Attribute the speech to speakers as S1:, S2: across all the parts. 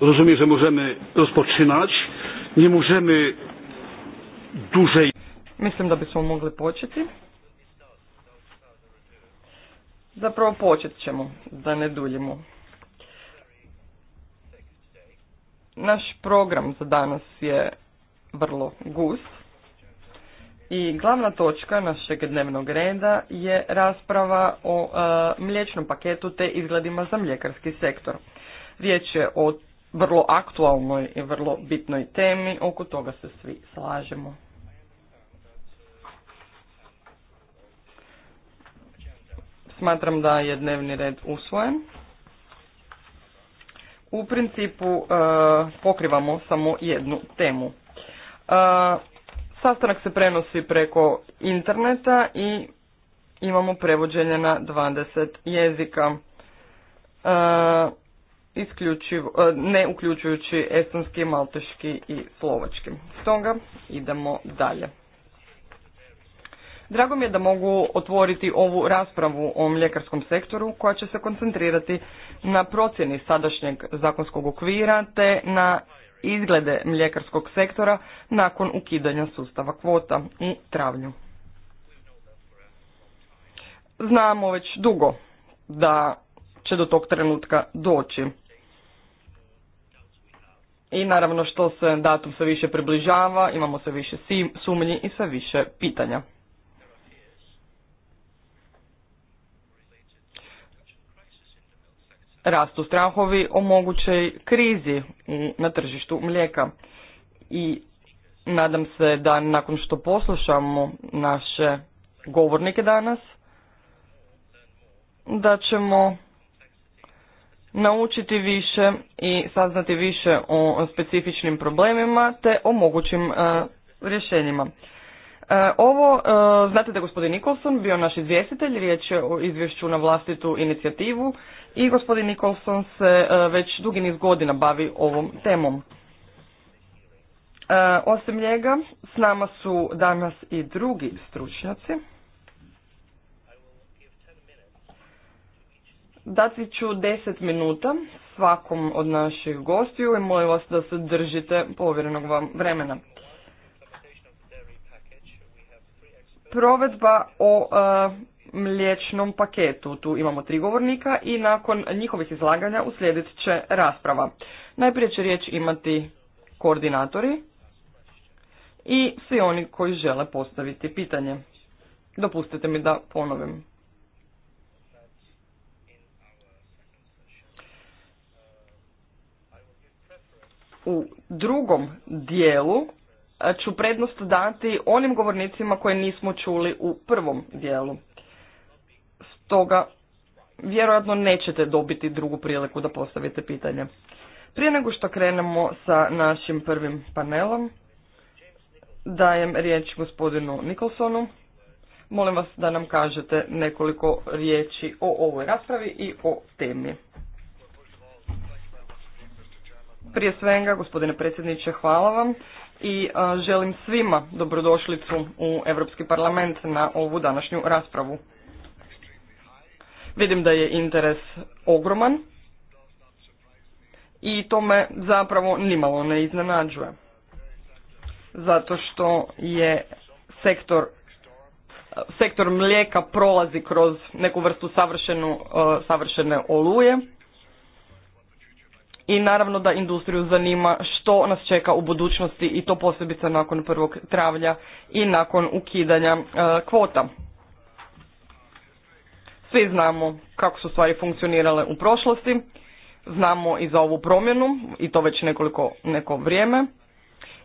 S1: Rozumiem, że możemy rozpoczynać. Nie możemy dłużej.
S2: Mislim da bismo mogli početi. Zapravo počet ćemo, da ne duljimo. Naš program za danas je vrlo gust. I glavna točka našeg dnevnog reda je rasprava o e, mliječnom paketu te izgledima za mljekarski sektor. Riječ je o vrlo aktualnoj i vrlo bitnoj temi, oko toga se svi slažemo. Smatram da je dnevni red usvojen. U principu e, pokrivamo samo jednu temu. E, sastanak se prenosi preko interneta i imamo prevođenje na 20 jezika. E, isključivo, e, ne uključujući estonski, malteški i slovački. Stoga idemo dalje. Drago mi je da mogu otvoriti ovu raspravu o mljekarskom sektoru koja će se koncentrirati na procjeni sadašnjeg zakonskog okvira te na izglede mljekarskog sektora nakon ukidanja sustava kvota u travnju. Znamo već dugo da će do tog trenutka doći. I naravno što se datum sve više približava, imamo sve više sumnji i sve više pitanja. Rastu strahovi o mogućoj krizi na tržištu mlijeka. I nadam se da nakon što poslušamo naše govornike danas, da ćemo naučiti više i saznati više o specifičnim problemima te o mogućim e, rješenjima. E, ovo, e, znate da je gospodin Nikolson bio naš izvjestitelj, riječ je o izvješću na vlastitu inicijativu i gospodin Nikolson se već dugi niz godina bavi ovom temom. Osim njega, s nama su danas i drugi stručnjaci. Dati ću deset minuta svakom od naših gostiju i molim vas da se držite povjerenog vam vremena. Provedba o e, mliječnom paketu. Tu imamo tri govornika i nakon njihovih izlaganja uslijedit će rasprava. Najprije će riječ imati koordinatori i svi oni koji žele postaviti pitanje. Dopustite mi da ponovim. u drugom dijelu ću prednost dati onim govornicima koje nismo čuli u prvom dijelu. Stoga vjerojatno nećete dobiti drugu priliku da postavite pitanje. Prije nego što krenemo sa našim prvim panelom, dajem riječ gospodinu Nikolsonu. Molim vas da nam kažete nekoliko riječi o ovoj raspravi i o temi. Prije svega, gospodine predsjedniče, hvala vam i e, želim svima dobrodošlicu u Europski parlament na ovu današnju raspravu. Vidim da je interes ogroman i to me zapravo nimalo ne iznenađuje. Zato što je sektor sektor mlijeka prolazi kroz neku vrstu savršenu, e, savršene oluje i naravno da industriju zanima što nas čeka u budućnosti i to posebice nakon 1. travlja i nakon ukidanja e, kvota. Svi znamo kako su stvari funkcionirale u prošlosti, znamo i za ovu promjenu i to već nekoliko neko vrijeme.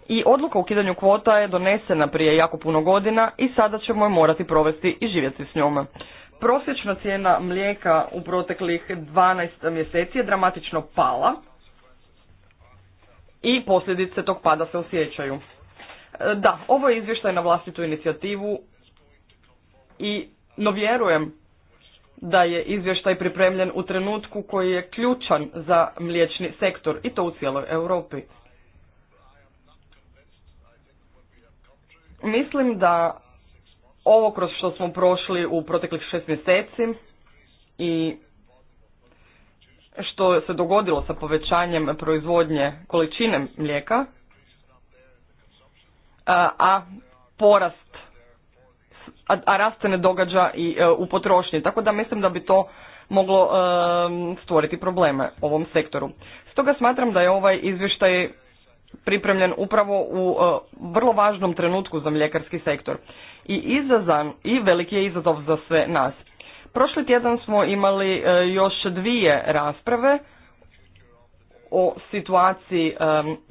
S2: I odluka o ukidanju kvota je donesena prije jako puno godina i sada ćemo je morati provesti i živjeti s njome. Prosječna cijena mlijeka u proteklih 12 mjeseci je dramatično pala i posljedice tog pada se osjećaju. E, da, ovo je izvještaj na vlastitu inicijativu i no vjerujem da je izvještaj pripremljen u trenutku koji je ključan za mliječni sektor i to u cijeloj Europi. Mislim da ovo kroz što smo prošli u proteklih šest mjeseci i što se dogodilo sa povećanjem proizvodnje količine mlijeka, a porast, a rast se ne događa i e, u potrošnji. Tako da mislim da bi to moglo e, stvoriti probleme ovom sektoru. Stoga smatram da je ovaj izvještaj pripremljen upravo u e, vrlo važnom trenutku za mljekarski sektor. I izazan i veliki je izazov za sve nas. Prošli tjedan smo imali e, još dvije rasprave o situaciji e,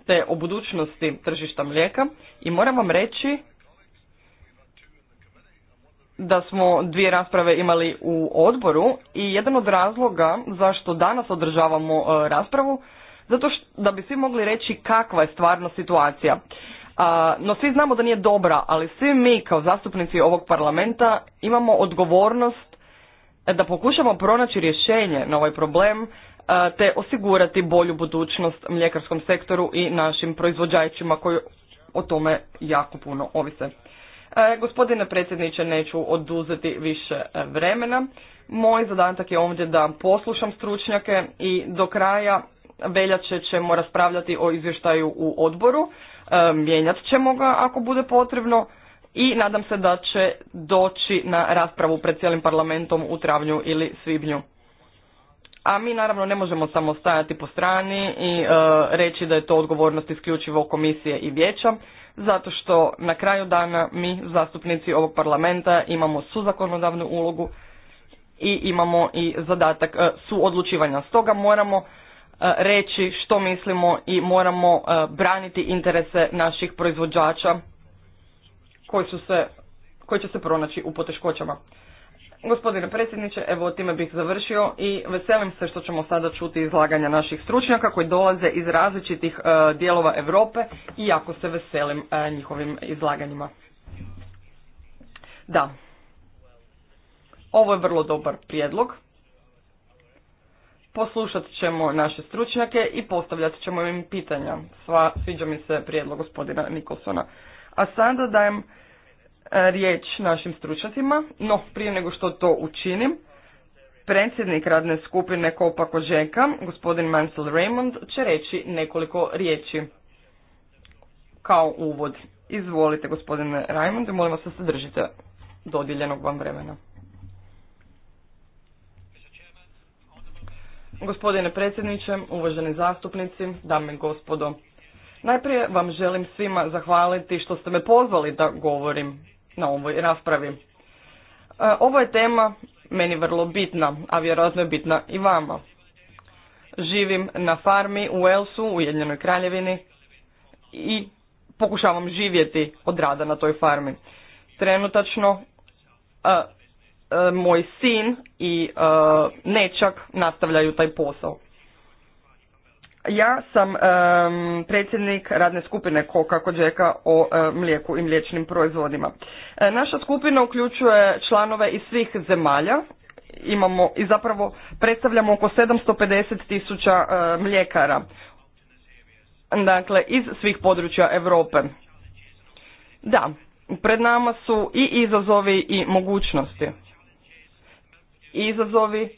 S2: te o budućnosti tržišta mlijeka i moram vam reći da smo dvije rasprave imali u odboru i jedan od razloga zašto danas održavamo e, raspravu zato što da bi svi mogli reći kakva je stvarno situacija. no svi znamo da nije dobra, ali svi mi kao zastupnici ovog parlamenta imamo odgovornost da pokušamo pronaći rješenje na ovaj problem e, te osigurati bolju budućnost mljekarskom sektoru i našim proizvođačima koji o tome jako puno ovise. E, gospodine predsjedniče, neću oduzeti više vremena. Moj zadatak je ovdje da poslušam stručnjake i do kraja veljače ćemo raspravljati o izvještaju u odboru. E, mijenjat ćemo ga ako bude potrebno i nadam se da će doći na raspravu pred cijelim parlamentom u travnju ili svibnju. A mi naravno ne možemo samo stajati po strani i e, reći da je to odgovornost isključivo komisije i vijeća, zato što na kraju dana mi zastupnici ovog parlamenta imamo suzakonodavnu ulogu i imamo i zadatak e, suodlučivanja. Stoga moramo e, reći što mislimo i moramo e, braniti interese naših proizvođača koji, su se, koji će se pronaći u poteškoćama. Gospodine predsjedniče, evo time bih završio i veselim se što ćemo sada čuti izlaganja naših stručnjaka koji dolaze iz različitih e, dijelova Europe i jako se veselim e, njihovim izlaganjima. Da, ovo je vrlo dobar prijedlog. Poslušat ćemo naše stručnjake i postavljat ćemo im pitanja. Sva, sviđa mi se prijedlog gospodina Nikolsona. A sada dajem e, riječ našim stručnjacima, no prije nego što to učinim, predsjednik radne skupine Kopa Koženka, gospodin Mansell Raymond, će reći nekoliko riječi kao uvod. Izvolite, gospodine Raymond, molim vas da se držite dodijeljenog vam vremena. Gospodine predsjedniče, uvaženi zastupnici, dame i gospodo, Najprije vam želim svima zahvaliti što ste me pozvali da govorim na ovoj raspravi. E, ovo je tema meni vrlo bitna, a vjerojatno je bitna i vama. Živim na farmi u Elsu, u Ujedinjenoj kraljevini i pokušavam živjeti od rada na toj farmi. Trenutačno e, e, moj sin i nečak nastavljaju taj posao. Ja sam predsjednik radne skupine Koka Kođeka o mlijeku i mliječnim proizvodima. E, naša skupina uključuje članove iz svih zemalja. Imamo i zapravo predstavljamo oko 750 tisuća e, mljekara. Dakle, iz svih područja Europe. Da, pred nama su i izazovi i mogućnosti. Izazovi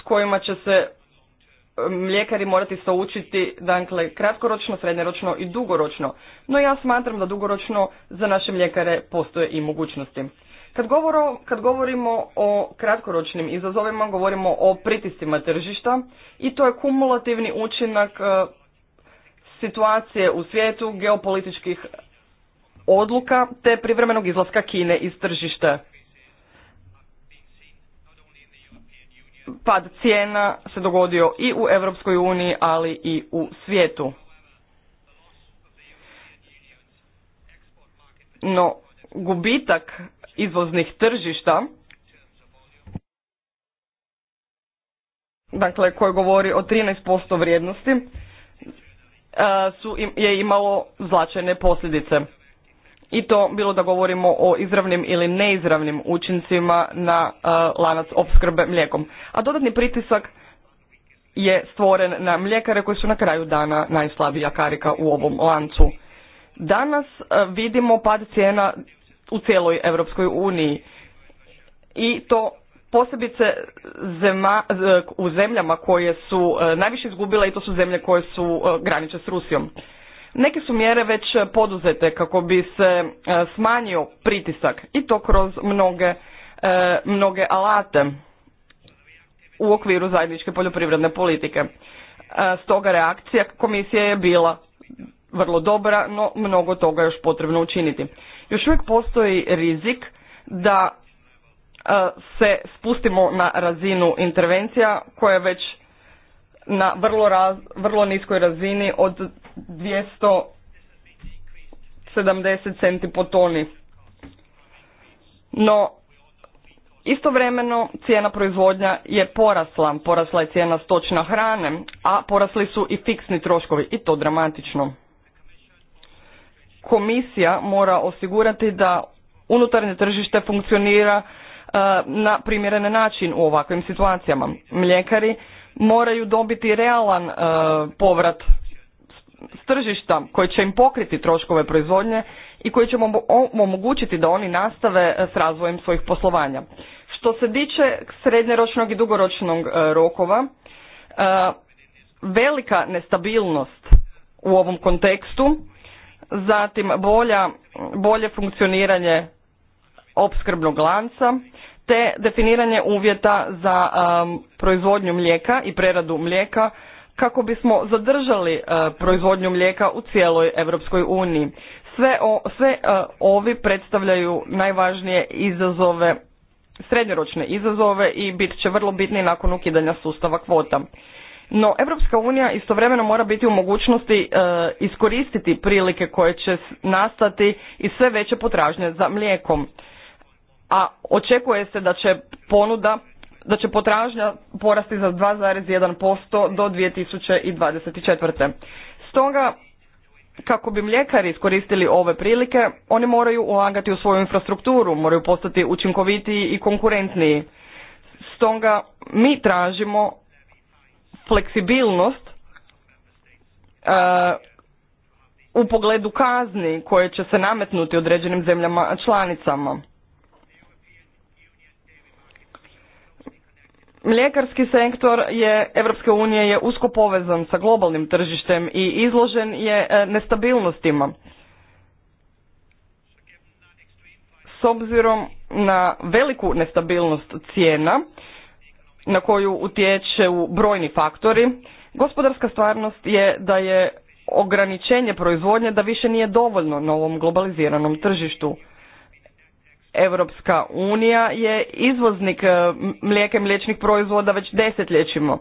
S2: s kojima će se mljekari morati učiti dakle, kratkoročno, srednjeročno i dugoročno. No ja smatram da dugoročno za naše mljekare postoje i mogućnosti. Kad, govoro, kad govorimo o kratkoročnim izazovima, govorimo o pritiscima tržišta i to je kumulativni učinak e, situacije u svijetu, geopolitičkih odluka te privremenog izlaska Kine iz tržišta. pad cijena se dogodio i u Europskoj uniji, ali i u svijetu. No, gubitak izvoznih tržišta, dakle koje govori o 13% vrijednosti, su, je imalo značajne posljedice i to bilo da govorimo o izravnim ili neizravnim učincima na e, lanac opskrbe mlijekom. A dodatni pritisak je stvoren na mljekare koji su na kraju dana najslabija karika u ovom lancu. Danas e, vidimo pad cijena u cijeloj Europskoj uniji i to posebice e, u zemljama koje su najviše izgubile i to su zemlje koje su graniče s Rusijom. Neke su mjere već poduzete kako bi se e, smanjio pritisak i to kroz mnoge, e, mnoge alate u okviru zajedničke poljoprivredne politike. E, stoga reakcija komisije je bila vrlo dobra, no mnogo toga još potrebno učiniti. Još uvijek postoji rizik da se spustimo na razinu intervencija koja je već na vrlo, vrlo niskoj razini od 270 centi po toni. No, istovremeno cijena proizvodnja je porasla. Porasla je cijena stočna hrane, a porasli su i fiksni troškovi i to dramatično. Komisija mora osigurati da unutarnje tržište funkcionira e, na primjeren način u ovakvim situacijama. Mljekari moraju dobiti realan e, povrat tržišta koji će im pokriti troškove proizvodnje i koji će omogućiti da oni nastave e, s razvojem svojih poslovanja. Što se tiče srednjeročnog i dugoročnog e, rokova, e, velika nestabilnost u ovom kontekstu, zatim bolja, bolje funkcioniranje opskrbnog lanca, te definiranje uvjeta za proizvodnju mlijeka i preradu mlijeka kako bismo zadržali e, proizvodnju mlijeka u cijeloj Europskoj uniji. Sve, sve e, ovi predstavljaju najvažnije izazove, srednjoročne izazove i bit će vrlo bitni nakon ukidanja sustava kvota. No, Europska unija istovremeno mora biti u mogućnosti e, iskoristiti prilike koje će nastati i sve veće potražnje za mlijekom. A očekuje se da će ponuda da će potražnja porasti za 2,1% do 2024. Stoga, kako bi mljekari iskoristili ove prilike, oni moraju ulagati u svoju infrastrukturu, moraju postati učinkovitiji i konkurentniji. Stoga mi tražimo fleksibilnost e, u pogledu kazni koje će se nametnuti određenim zemljama članicama. Mljekarski sektor je Europske unije je usko povezan sa globalnim tržištem i izložen je e, nestabilnostima. S obzirom na veliku nestabilnost cijena na koju utječe u brojni faktori, gospodarska stvarnost je da je ograničenje proizvodnje da više nije dovoljno na ovom globaliziranom tržištu. Europska unija je izvoznik e, mlijeka i mliječnih proizvoda već desetljećima.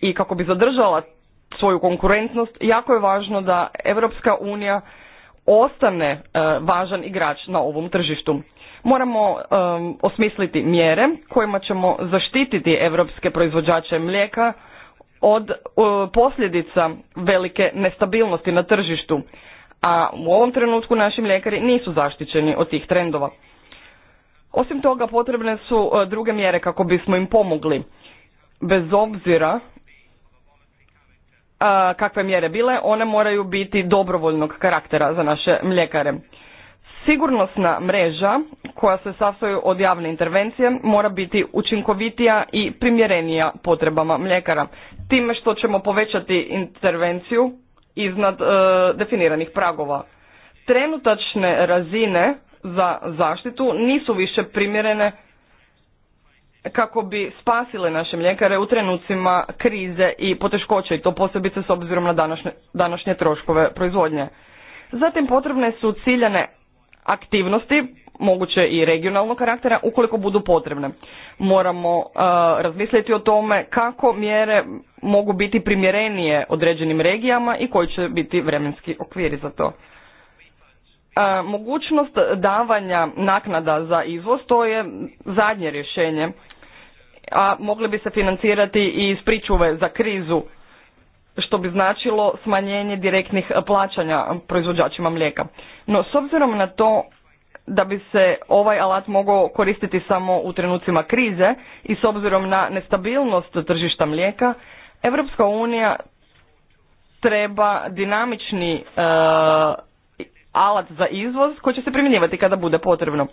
S2: I kako bi zadržala svoju konkurentnost, jako je važno da Europska unija ostane e, važan igrač na ovom tržištu. Moramo e, osmisliti mjere kojima ćemo zaštititi europske proizvođače mlijeka od posljedica velike nestabilnosti na tržištu a u ovom trenutku naši mljekari nisu zaštićeni od tih trendova. Osim toga potrebne su e, druge mjere kako bismo im pomogli. Bez obzira e, kakve mjere bile, one moraju biti dobrovoljnog karaktera za naše mljekare. Sigurnosna mreža koja se sastoji od javne intervencije mora biti učinkovitija i primjerenija potrebama mljekara. Time što ćemo povećati intervenciju iznad e, definiranih pragova. Trenutačne razine za zaštitu nisu više primjerene kako bi spasile naše mljekare u trenucima krize i poteškoće i to posebice s obzirom na današnje, današnje troškove proizvodnje. Zatim potrebne su ciljane aktivnosti moguće i regionalnog karaktera ukoliko budu potrebne. Moramo uh, razmisliti o tome kako mjere mogu biti primjerenije određenim regijama i koji će biti vremenski okviri za to. Uh, mogućnost davanja naknada za izvoz to je zadnje rješenje, a mogli bi se financirati i iz pričuve za krizu što bi značilo smanjenje direktnih plaćanja proizvođačima mlijeka. No, s obzirom na to da bi se ovaj alat mogao koristiti samo u trenucima krize i s obzirom na nestabilnost tržišta mlijeka, Europska unija treba dinamični e, alat za izvoz koji će se primjenjivati kada bude potrebno.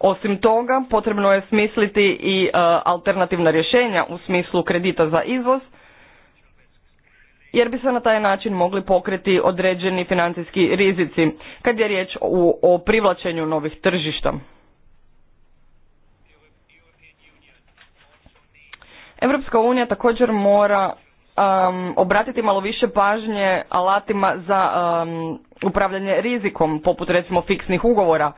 S2: Osim toga, potrebno je smisliti i e, alternativna rješenja u smislu kredita za izvoz jer bi se na taj način mogli pokriti određeni financijski rizici kad je riječ o, o privlačenju novih tržišta. Europska unija također mora um, obratiti malo više pažnje alatima za um, upravljanje rizikom, poput recimo fiksnih ugovora,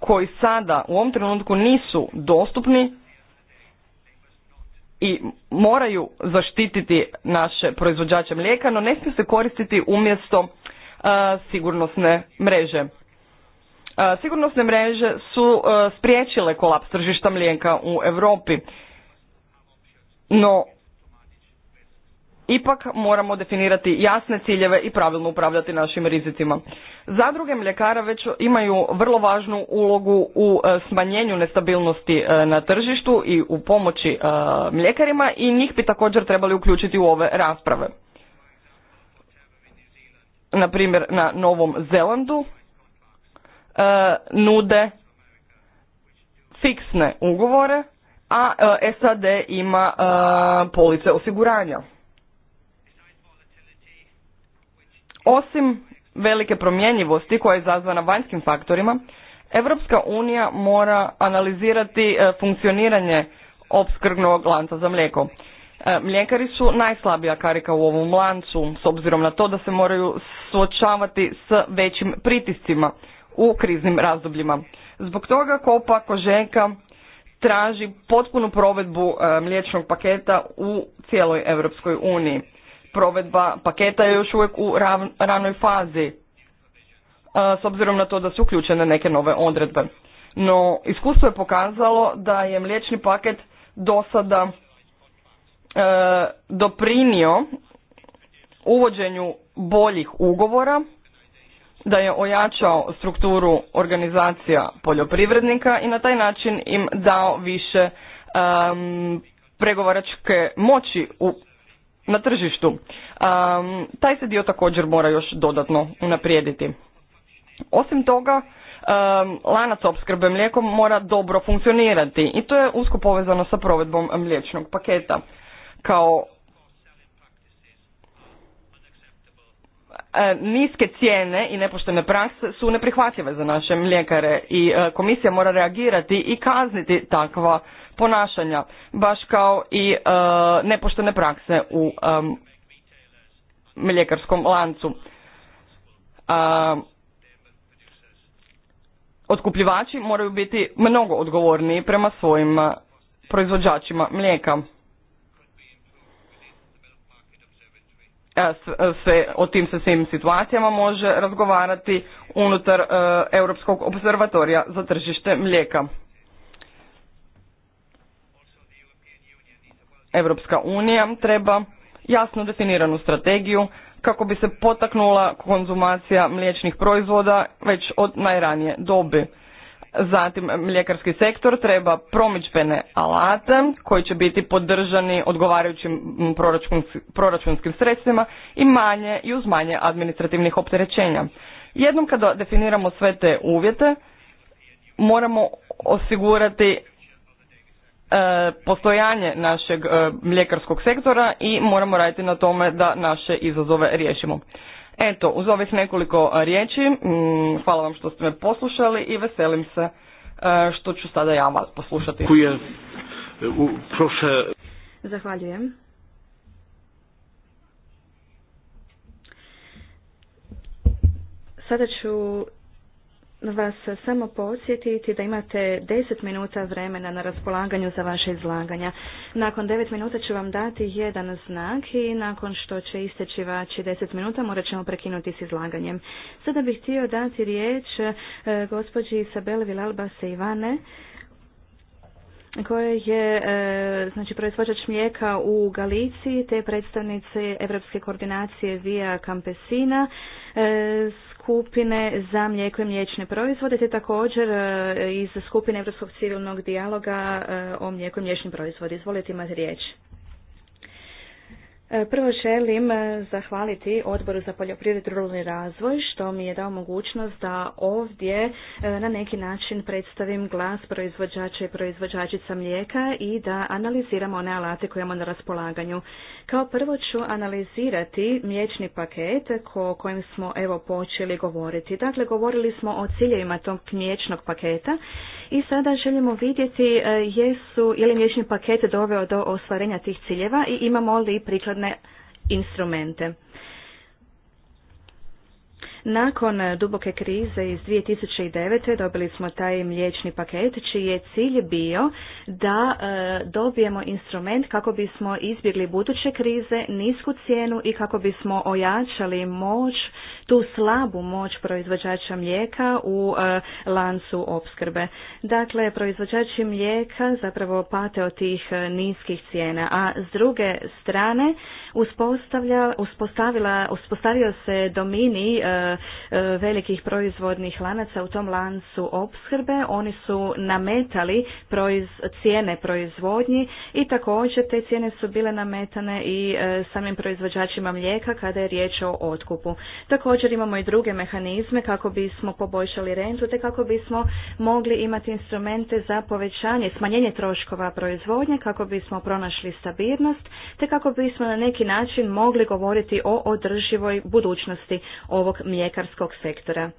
S2: koji sada u ovom trenutku nisu dostupni i moraju zaštititi naše proizvođače mlijeka, no ne smiju se koristiti umjesto uh, sigurnosne mreže. Uh, sigurnosne mreže su uh, spriječile kolaps tržišta mlijeka u Europi, no ipak moramo definirati jasne ciljeve i pravilno upravljati našim rizicima. Zadruge mljekara već imaju vrlo važnu ulogu u e, smanjenju nestabilnosti e, na tržištu i u pomoći e, mljekarima i njih bi također trebali uključiti u ove rasprave. Na primjer, na Novom Zelandu nude fiksne ugovore, a SAD ima police osiguranja. Osim velike promjenjivosti koja je zazvana vanjskim faktorima, Europska unija mora analizirati e, funkcioniranje opskrbnog lanca za mlijeko. E, mljekari su najslabija karika u ovom lancu, s obzirom na to da se moraju suočavati s većim pritiscima u kriznim razdobljima. Zbog toga Kopa Koženka traži potpunu provedbu e, mliječnog paketa u cijeloj Europskoj uniji provedba paketa je još uvijek u ranoj fazi e, s obzirom na to da su uključene neke nove odredbe. No, iskustvo je pokazalo da je mliječni paket do sada e, doprinio uvođenju boljih ugovora, da je ojačao strukturu organizacija poljoprivrednika i na taj način im dao više pregovaračke moći u na tržištu. taj se dio također mora još dodatno unaprijediti. Osim toga, lanac opskrbe mlijekom mora dobro funkcionirati i to je usko povezano sa provedbom mliječnog paketa. Kao e, niske cijene i nepoštene prakse su neprihvatljive za naše mljekare i e, komisija mora reagirati i kazniti takva ponašanja, baš kao i e, nepoštene prakse u e, mljekarskom lancu. E, otkupljivači moraju biti mnogo odgovorniji prema svojim proizvođačima mlijeka. Se, o tim se svim situacijama može razgovarati unutar Europskog observatorija za tržište mlijeka. Europska unija treba jasno definiranu strategiju kako bi se potaknula konzumacija mliječnih proizvoda već od najranije dobi. Zatim mljekarski sektor treba promičbene alate koji će biti podržani odgovarajućim proračunskim sredstvima i manje i uz manje administrativnih opterećenja. Jednom kada definiramo sve te uvjete moramo osigurati E, postojanje našeg e, mljekarskog sektora i moramo raditi na tome da naše izazove riješimo. Eto, uz ovih nekoliko riječi, hvala vam što ste me poslušali i veselim se e, što ću sada ja vas
S1: poslušati.
S3: Zahvaljujem. Sada ću vas samo podsjetiti da imate 10 minuta vremena na raspolaganju za vaše izlaganja. Nakon 9 minuta ću vam dati jedan znak i nakon što će isteći vaći 10 minuta morat ćemo prekinuti s izlaganjem. Sada bih htio dati riječ e, gospođi Isabel Vilalba Ivane koja je e, znači proizvođač mlijeka u Galiciji te predstavnice Europske koordinacije Via Campesina s e, skupine za mlijeko i mliječne proizvode, te također e, iz skupine Europskog civilnog dijaloga e, o mlijeko i mliječnim proizvodi. Izvolite imati riječ. E, prvo želim e, zahvaliti Odboru za poljoprivredu ruralni razvoj što mi je dao mogućnost da ovdje e, na neki način predstavim glas proizvođača i proizvođačica mlijeka i da analiziramo one alate koje imamo na raspolaganju. Kao prvo ću analizirati mliječni paket o kojem smo evo počeli govoriti. Dakle, govorili smo o ciljevima tog mliječnog paketa i sada želimo vidjeti jesu je li mliječni paket doveo do ostvarenja tih ciljeva i imamo li prikladno instrumente. Nakon duboke krize iz 2009. dobili smo taj mliječni paket čiji je cilj bio da e, dobijemo instrument kako bismo izbjegli buduće krize, nisku cijenu i kako bismo ojačali moć tu slabu moć proizvođača mlijeka u e, lancu opskrbe. Dakle, proizvođači mlijeka zapravo pate od tih e, niskih cijena, a s druge strane uspostavila, uspostavio se domini e, velikih proizvodnih lanaca u tom lancu opskrbe. Oni su nametali proiz, cijene proizvodnji i također te cijene su bile nametane i samim proizvođačima mlijeka kada je riječ o otkupu. Također Također imamo i druge mehanizme kako bismo poboljšali rentu te kako bismo mogli imati instrumente za povećanje, smanjenje troškova proizvodnje, kako bismo pronašli stabilnost te kako bismo na neki način mogli govoriti o održivoj budućnosti ovog mljekarskog sektora.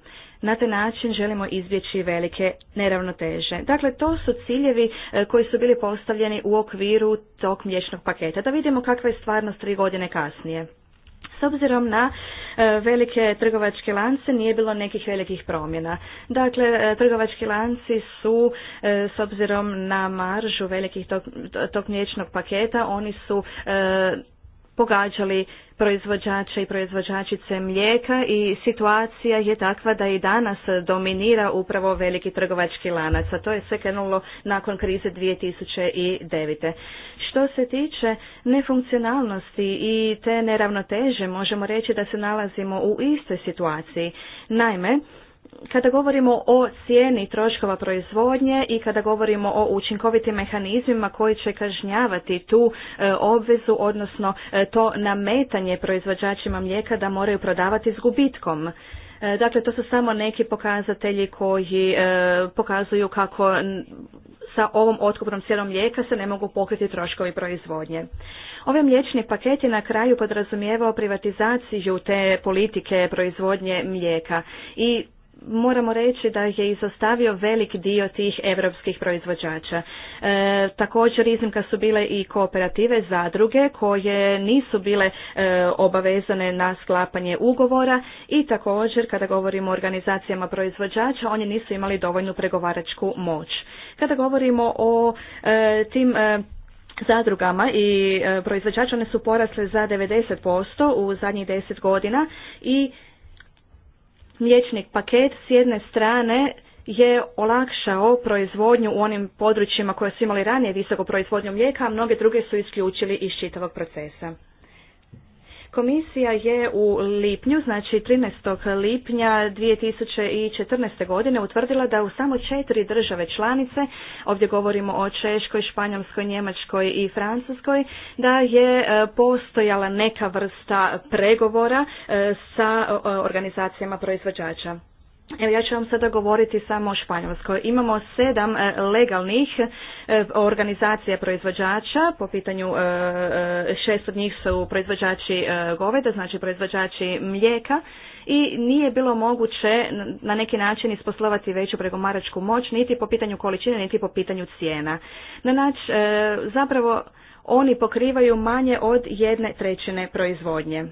S3: Na taj način želimo izbjeći velike neravnoteže. Dakle, to su ciljevi e, koji su bili postavljeni u okviru tog mliječnog paketa. Da vidimo kakva je stvarnost tri godine kasnije. S obzirom na e, velike trgovačke lance nije bilo nekih velikih promjena. Dakle, e, trgovački lanci su e, s obzirom na maržu velikih tog, tog mliječnog paketa, oni su pogađali proizvođače i proizvođačice mlijeka i situacija je takva da i danas dominira upravo veliki trgovački lanac, a to je sve krenulo nakon krize 2009. Što se tiče nefunkcionalnosti i te neravnoteže, možemo reći da se nalazimo u istoj situaciji. Naime, kada govorimo o cijeni troškova proizvodnje i kada govorimo o učinkovitim mehanizmima koji će kažnjavati tu e, obvezu, odnosno e, to nametanje proizvođačima mlijeka da moraju prodavati s gubitkom. E, dakle, to su samo neki pokazatelji koji pokazuju kako sa ovom otkupnom cijenom mlijeka se ne mogu pokriti troškovi proizvodnje. Ovaj mliječni paket je na kraju podrazumijevao privatizaciju te politike proizvodnje mlijeka i moramo reći da je izostavio velik dio tih europskih proizvođača. E, također iznimka su bile i kooperative zadruge koje nisu bile e, obavezane na sklapanje ugovora i također kada govorimo o organizacijama proizvođača oni nisu imali dovoljnu pregovaračku moć. Kada govorimo o e, tim zadrugama i proizvođačima, one su porasle za 90% u zadnjih 10 godina i mliječni paket s jedne strane je olakšao proizvodnju u onim područjima koje su imali ranije visoko proizvodnju mlijeka, a mnoge druge su isključili iz čitavog procesa. Komisija je u lipnju, znači 13. lipnja 2014. godine utvrdila da u samo četiri države članice, ovdje govorimo o Češkoj, Španjolskoj, Njemačkoj i Francuskoj, da je e, postojala neka vrsta pregovora e, sa organizacijama proizvođača. Evo ja ću vam sada govoriti samo o Španjolskoj. Imamo sedam e, legalnih e, organizacija proizvođača, po pitanju e, šest od njih su proizvođači goveda, znači proizvođači mlijeka i nije bilo moguće na neki način isposlovati veću pregomaračku moć niti po pitanju količine, niti po pitanju cijena. Na zapravo oni pokrivaju manje od jedne trećine proizvodnje.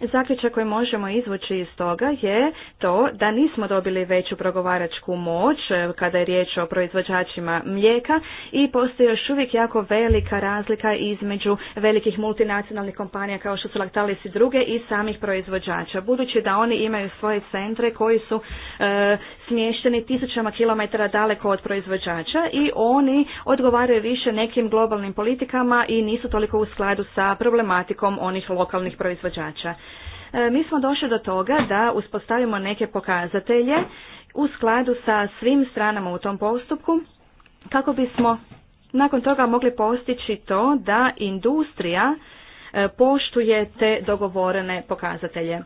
S3: Zaključak koji možemo izvući iz toga je to da nismo dobili veću progovaračku moć e, kada je riječ o proizvođačima mlijeka i postoji još uvijek jako velika razlika između velikih multinacionalnih kompanija kao što su Lactalis i druge i samih proizvođača. Budući da oni imaju svoje centre koji su e, smješteni tisućama kilometara daleko od proizvođača i oni odgovaraju više nekim globalnim politikama i nisu toliko u skladu sa problematikom onih lokalnih proizvođača. E, mi smo došli do toga da uspostavimo neke pokazatelje u skladu sa svim stranama u tom postupku kako bismo nakon toga mogli postići to da industrija e, poštuje te dogovorene pokazatelje.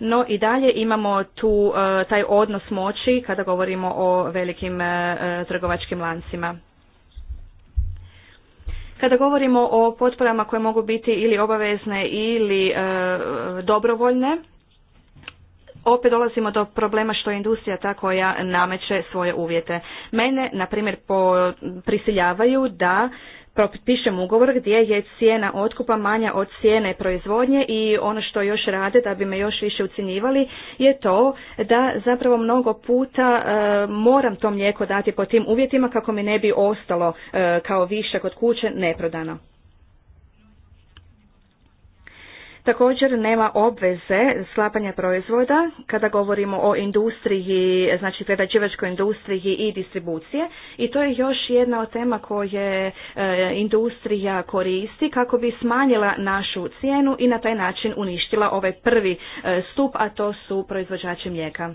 S3: No i dalje imamo tu e, taj odnos moći kada govorimo o velikim trgovačkim lancima. Kada govorimo o potporama koje mogu biti ili obavezne ili e, dobrovoljne, opet dolazimo do problema što je industrija ta koja nameće svoje uvjete. Mene, na primjer, prisiljavaju da Propišem ugovor gdje je cijena otkupa manja od cijene proizvodnje i ono što još rade da bi me još više ucjenjivali je to da zapravo mnogo puta e, moram to mlijeko dati po tim uvjetima kako mi ne bi ostalo e, kao višak od kuće neprodano. Također nema obveze sklapanja proizvoda kada govorimo o industriji, znači predađivačkoj industriji i distribucije i to je još jedna od tema koje e, industrija koristi kako bi smanjila našu cijenu i na taj način uništila ovaj prvi e, stup, a to su proizvođači mlijeka.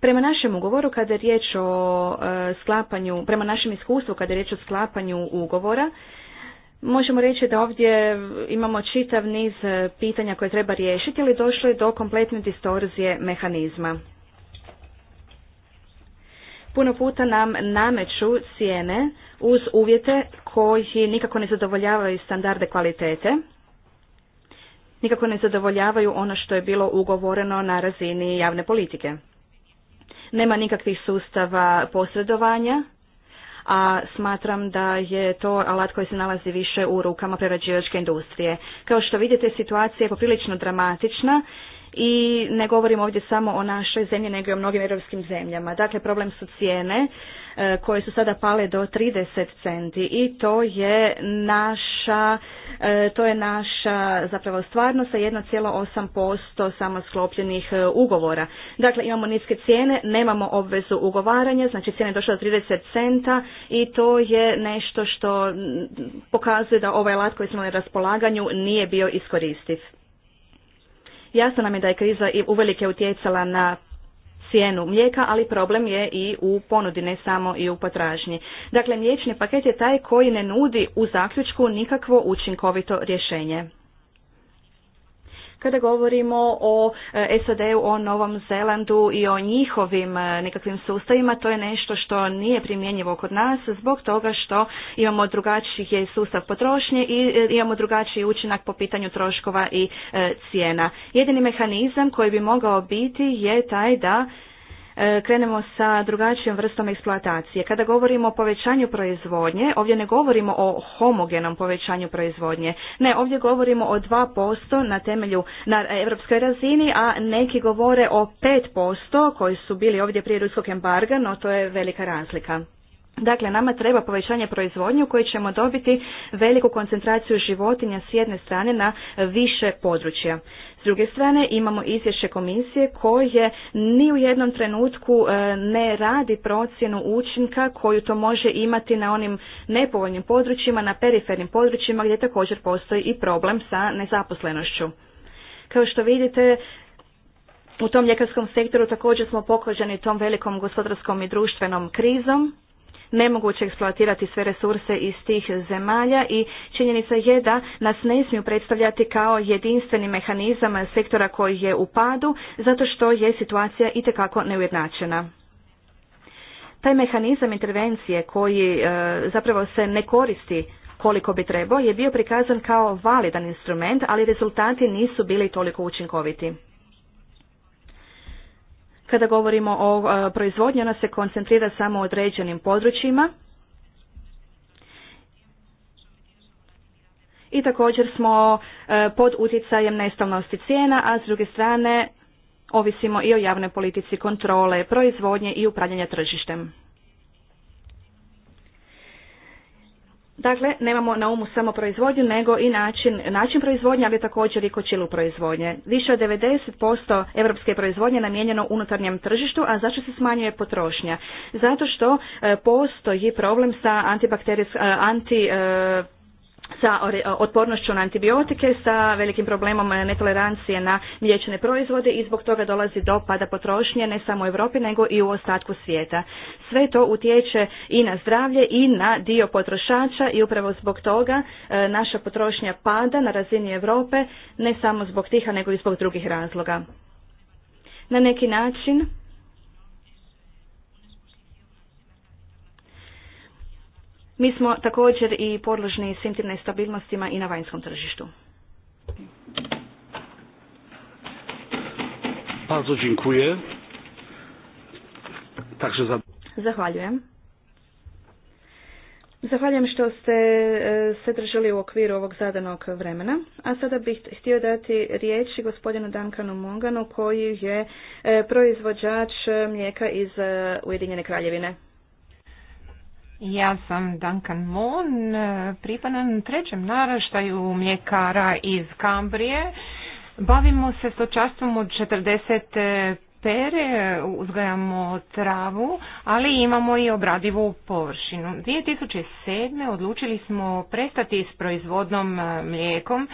S3: Prema našem ugovoru kada je riječ o e, sklapanju, prema našem iskustvu kada je riječ o sklapanju ugovora, Možemo reći da ovdje imamo čitav niz e, pitanja koje treba riješiti, ali došlo je do kompletne distorzije mehanizma. Puno puta nam nameću cijene uz uvjete koji nikako ne zadovoljavaju standarde kvalitete, nikako ne zadovoljavaju ono što je bilo ugovoreno na razini javne politike. Nema nikakvih sustava posredovanja, a smatram da je to alat koji se nalazi više u rukama prerađivačke industrije. Kao što vidite, situacija je poprilično dramatična i ne govorim ovdje samo o našoj zemlji nego i o mnogim europskim zemljama. Dakle, problem su cijene e, koje su sada pale do 30 centi i to je naša e, to je naša zapravo stvarno sa 1,8% samo sklopljenih e, ugovora. Dakle, imamo niske cijene, nemamo obvezu ugovaranja, znači cijene došle do 30 centa i to je nešto što pokazuje da ovaj alat koji smo na raspolaganju nije bio iskoristiv. Jasno nam je da je kriza i uvelike utjecala na cijenu mlijeka, ali problem je i u ponudi, ne samo i u potražnji. Dakle, mliječni paket je taj koji ne nudi u zaključku nikakvo učinkovito rješenje. Kada govorimo o e, SAD-u, o Novom Zelandu i o njihovim e, nekakvim sustavima, to je nešto što nije primjenjivo kod nas zbog toga što imamo drugačiji sustav potrošnje i e, imamo drugačiji učinak po pitanju troškova i cijena. Jedini mehanizam koji bi mogao biti je taj da E, krenemo sa drugačijom vrstom eksploatacije. Kada govorimo o povećanju proizvodnje, ovdje ne govorimo o homogenom povećanju proizvodnje. Ne, ovdje govorimo o 2% na temelju na europskoj razini, a neki govore o 5% koji su bili ovdje prije ruskog embarga, no to je velika razlika. Dakle, nama treba povećanje proizvodnje u kojoj ćemo dobiti veliku koncentraciju životinja s jedne strane na više područja. S druge strane imamo izvješće komisije koje ni u jednom trenutku e, ne radi procjenu učinka koju to može imati na onim nepovoljnim područjima, na perifernim područjima gdje također postoji i problem sa nezaposlenošću. Kao što vidite, u tom ljekarskom sektoru također smo pokođeni tom velikom gospodarskom i društvenom krizom nemoguće eksploatirati sve resurse iz tih zemalja i činjenica je da nas ne smiju predstavljati kao jedinstveni mehanizam sektora koji je u padu zato što je situacija itekako neujednačena taj mehanizam intervencije koji e, zapravo se ne koristi koliko bi trebao je bio prikazan kao validan instrument, ali rezultati nisu bili toliko učinkoviti. Kada govorimo o e, proizvodnji, ona se koncentrira samo u određenim područjima. I također smo e, pod utjecajem nestalnosti cijena, a s druge strane ovisimo i o javnoj politici kontrole, proizvodnje i upravljanja tržištem. Dakle, nemamo na umu samo proizvodnju, nego i način, način proizvodnje, ali također i kočilu proizvodnje. Više od 90% europske proizvodnje namijenjeno unutarnjem tržištu, a zašto se smanjuje potrošnja? Zato što e, postoji problem sa antibakterijskim, e, anti e, sa otpornošću na antibiotike, sa velikim problemom eh, netolerancije na mliječne proizvode i zbog toga dolazi do pada potrošnje ne samo u Europi nego i u ostatku svijeta. Sve to utječe i na zdravlje i na dio potrošača i upravo zbog toga eh, naša potrošnja pada na razini Europe ne samo zbog tiha nego i zbog drugih razloga. Na neki način Mi smo također i podložni svim stabilnostima i na vanjskom tržištu.
S1: Bardzo dziękuję. Także za...
S3: Zahvaljujem. Zahvaljujem što ste e, se držali u okviru ovog zadanog vremena. A sada bih htio dati riječ gospodinu Dankanu Monganu koji je e, proizvođač mlijeka iz e, Ujedinjene kraljevine.
S4: Ja sam Duncan Moon, pripadan trećem naraštaju mljekara iz Kambrije. Bavimo se stočarstvom od 40 pere, uzgajamo travu, ali imamo i obradivu površinu. 2007. odlučili smo prestati s proizvodnom mlijekom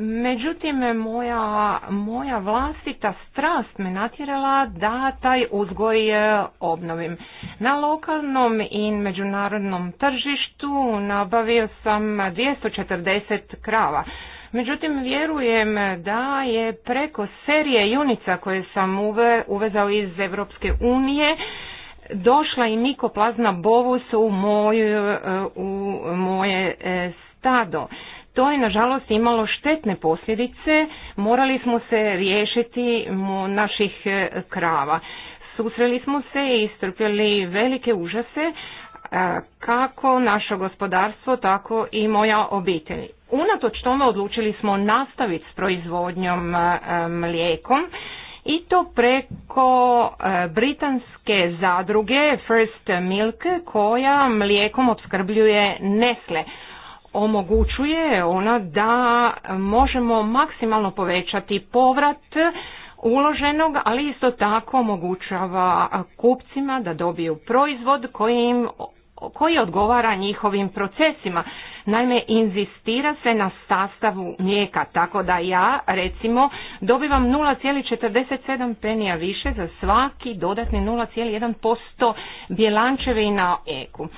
S4: Međutim, moja, moja vlastita strast me natjerala da taj uzgoj e, obnovim. Na lokalnom i međunarodnom tržištu nabavio sam 240 krava. Međutim, vjerujem da je preko serije junica koje sam uve, uvezao iz Europske unije, došla i plazna bovus u, moju, e, u moje e, stado. To je nažalost imalo štetne posljedice, morali smo se riješiti naših e, krava. Susreli smo se i istrpjeli velike užase, e, kako naše gospodarstvo, tako i moja obitelj. Unatoč tome odlučili smo nastaviti s proizvodnjom e, mlijekom i to preko britanske zadruge First Milk koja mlijekom opskrbljuje nesle omogućuje ona da možemo maksimalno povećati povrat uloženog, ali isto tako omogućava kupcima da dobiju proizvod koji koji odgovara njihovim procesima. Naime, inzistira se na sastavu mlijeka, tako da ja, recimo, dobivam 0,47 penija više za svaki dodatni 0,1% bjelančevina na eku.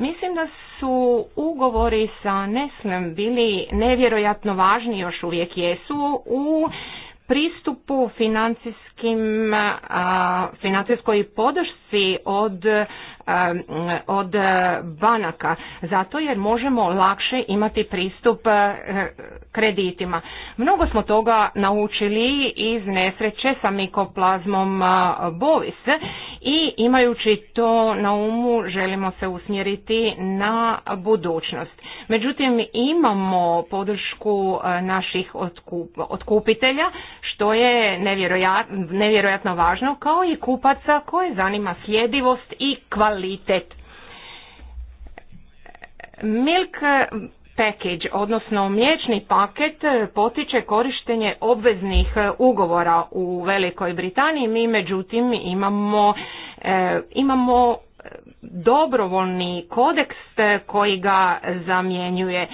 S4: Mislim da su ugovori sa Neslem bili nevjerojatno važni, još uvijek jesu, u pristupu financijskih financijskim, financijskoj podršci od, od banaka, zato jer možemo lakše imati pristup kreditima. Mnogo smo toga naučili iz nesreće sa mikoplazmom bovis i imajući to na umu želimo se usmjeriti na budućnost. Međutim, imamo podršku naših otkupitelja, što je nevjerojatno nevjerojatno važno, kao i kupaca koje zanima sljedivost i kvalitet. Milk package, odnosno mliječni paket, potiče korištenje obveznih ugovora u Velikoj Britaniji. Mi međutim imamo, e, imamo dobrovoljni kodeks koji ga zamjenjuje.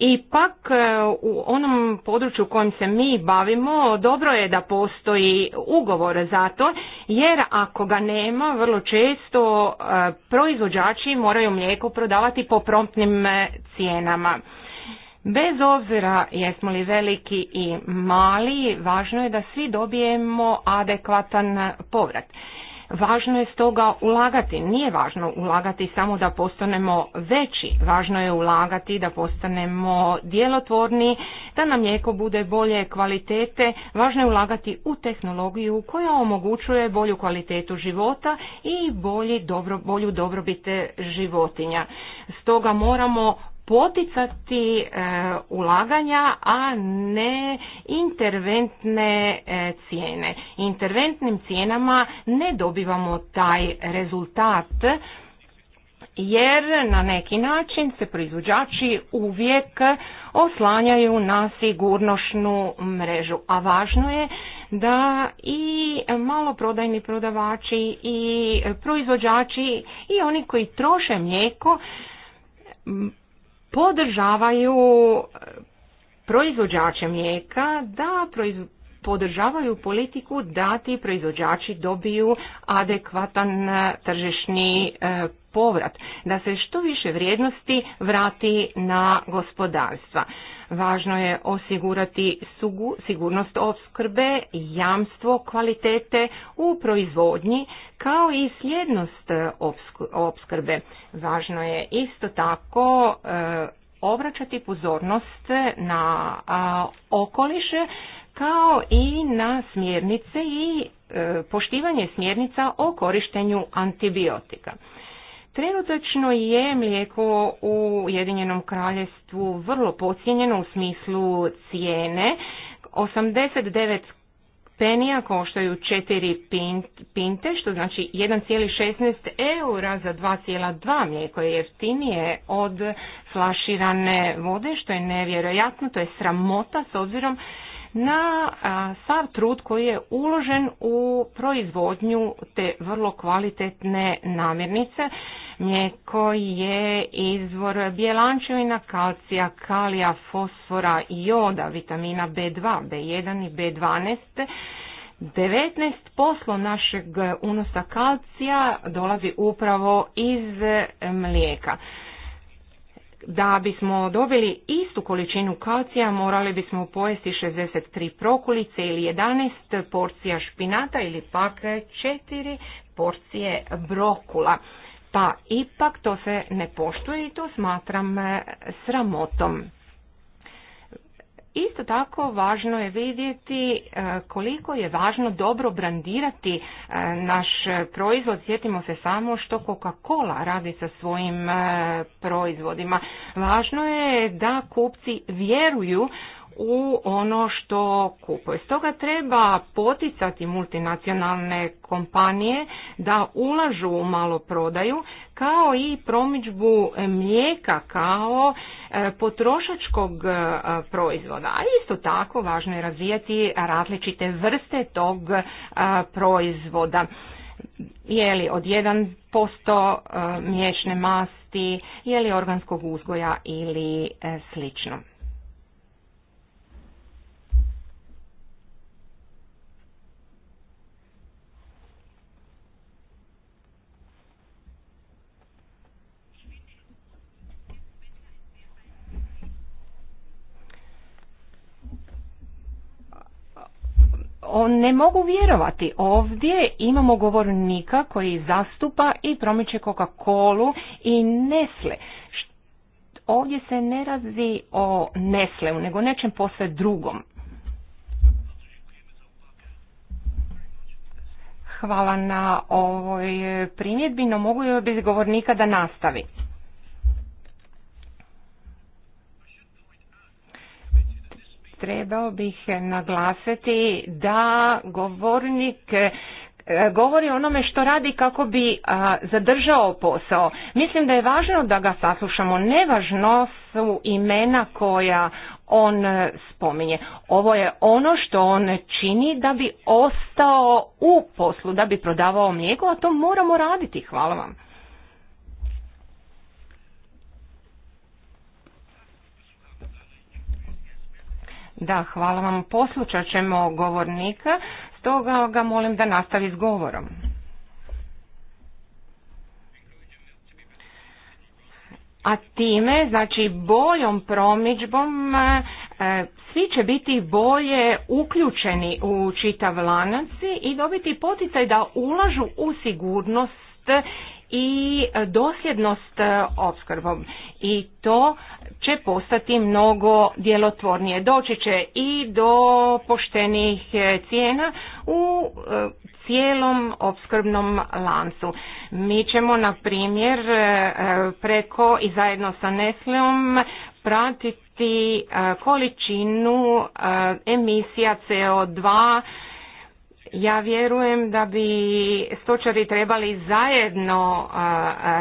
S4: Ipak e, u onom području kojem se mi bavimo dobro je da postoji ugovor za to jer ako ga nema vrlo često e, proizvođači moraju mlijeko prodavati po promptnim e, cijenama. Bez obzira jesmo li veliki i mali, važno je da svi dobijemo adekvatan povrat. Važno je stoga ulagati. Nije važno ulagati samo da postanemo veći. Važno je ulagati da postanemo djelotvorni, da nam mlijeko bude bolje kvalitete. Važno je ulagati u tehnologiju koja omogućuje bolju kvalitetu života i bolji dobro, bolju dobrobite životinja. Stoga moramo poticati e, ulaganja, a ne interventne e, cijene. Interventnim cijenama ne dobivamo taj rezultat jer na neki način se proizvođači uvijek oslanjaju na sigurnošnu mrežu, a važno je da i maloprodajni prodavači i proizvođači i oni koji troše mlijeko podržavaju eh, proizvođače mlijeka da podržavaju politiku da ti proizvođači dobiju adekvatan eh, tržišni eh, povrat, da se što više vrijednosti vrati na gospodarstva. Važno je osigurati sigurnost opskrbe, jamstvo kvalitete u proizvodnji kao i sljednost e, opskrbe. Važno je isto tako e, obraćati pozornost na okoliše kao i na smjernice i e, poštivanje smjernica o korištenju antibiotika. Trenutačno je mlijeko u Jedinjenom kraljestvu vrlo pocijenjeno u smislu cijene. 89 penija koštaju 4 pinte, što znači 1,16 eura za 2,2 mlijeko je jeftinije od flaširane vode, što je nevjerojatno, to je sramota s obzirom na sav trud koji je uložen u proizvodnju te vrlo kvalitetne namirnice mlijeko je izvor bjelančevina, kalcija, kalija, fosfora, joda, vitamina B2, B1 i B12. 19% poslo našeg unosa kalcija dolazi upravo iz mlijeka. Da bismo dobili istu količinu kalcija morali bismo pojesti 63 prokulice ili 11 porcija špinata ili pak 4 porcije brokula pa ipak to se ne poštuje i to smatram e, sramotom. Isto tako važno je vidjeti e, koliko je važno dobro brandirati e, naš proizvod. Sjetimo se samo što Coca-Cola radi sa svojim proizvodima. Važno je da kupci vjeruju u ono što kupuje. Stoga treba poticati multinacionalne kompanije da ulažu u maloprodaju kao i promičbu mlijeka kao e, potrošačkog e, proizvoda. A isto tako važno je razvijati različite vrste tog e, proizvoda je li od 1% mliječne masti, je li organskog uzgoja ili slično. ne mogu vjerovati. Ovdje imamo govornika koji zastupa i promiče Coca-Colu i Nesle. Ovdje se ne razi o Nesleu, nego nečem posve drugom. Hvala na ovoj primjedbi, no mogu joj bez govornika da nastavi. trebao bih naglasiti da govornik e, govori o onome što radi kako bi zadržao posao. Mislim da je važno da ga saslušamo. Nevažno su imena koja on e, spominje. Ovo je ono što on čini da bi ostao u poslu, da bi prodavao mlijeko, a to moramo raditi. Hvala vam. Da, hvala vam. Poslušat ćemo govornika, stoga ga molim da nastavi s govorom. A time, znači boljom promičbom, e, svi će biti bolje uključeni u čitav lanac i dobiti poticaj da ulažu u sigurnost i dosljednost e, opskrbom i to će postati mnogo djelotvornije. Doći će i do poštenih e, cijena u e, cijelom opskrbnom lancu. Mi ćemo, na primjer, preko i zajedno sa Nesleom pratiti količinu emisija CO2 ja vjerujem da bi stočari trebali zajedno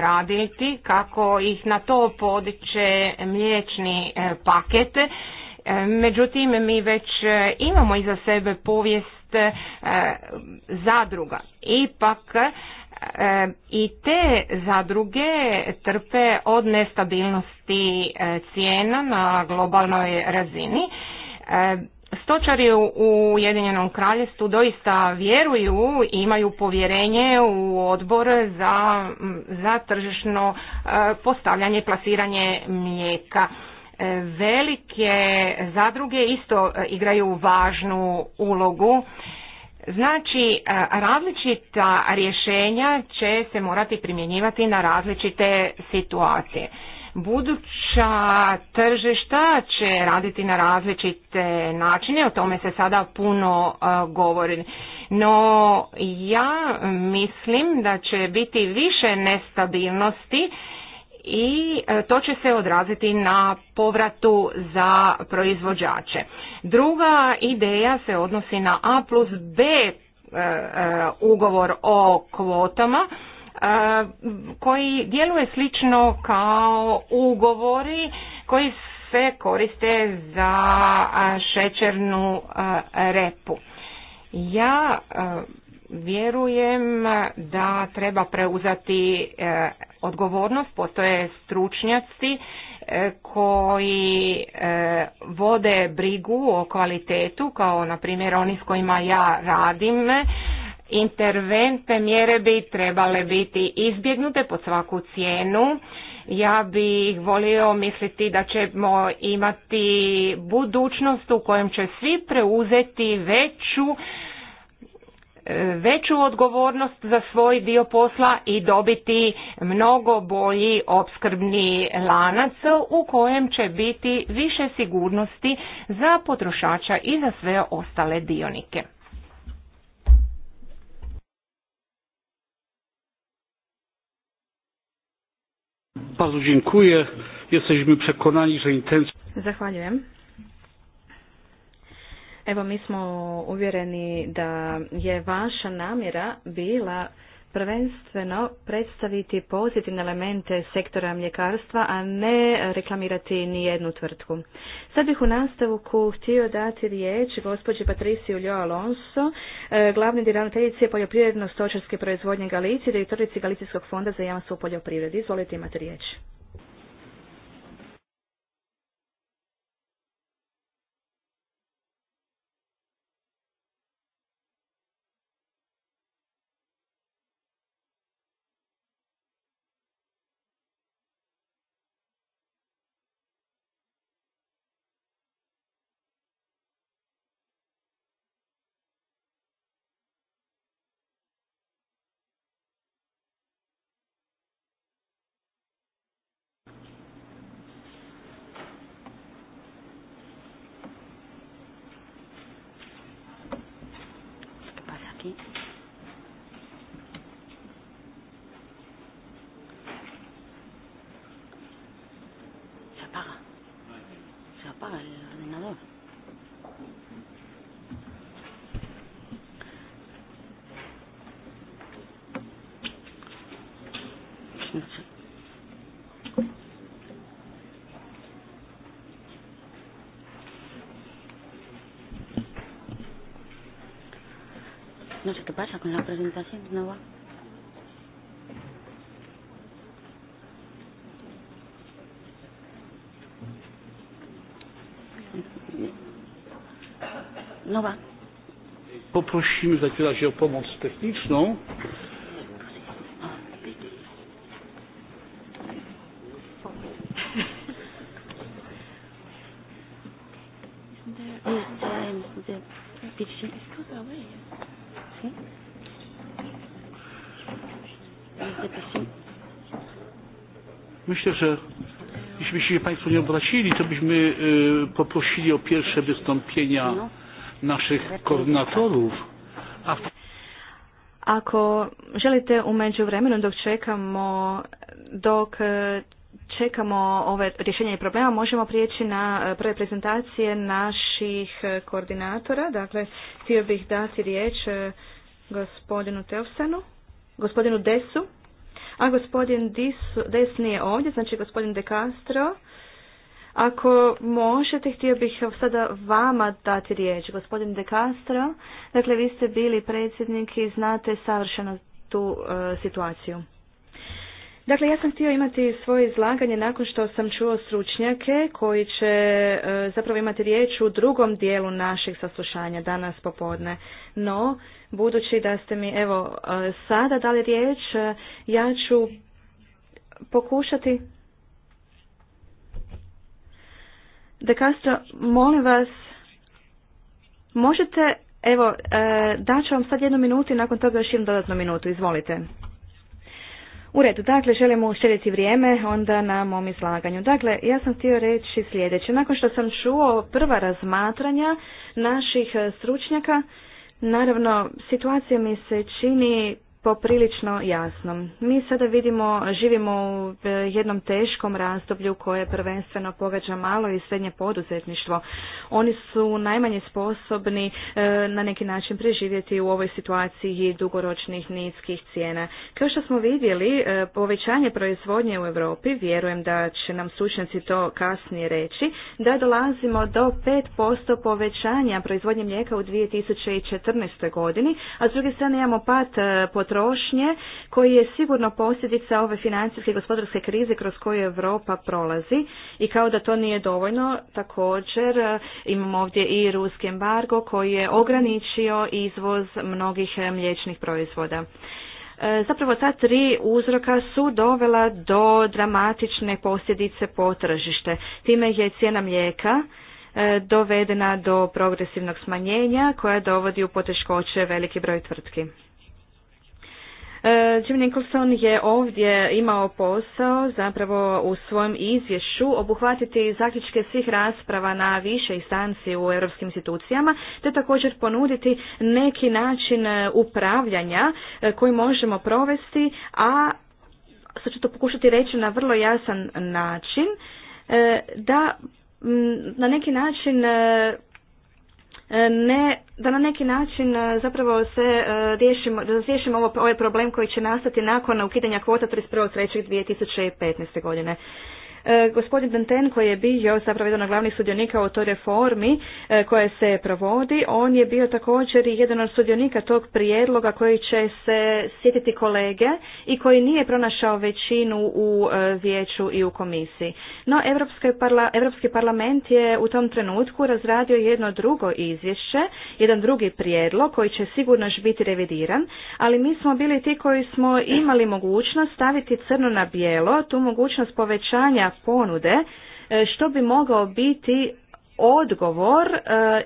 S4: raditi kako ih na to podiče mliječni e, paket. E, međutim, mi već e, imamo iza sebe povijest zadruga. Ipak, i te zadruge trpe od nestabilnosti cijena na globalnoj razini stočari u Ujedinjenom kraljestvu doista vjeruju i imaju povjerenje u odbor za, za tržišno e, postavljanje i plasiranje mlijeka. E, velike zadruge isto e, igraju važnu ulogu. Znači, različita rješenja će se morati primjenjivati na različite situacije. Buduća tržišta će raditi na različite načine, o tome se sada puno e, govori. No ja mislim da će biti više nestabilnosti i e, to će se odraziti na povratu za proizvođače. Druga ideja se odnosi na A plus B e, ugovor o kvotama koji djeluje slično kao ugovori koji se koriste za šećernu repu. Ja vjerujem da treba preuzeti e, odgovornost, postoje stručnjaci e, koji e, vode brigu o kvalitetu, kao na primjer oni s kojima ja radim, interventne mjere bi trebale biti izbjegnute po svaku cijenu. Ja bih volio misliti da ćemo imati budućnost u kojem će svi preuzeti veću e, veću odgovornost za svoj dio posla i dobiti mnogo bolji opskrbni lanac u kojem će biti više sigurnosti za potrošača i za sve ostale dionike.
S1: Bardzo dziękuję. Jesteśmy przekonani, że intencje...
S3: Zachwaliłem. Evo mi smo uvjereni da je vaša namjera bila prvenstveno predstaviti pozitivne elemente sektora mljekarstva, a ne reklamirati ni jednu tvrtku. Sad bih u nastavku htio dati riječ gospođi Patrici Uljo Alonso, e, glavni djelatnice poljoprivredno-stočarske proizvodnje Galicije, direktorici Galicijskog fonda za jamstvo u poljoprivredi.
S5: Izvolite imate riječ.
S1: no sé qué pasa con la presentación, no va. No va. Poprosimy za chwilę razie o pomoc techniczną. się Państwo nie obrazili, to byśmy poprosili o pierwsze wystąpienia naszych koordynatorów. A...
S3: Ako želite u međuvremenu dok čekamo dok e, čekamo ove rješenje problema, možemo prijeći na e, prve prezentacije naših e, koordinatora. Dakle, htio bih dati riječ gospodinu Teofsanu, gospodinu Desu a gospodin Des nije ovdje, znači gospodin De Castro. Ako možete, htio bih sada vama dati riječ, gospodin De Castro. Dakle, vi ste bili predsjednik i znate savršeno tu e, situaciju. Dakle, ja sam htio imati svoje izlaganje nakon što sam čuo stručnjake koji će e, zapravo imati riječ u drugom dijelu našeg saslušanja danas popodne. No, budući da ste mi evo e, sada dali riječ, e, ja ću pokušati... De Castro, molim vas, možete, evo, daću vam sad jednu minutu i nakon toga još jednu dodatnu minutu, izvolite. U redu, dakle, želimo uštediti vrijeme onda na mom izlaganju. Dakle, ja sam htio reći sljedeće. Nakon što sam čuo prva razmatranja naših e, stručnjaka, naravno, situacija mi se čini poprilično jasnom. Mi sada vidimo, živimo u e, jednom teškom razdoblju koje prvenstveno pogađa malo i srednje poduzetništvo. Oni su najmanje sposobni e, na neki način preživjeti u ovoj situaciji dugoročnih niskih cijena. Kao što smo vidjeli, e, povećanje proizvodnje u Europi, vjerujem da će nam stručnjaci to kasnije reći, da dolazimo do 5% povećanja proizvodnje mlijeka u 2014. godini, a s druge strane imamo pad pod potrošnje koji je sigurno posljedica ove financijske i gospodarske krize kroz koju Europa prolazi i kao da to nije dovoljno također e, imamo ovdje i ruski embargo koji je ograničio izvoz mnogih e, mliječnih proizvoda. E, zapravo ta tri uzroka su dovela do dramatične posljedice po tržište. Time je cijena mlijeka dovedena do progresivnog smanjenja koja dovodi u poteškoće veliki broj tvrtki. E, Jim Nicholson je ovdje imao posao zapravo u svojem izvješću obuhvatiti zaključke svih rasprava na više instanci u europskim institucijama te također ponuditi neki način e, upravljanja e, koji možemo provesti, a sad ću to pokušati reći na vrlo jasan način, da na neki način E, ne, da na neki način e, zapravo se e, riješimo, ovaj problem koji će nastati nakon ukidanja kvota 31.3.2015. godine. E, gospodin Danten koji je bio zapravo jedan od glavnih sudionika u toj reformi e, koja se provodi, on je bio također i jedan od sudionika tog prijedloga koji će se sjetiti kolege i koji nije pronašao većinu u e, vijeću i u komisiji. No, Europski parlament je u tom trenutku razradio jedno drugo izvješće, jedan drugi prijedlog koji će sigurno biti revidiran, ali mi smo bili ti koji smo imali mogućnost staviti crno na bijelo tu mogućnost povećanja ponude, e, što bi mogao biti odgovor e,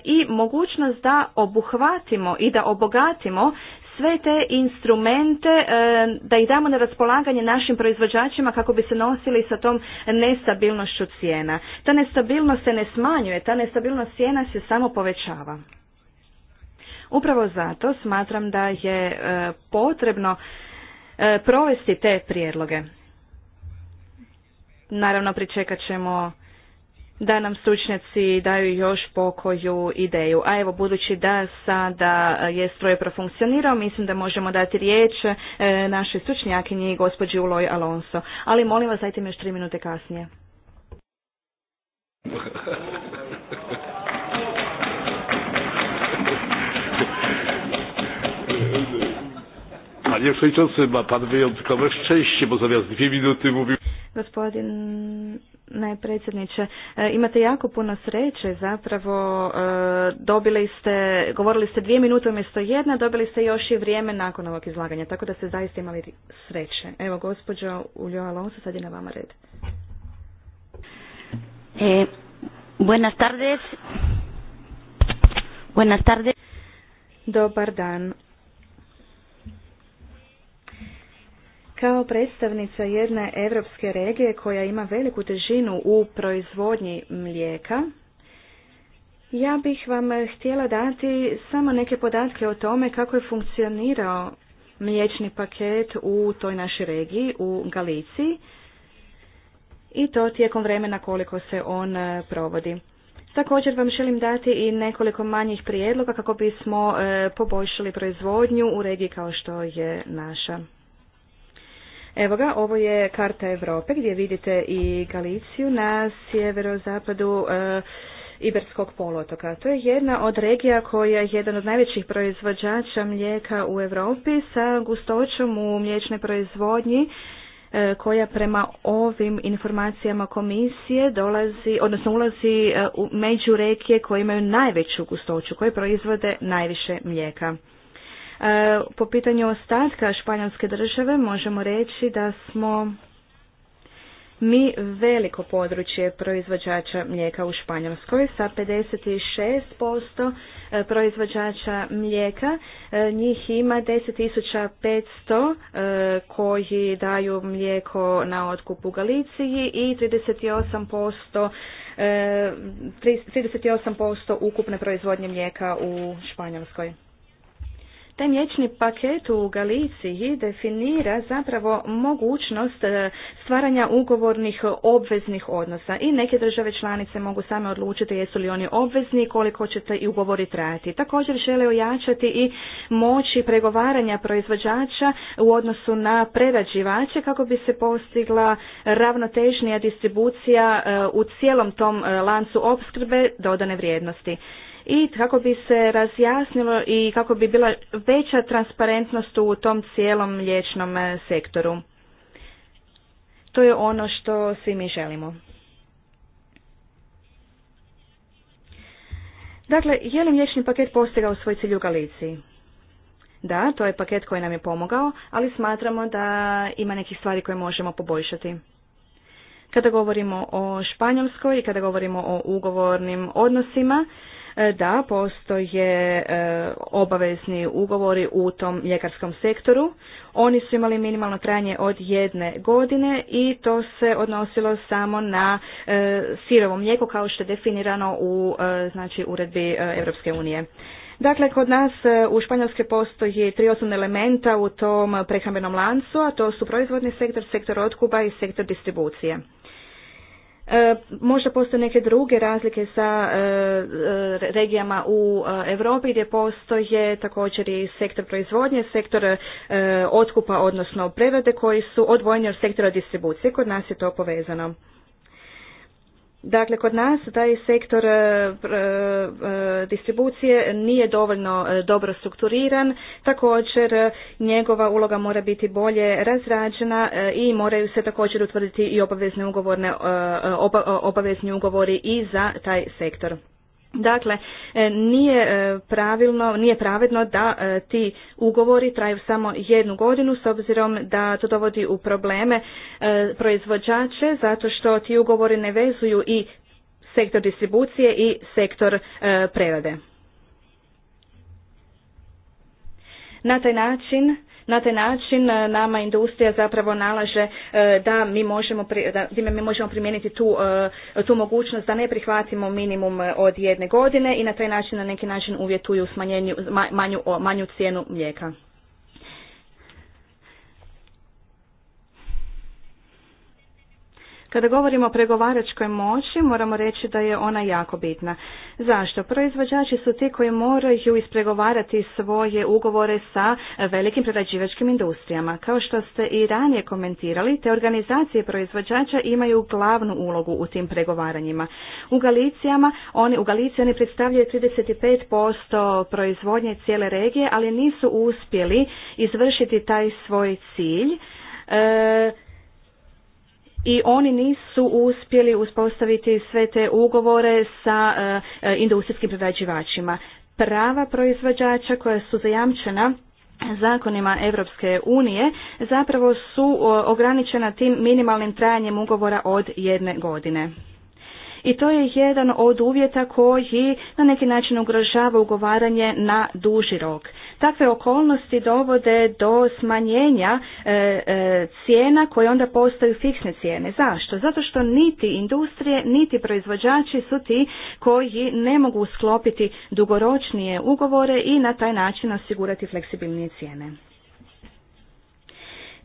S3: i mogućnost da obuhvatimo i da obogatimo sve te instrumente e, da ih damo na raspolaganje našim proizvođačima kako bi se nosili sa tom nestabilnošću cijena. Ta nestabilnost se ne smanjuje, ta nestabilnost cijena se samo povećava. Upravo zato smatram da je potrebno provesti te prijedloge. Naravno, pričekat ćemo da nam stručnjaci daju još pokoju ideju. A evo, budući da sada je stroj profunkcionirao, mislim da možemo dati riječ e, našoj stručnjakinji, gospođi Uloj Alonso. Ali molim vas, dajte mi još tri minute kasnije.
S1: Panie Przewodniczący, ma Pan wyjątkowe szczęście, bo zamiast dwie minuty mówił...
S3: Gospodine predsjedniče, e, imate jako puno sreće, zapravo e, dobili ste, govorili ste dvije minute umjesto jedna, dobili ste još i vrijeme nakon ovog izlaganja, tako da ste zaista imali sreće. Evo, gospođo Uljo Alonso, sad je na vama red. E, buenas tardes. Buenas tardes. Dobar dan. Kao predstavnica jedne europske regije koja ima veliku težinu u proizvodnji mlijeka, ja bih vam htjela dati samo neke podatke o tome kako je funkcionirao mliječni paket u toj našoj regiji, u Galiciji, i to tijekom vremena koliko se on e, provodi. Također vam želim dati i nekoliko manjih prijedloga kako bismo e, poboljšali proizvodnju u regiji kao što je naša. Evo ga, ovo je karta Europe gdje vidite i Galiciju na sjeverozapadu e, Iberskog polotoka. To je jedna od regija koja je jedan od najvećih proizvođača mlijeka u Europi sa gustoćom u mliječnoj proizvodnji e, koja prema ovim informacijama komisije dolazi, odnosno ulazi e, u među regije koje imaju najveću gustoću, koje proizvode najviše mlijeka. E, po pitanju ostatka španjolske države možemo reći da smo mi veliko područje proizvođača mlijeka u Španjolskoj sa 56% e, proizvođača mlijeka. E, njih ima 10.500 koji daju mlijeko na otkup u Galiciji i 38% 38% ukupne proizvodnje mlijeka u Španjolskoj. Taj mliječni paket u Galiciji definira zapravo mogućnost e, stvaranja ugovornih obveznih odnosa i neke države članice mogu same odlučiti jesu li oni obvezni i koliko će taj ugovori trajati. Također žele ojačati i moći pregovaranja proizvođača u odnosu na prerađivače kako bi se postigla ravnotežnija distribucija e, u cijelom tom e, lancu opskrbe dodane vrijednosti i kako bi se razjasnilo i kako bi bila veća transparentnost u tom cijelom liječnom e, sektoru. To je ono što svi mi želimo. Dakle, je li mlječni paket postigao svoj cilj u Galiciji? Da, to je paket koji nam je pomogao, ali smatramo da ima nekih stvari koje možemo poboljšati. Kada govorimo o Španjolskoj i kada govorimo o ugovornim odnosima, E, da postoje e, obavezni ugovori u tom ljekarskom sektoru. Oni su imali minimalno trajanje od jedne godine i to se odnosilo samo na e, sirovo mlijeko kao što je definirano u znači, uredbi Europske unije. Dakle, kod nas u Španjolskoj postoji tri osnovne elementa u tom prehrambenom lancu, a to su proizvodni sektor, sektor otkuba i sektor distribucije. E, možda postoje neke druge razlike sa e, e, regijama u Europi gdje postoje također i sektor proizvodnje, sektor otkupa odnosno prerade koji su odvojeni od sektora distribucije. Kod nas je to povezano. Dakle, kod nas taj sektor e, e, e, distribucije nije dovoljno dobro strukturiran, također njegova uloga mora biti bolje razrađena i moraju se također utvrditi i obavezni ugovori i za taj sektor. Dakle, e, nije e, pravilno, nije pravedno da e, ti ugovori traju samo jednu godinu s obzirom da to dovodi u probleme proizvođače zato što ti ugovori ne vezuju i sektor distribucije i sektor prerade. Na taj način na taj način e, nama industrija zapravo nalaže e, da mi možemo, da, mi možemo primijeniti tu, e, tu mogućnost da ne prihvatimo minimum od jedne godine i na taj način na neki način uvjetuju smanjenju, manju, manju cijenu mlijeka. Kada govorimo o pregovaračkoj moći, moramo reći da je ona jako bitna. Zašto? Proizvođači su ti koji moraju ispregovarati svoje ugovore sa velikim prerađivačkim industrijama. Kao što ste i ranije komentirali, te organizacije proizvođača imaju glavnu ulogu u tim pregovaranjima. U Galicijama, oni, u Galiciji oni predstavljaju 35% proizvodnje cijele regije, ali nisu uspjeli izvršiti taj svoj cilj. E, i oni nisu uspjeli uspostaviti sve te ugovore sa e, e, industrijskim proizvođačima. Prava proizvođača koja su zajamčena zakonima Europske unije zapravo su ograničena tim minimalnim trajanjem ugovora od jedne godine i to je jedan od uvjeta koji na neki način ugrožava ugovaranje na duži rok. Takve okolnosti dovode do smanjenja e, e, cijena koje onda postaju fiksne cijene. Zašto? Zato što niti industrije, niti proizvođači su ti koji ne mogu sklopiti dugoročnije ugovore i na taj način osigurati fleksibilnije cijene.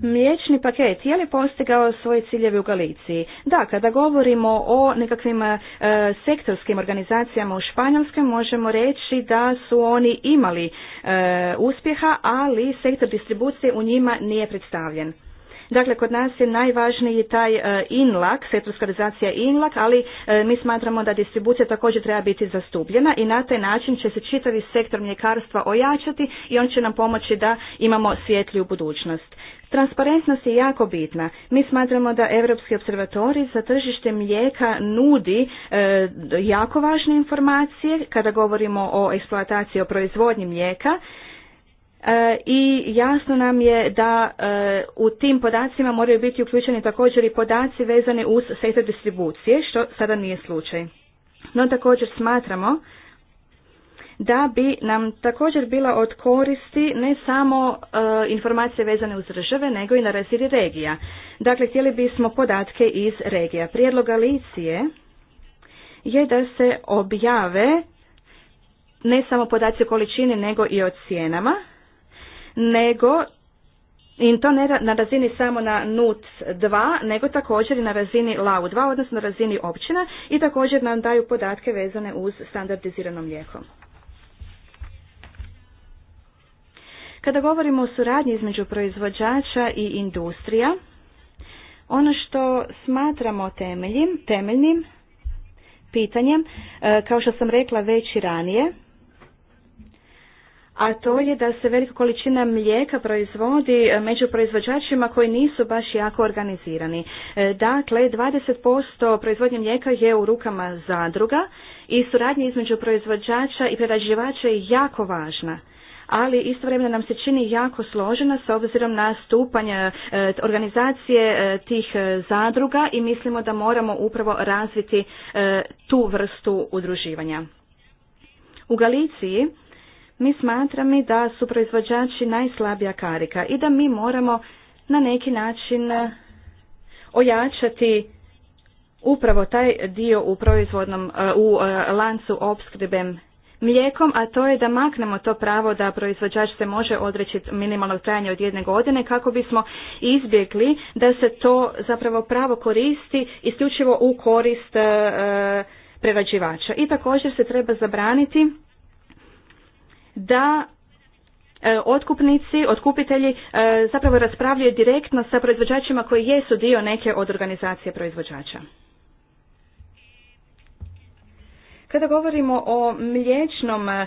S3: Mliječni paket je li postigao svoje ciljeve u Galiciji? Da, kada govorimo o nekakvim e, sektorskim organizacijama u Španjolskoj možemo reći da su oni imali e, uspjeha, ali sektor distribucije u njima nije predstavljen. Dakle, kod nas je najvažniji taj e, inlak, sektorskalizacija inlak, ali e, mi smatramo da distribucija također treba biti zastupljena i na taj način će se čitavi sektor mljekarstva ojačati i on će nam pomoći da imamo svjetliju budućnost. Transparentnost je jako bitna. Mi smatramo da Europski observatori za tržište mlijeka nudi e, jako važne informacije kada govorimo o eksploataciji o proizvodnji mlijeka E, i jasno nam je da e, u tim podacima moraju biti uključeni također i podaci vezani uz sektor distribucije, što sada nije slučaj. No također smatramo da bi nam također bila od koristi ne samo e, informacije vezane uz države, nego i na razini regija. Dakle, htjeli bismo podatke iz regija. Prijedlog Alicije je da se objave ne samo podaci o količini, nego i o cijenama, nego i to ne na razini samo na NUT 2, nego također i na razini LAU 2, odnosno na razini općina i također nam daju podatke vezane uz standardiziranom lijekom. Kada govorimo o suradnji između proizvođača i industrija, ono što smatramo temeljnim pitanjem, e, kao što sam rekla već i ranije, a to je da se velika količina mlijeka proizvodi e, među proizvođačima koji nisu baš jako organizirani. E, dakle, 20% proizvodnje mlijeka je u rukama zadruga i suradnja između proizvođača i prerađivača je jako važna ali istovremeno nam se čini jako složena s obzirom na stupanje organizacije e, tih zadruga i mislimo da moramo upravo razviti tu vrstu udruživanja. U Galiciji mi smatramo da su proizvođači najslabija karika i da mi moramo na neki način eh, ojačati upravo taj dio u proizvodnom eh, u eh, lancu opskrbe mlijekom, a to je da maknemo to pravo da proizvođač se može odreći minimalno trajanje od jedne godine kako bismo izbjegli da se to zapravo pravo koristi isključivo u korist prerađivača. I također se treba zabraniti da e, otkupnici, otkupitelji e, zapravo raspravljaju direktno sa proizvođačima koji jesu dio neke od organizacije proizvođača. Kada govorimo o mliječnom e,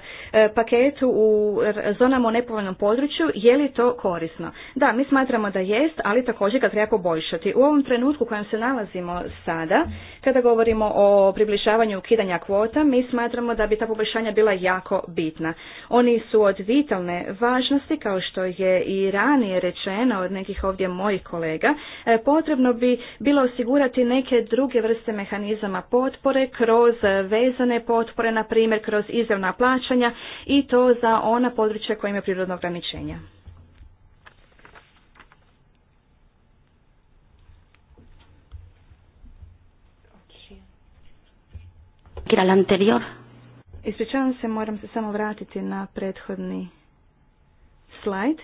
S3: paketu u zonama u nepovoljnom području, je li to korisno? Da, mi smatramo da jest, ali također ga treba poboljšati. U ovom trenutku u kojem se nalazimo sada, kada govorimo o približavanju ukidanja kvota, mi smatramo da bi ta poboljšanja bila jako bitna. Oni su od vitalne važnosti, kao što je i ranije rečeno od nekih ovdje mojih kolega, e, potrebno bi bilo osigurati neke druge vrste mehanizama potpore kroz vezane državne potpore, na primjer kroz izravna plaćanja i to za ona područja koja imaju prirodno ograničenja. Ispričavam se, moram se samo vratiti na prethodni slajd.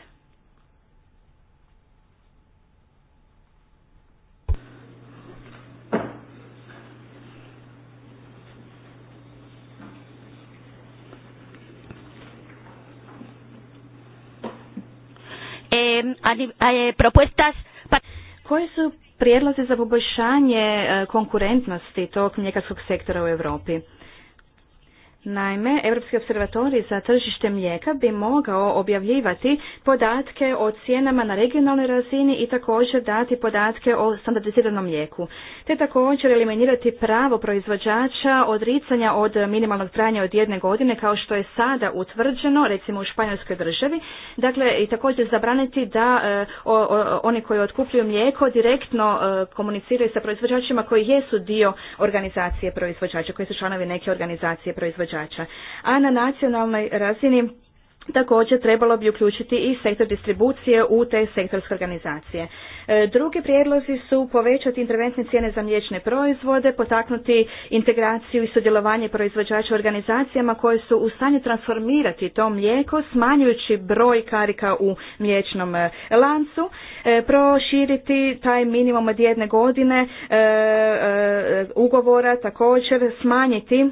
S3: E, propuestas pa- koje su prijedlozi za poboljšanje e, konkurentnosti tog mljekarskog sektora u Europi? Naime, Europski observatori za tržište mlijeka bi mogao objavljivati podatke o cijenama na regionalnoj razini i također dati podatke o standardiziranom mlijeku, te također eliminirati pravo proizvođača odricanja od minimalnog trajanja od jedne godine kao što je sada utvrđeno, recimo u Španjolskoj državi, dakle i također zabraniti da e, oni koji otkupljuju mlijeko direktno e, komuniciraju sa proizvođačima koji jesu dio organizacije proizvođača, koji su članovi neke organizacije proizvođača a na nacionalnoj razini Također trebalo bi uključiti i sektor distribucije u te sektorske organizacije. E, drugi prijedlozi su povećati interventne cijene za mliječne proizvode, potaknuti integraciju i sudjelovanje proizvođača organizacijama koje su u stanju transformirati to mlijeko, smanjujući broj karika u mliječnom e, lancu, e, proširiti taj minimum od jedne godine ugovora, također smanjiti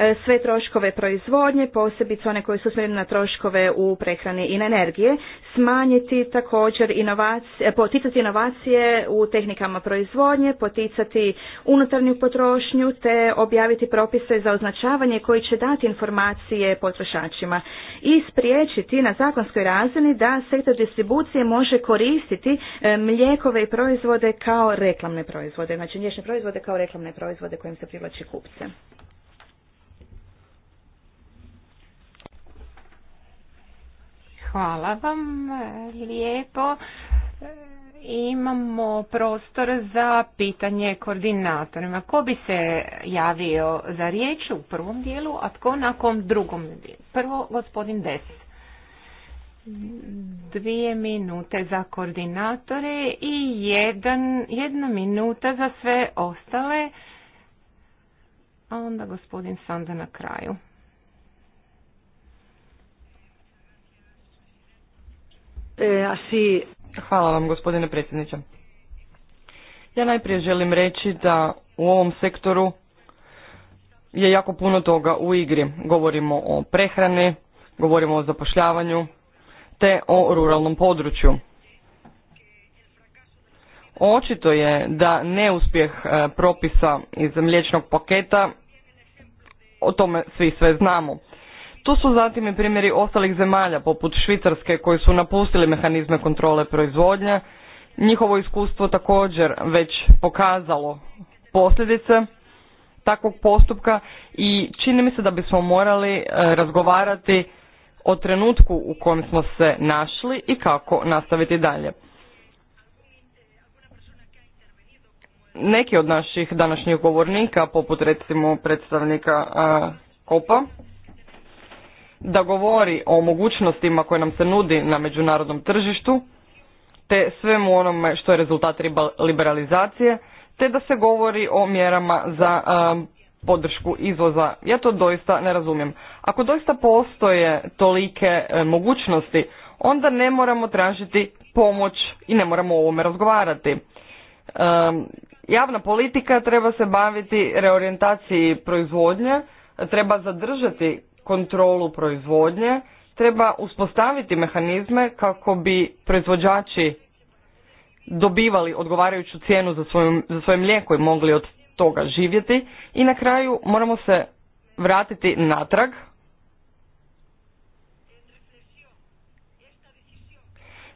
S3: E, sve troškove proizvodnje, posebice one koje su smjerene na troškove u prehrani i na energije, smanjiti također inovacije, e, poticati inovacije u tehnikama proizvodnje, poticati unutarnju potrošnju te objaviti propise za označavanje koji će dati informacije potrošačima i spriječiti na zakonskoj razini da sektor distribucije može koristiti e, mlijekove i proizvode kao reklamne proizvode, znači mliječne proizvode kao reklamne proizvode kojim se privlači kupce. Hvala vam
S4: e, lijepo. E, imamo prostor za pitanje koordinatorima. Ko bi se javio za riječ u prvom dijelu, a tko nakon drugom dijelu? Prvo, gospodin Des. Dvije minute za koordinatore i jedan, jedna minuta za sve ostale. A onda gospodin Sanda na kraju.
S2: E, Hvala vam gospodine predsjedniče. Ja najprije želim reći da u ovom sektoru je jako puno toga u igri. Govorimo o prehrani, govorimo o zapošljavanju, te o ruralnom području. Očito je da neuspjeh e, propisa iz mliječnog paketa, o tome svi sve znamo. Tu su zatim i primjeri ostalih zemalja poput Švicarske koji su napustili mehanizme kontrole proizvodnje. Njihovo iskustvo također već pokazalo posljedice takvog postupka i čini mi se da bismo morali e, razgovarati o trenutku u kojem smo se našli i kako nastaviti dalje. Neki od naših današnjih govornika, poput recimo predstavnika e, Kopa, da govori o mogućnostima koje nam se nudi na međunarodnom tržištu, te svemu onome što je rezultat liberalizacije, te da se govori o mjerama za podršku izvoza. Ja to doista ne razumijem. Ako doista postoje tolike e, mogućnosti, onda ne moramo tražiti pomoć i ne moramo o ovome razgovarati. E, javna politika treba se baviti reorientaciji proizvodnje, treba zadržati kontrolu proizvodnje, treba uspostaviti mehanizme kako bi proizvođači dobivali odgovarajuću cijenu za, za svoje mlijeko i mogli od toga živjeti. I na kraju moramo se vratiti natrag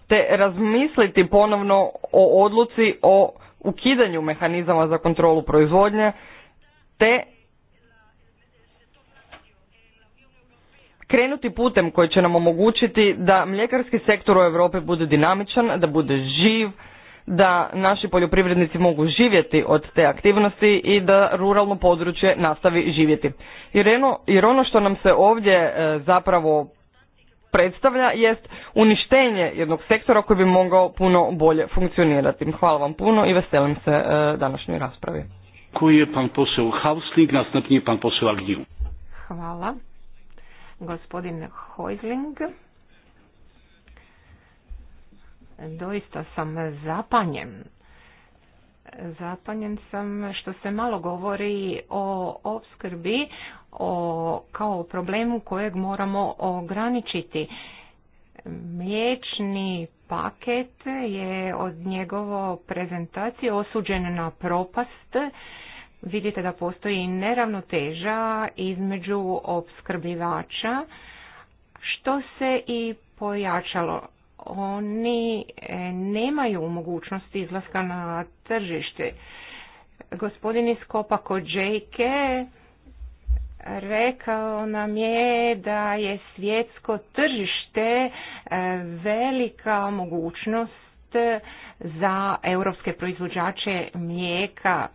S2: te razmisliti ponovno o odluci o ukidanju mehanizama za kontrolu proizvodnje te krenuti putem koji će nam omogućiti da mljekarski sektor u Europi bude dinamičan, da bude živ, da naši poljoprivrednici mogu živjeti od te aktivnosti i da ruralno područje nastavi živjeti. Jer ono što nam se ovdje e, zapravo predstavlja jest uništenje jednog sektora koji bi mogao puno bolje funkcionirati. Hvala vam puno i veselim se e, današnjoj raspravi.
S1: Koji pan pan
S4: Hvala. Gospodin Hojzling. Doista sam zapanjen. Zapanjen sam što se malo govori o opskrbi o, kao problemu kojeg moramo ograničiti. Mliječni paket je od njegovo prezentacije osuđen na propast vidite da postoji neravnoteža između opskrbljivača, što se i pojačalo. Oni e, nemaju mogućnosti izlaska na tržište. Gospodin iz Kopako Džejke rekao nam je da je svjetsko tržište e, velika mogućnost za europske proizvođače mlijeka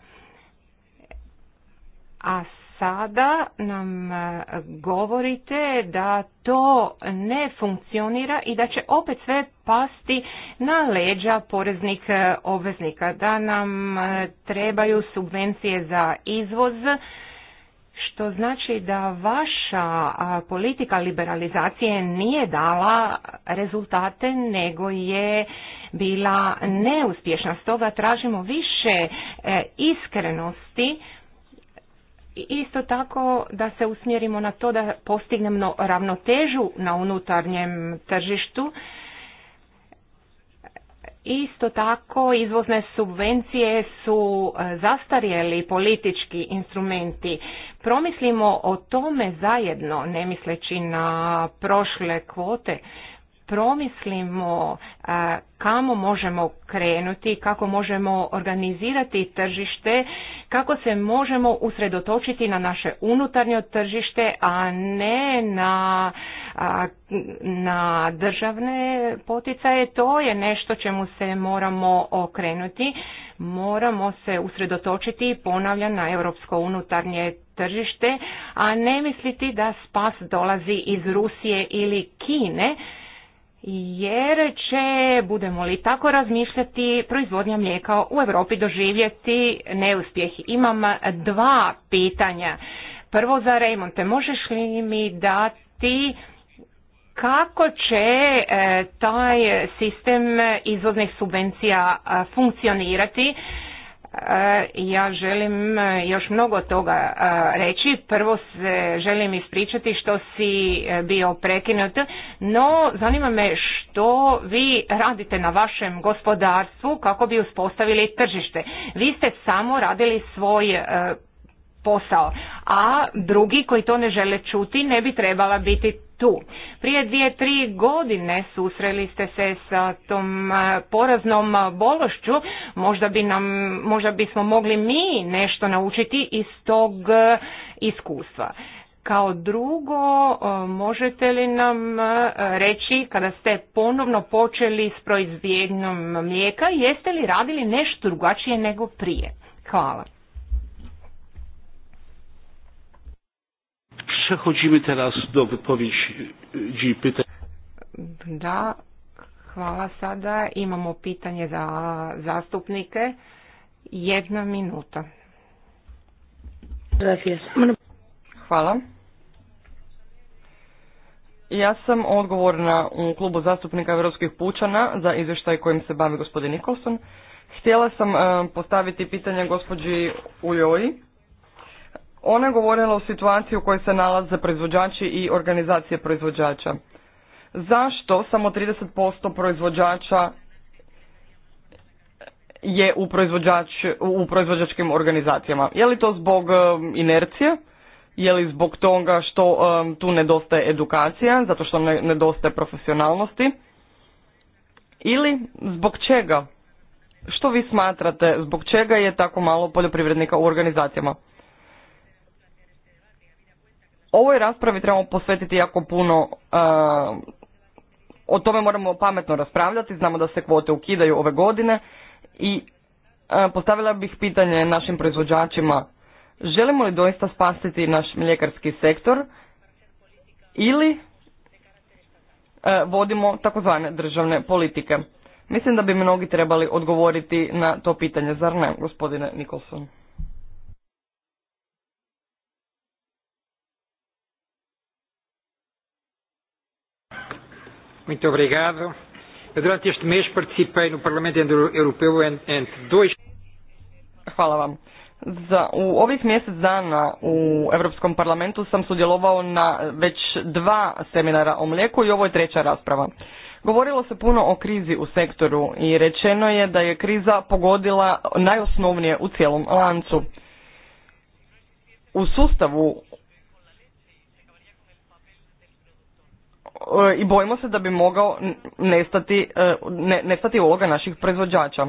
S4: a sada nam e, govorite da to ne funkcionira i da će opet sve pasti na leđa poreznih e, obveznika, da nam e, trebaju subvencije za izvoz, što znači da vaša politika liberalizacije nije dala rezultate nego je bila neuspješna. Stoga tražimo više iskrenosti isto tako da se usmjerimo na to da postignemo ravnotežu na unutarnjem tržištu. Isto tako izvozne subvencije su e, zastarjeli politički instrumenti. Promislimo o tome zajedno, ne misleći na prošle kvote promislimo kamo možemo krenuti, kako možemo organizirati tržište, kako se možemo usredotočiti na naše unutarnje tržište, a ne na, na državne poticaje. To je nešto čemu se moramo okrenuti. Moramo se usredotočiti, ponavljam, na europsko unutarnje tržište, a ne misliti da spas dolazi iz Rusije ili Kine, jer će, budemo li tako razmišljati, proizvodnja mlijeka u Europi doživjeti neuspjeh. Imam dva pitanja. Prvo za remonte, možeš li mi dati kako će e, taj sistem izvoznih subvencija funkcionirati? E, ja želim e, još mnogo toga e, reći. Prvo se želim ispričati što si bio prekinut, no zanima me što vi radite na vašem gospodarstvu kako bi uspostavili tržište. Vi ste samo radili svoj posao, a drugi koji to ne žele čuti ne bi trebala biti tu. Prije dvije, tri godine susreli ste se sa tom eh, poraznom bološću, možda, bi nam, možda bismo mogli mi nešto naučiti iz tog eh, iskustva. Kao drugo, eh, možete li nam reći kada ste ponovno počeli s proizvodnjom mlijeka, jeste li radili nešto drugačije nego prije?
S1: Hvala. Przechodzimy teraz do wypowiedzi pytań.
S4: Da, hvala sada. Imamo pitanje za zastupnike. Jedna minuta.
S2: Hvala. Ja sam odgovorna u klubu zastupnika Europskih pučana za izvještaj kojim se bavi gospodin Nikolson. Htjela sam e, postaviti pitanje gospođi Ujoji ona je govorila o situaciji u kojoj se nalaze proizvođači i organizacije proizvođača. Zašto samo 30% proizvođača je u, proizvođač, u proizvođačkim organizacijama? Je li to zbog um, inercije? Je li zbog toga što um, tu nedostaje edukacija, zato što ne, nedostaje profesionalnosti? Ili zbog čega? Što vi smatrate, zbog čega je tako malo poljoprivrednika u organizacijama? Ovoj raspravi trebamo posvetiti jako puno, e, o tome moramo pametno raspravljati, znamo da se kvote ukidaju ove godine i e, postavila bih pitanje našim proizvođačima, želimo li doista spasiti naš mljekarski sektor ili e, vodimo takozvane državne politike? Mislim da bi mnogi trebali odgovoriti na to pitanje, zar ne, gospodine
S6: Nikolson? Muito obrigado. Eu durante este mês participei no Parlamento Europeu dois...
S2: Hvala vam. Za, u ovih mjesec dana u Europskom parlamentu sam sudjelovao na već dva seminara o mlijeku i ovo je treća rasprava. Govorilo se puno o krizi u sektoru i rečeno je da je kriza pogodila najosnovnije u cijelom lancu. U sustavu E, i bojimo se da bi mogao nestati, e, ne, nestati uloga naših proizvođača.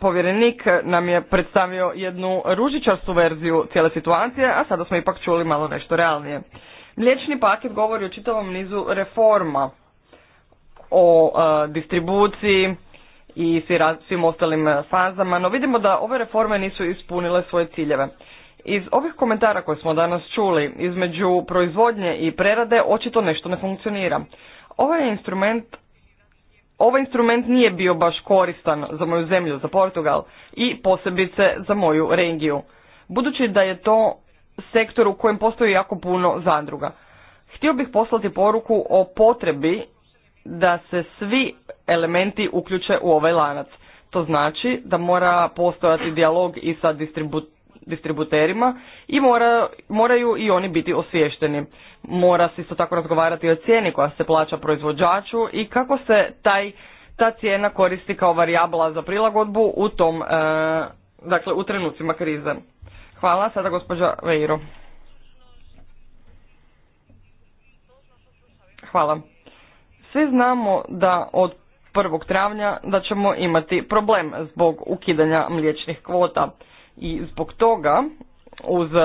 S2: Povjerenik nam je predstavio jednu ružičastu verziju cijele situacije, a sada smo ipak čuli malo nešto realnije. Mliječni paket govori o čitavom nizu reforma o e, distribuciji i svim ostalim fazama, no vidimo da ove reforme nisu ispunile svoje ciljeve. Iz ovih komentara koje smo danas čuli između proizvodnje i prerade očito nešto ne funkcionira. Ovaj instrument ovaj instrument nije bio baš koristan za moju zemlju, za Portugal i posebice za moju regiju. Budući da je to sektor u kojem postoji jako puno zadruga. Htio bih poslati poruku o potrebi da se svi elementi uključe u ovaj lanac. To znači da mora postojati dijalog i sa distribu distributerima i mora, moraju i oni biti osviješteni. Mora se isto tako razgovarati o cijeni koja se plaća proizvođaču i kako se taj, ta cijena koristi kao varijabla za prilagodbu u tom, e, dakle u trenucima krize. Hvala, sada gospođa Veiro. Hvala. Svi znamo da od 1. travnja da ćemo imati problem zbog ukidanja mliječnih kvota. I zbog toga uz e,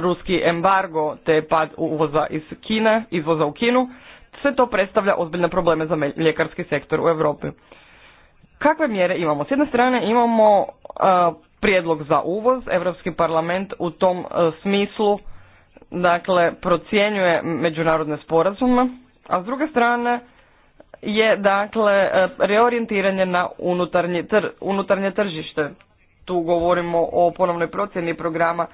S2: ruski embargo te pad uvoza iz Kine, izvoza u Kinu, sve to predstavlja ozbiljne probleme za mljekarski sektor u Europi. Kakve mjere imamo? S jedne strane imamo e, prijedlog za uvoz, Europski parlament u tom e, smislu dakle procjenjuje međunarodne sporazume, a s druge strane je dakle reorijentiranje na unutarnje, unutarnje tržište tu govorimo o ponovnoj procjeni programa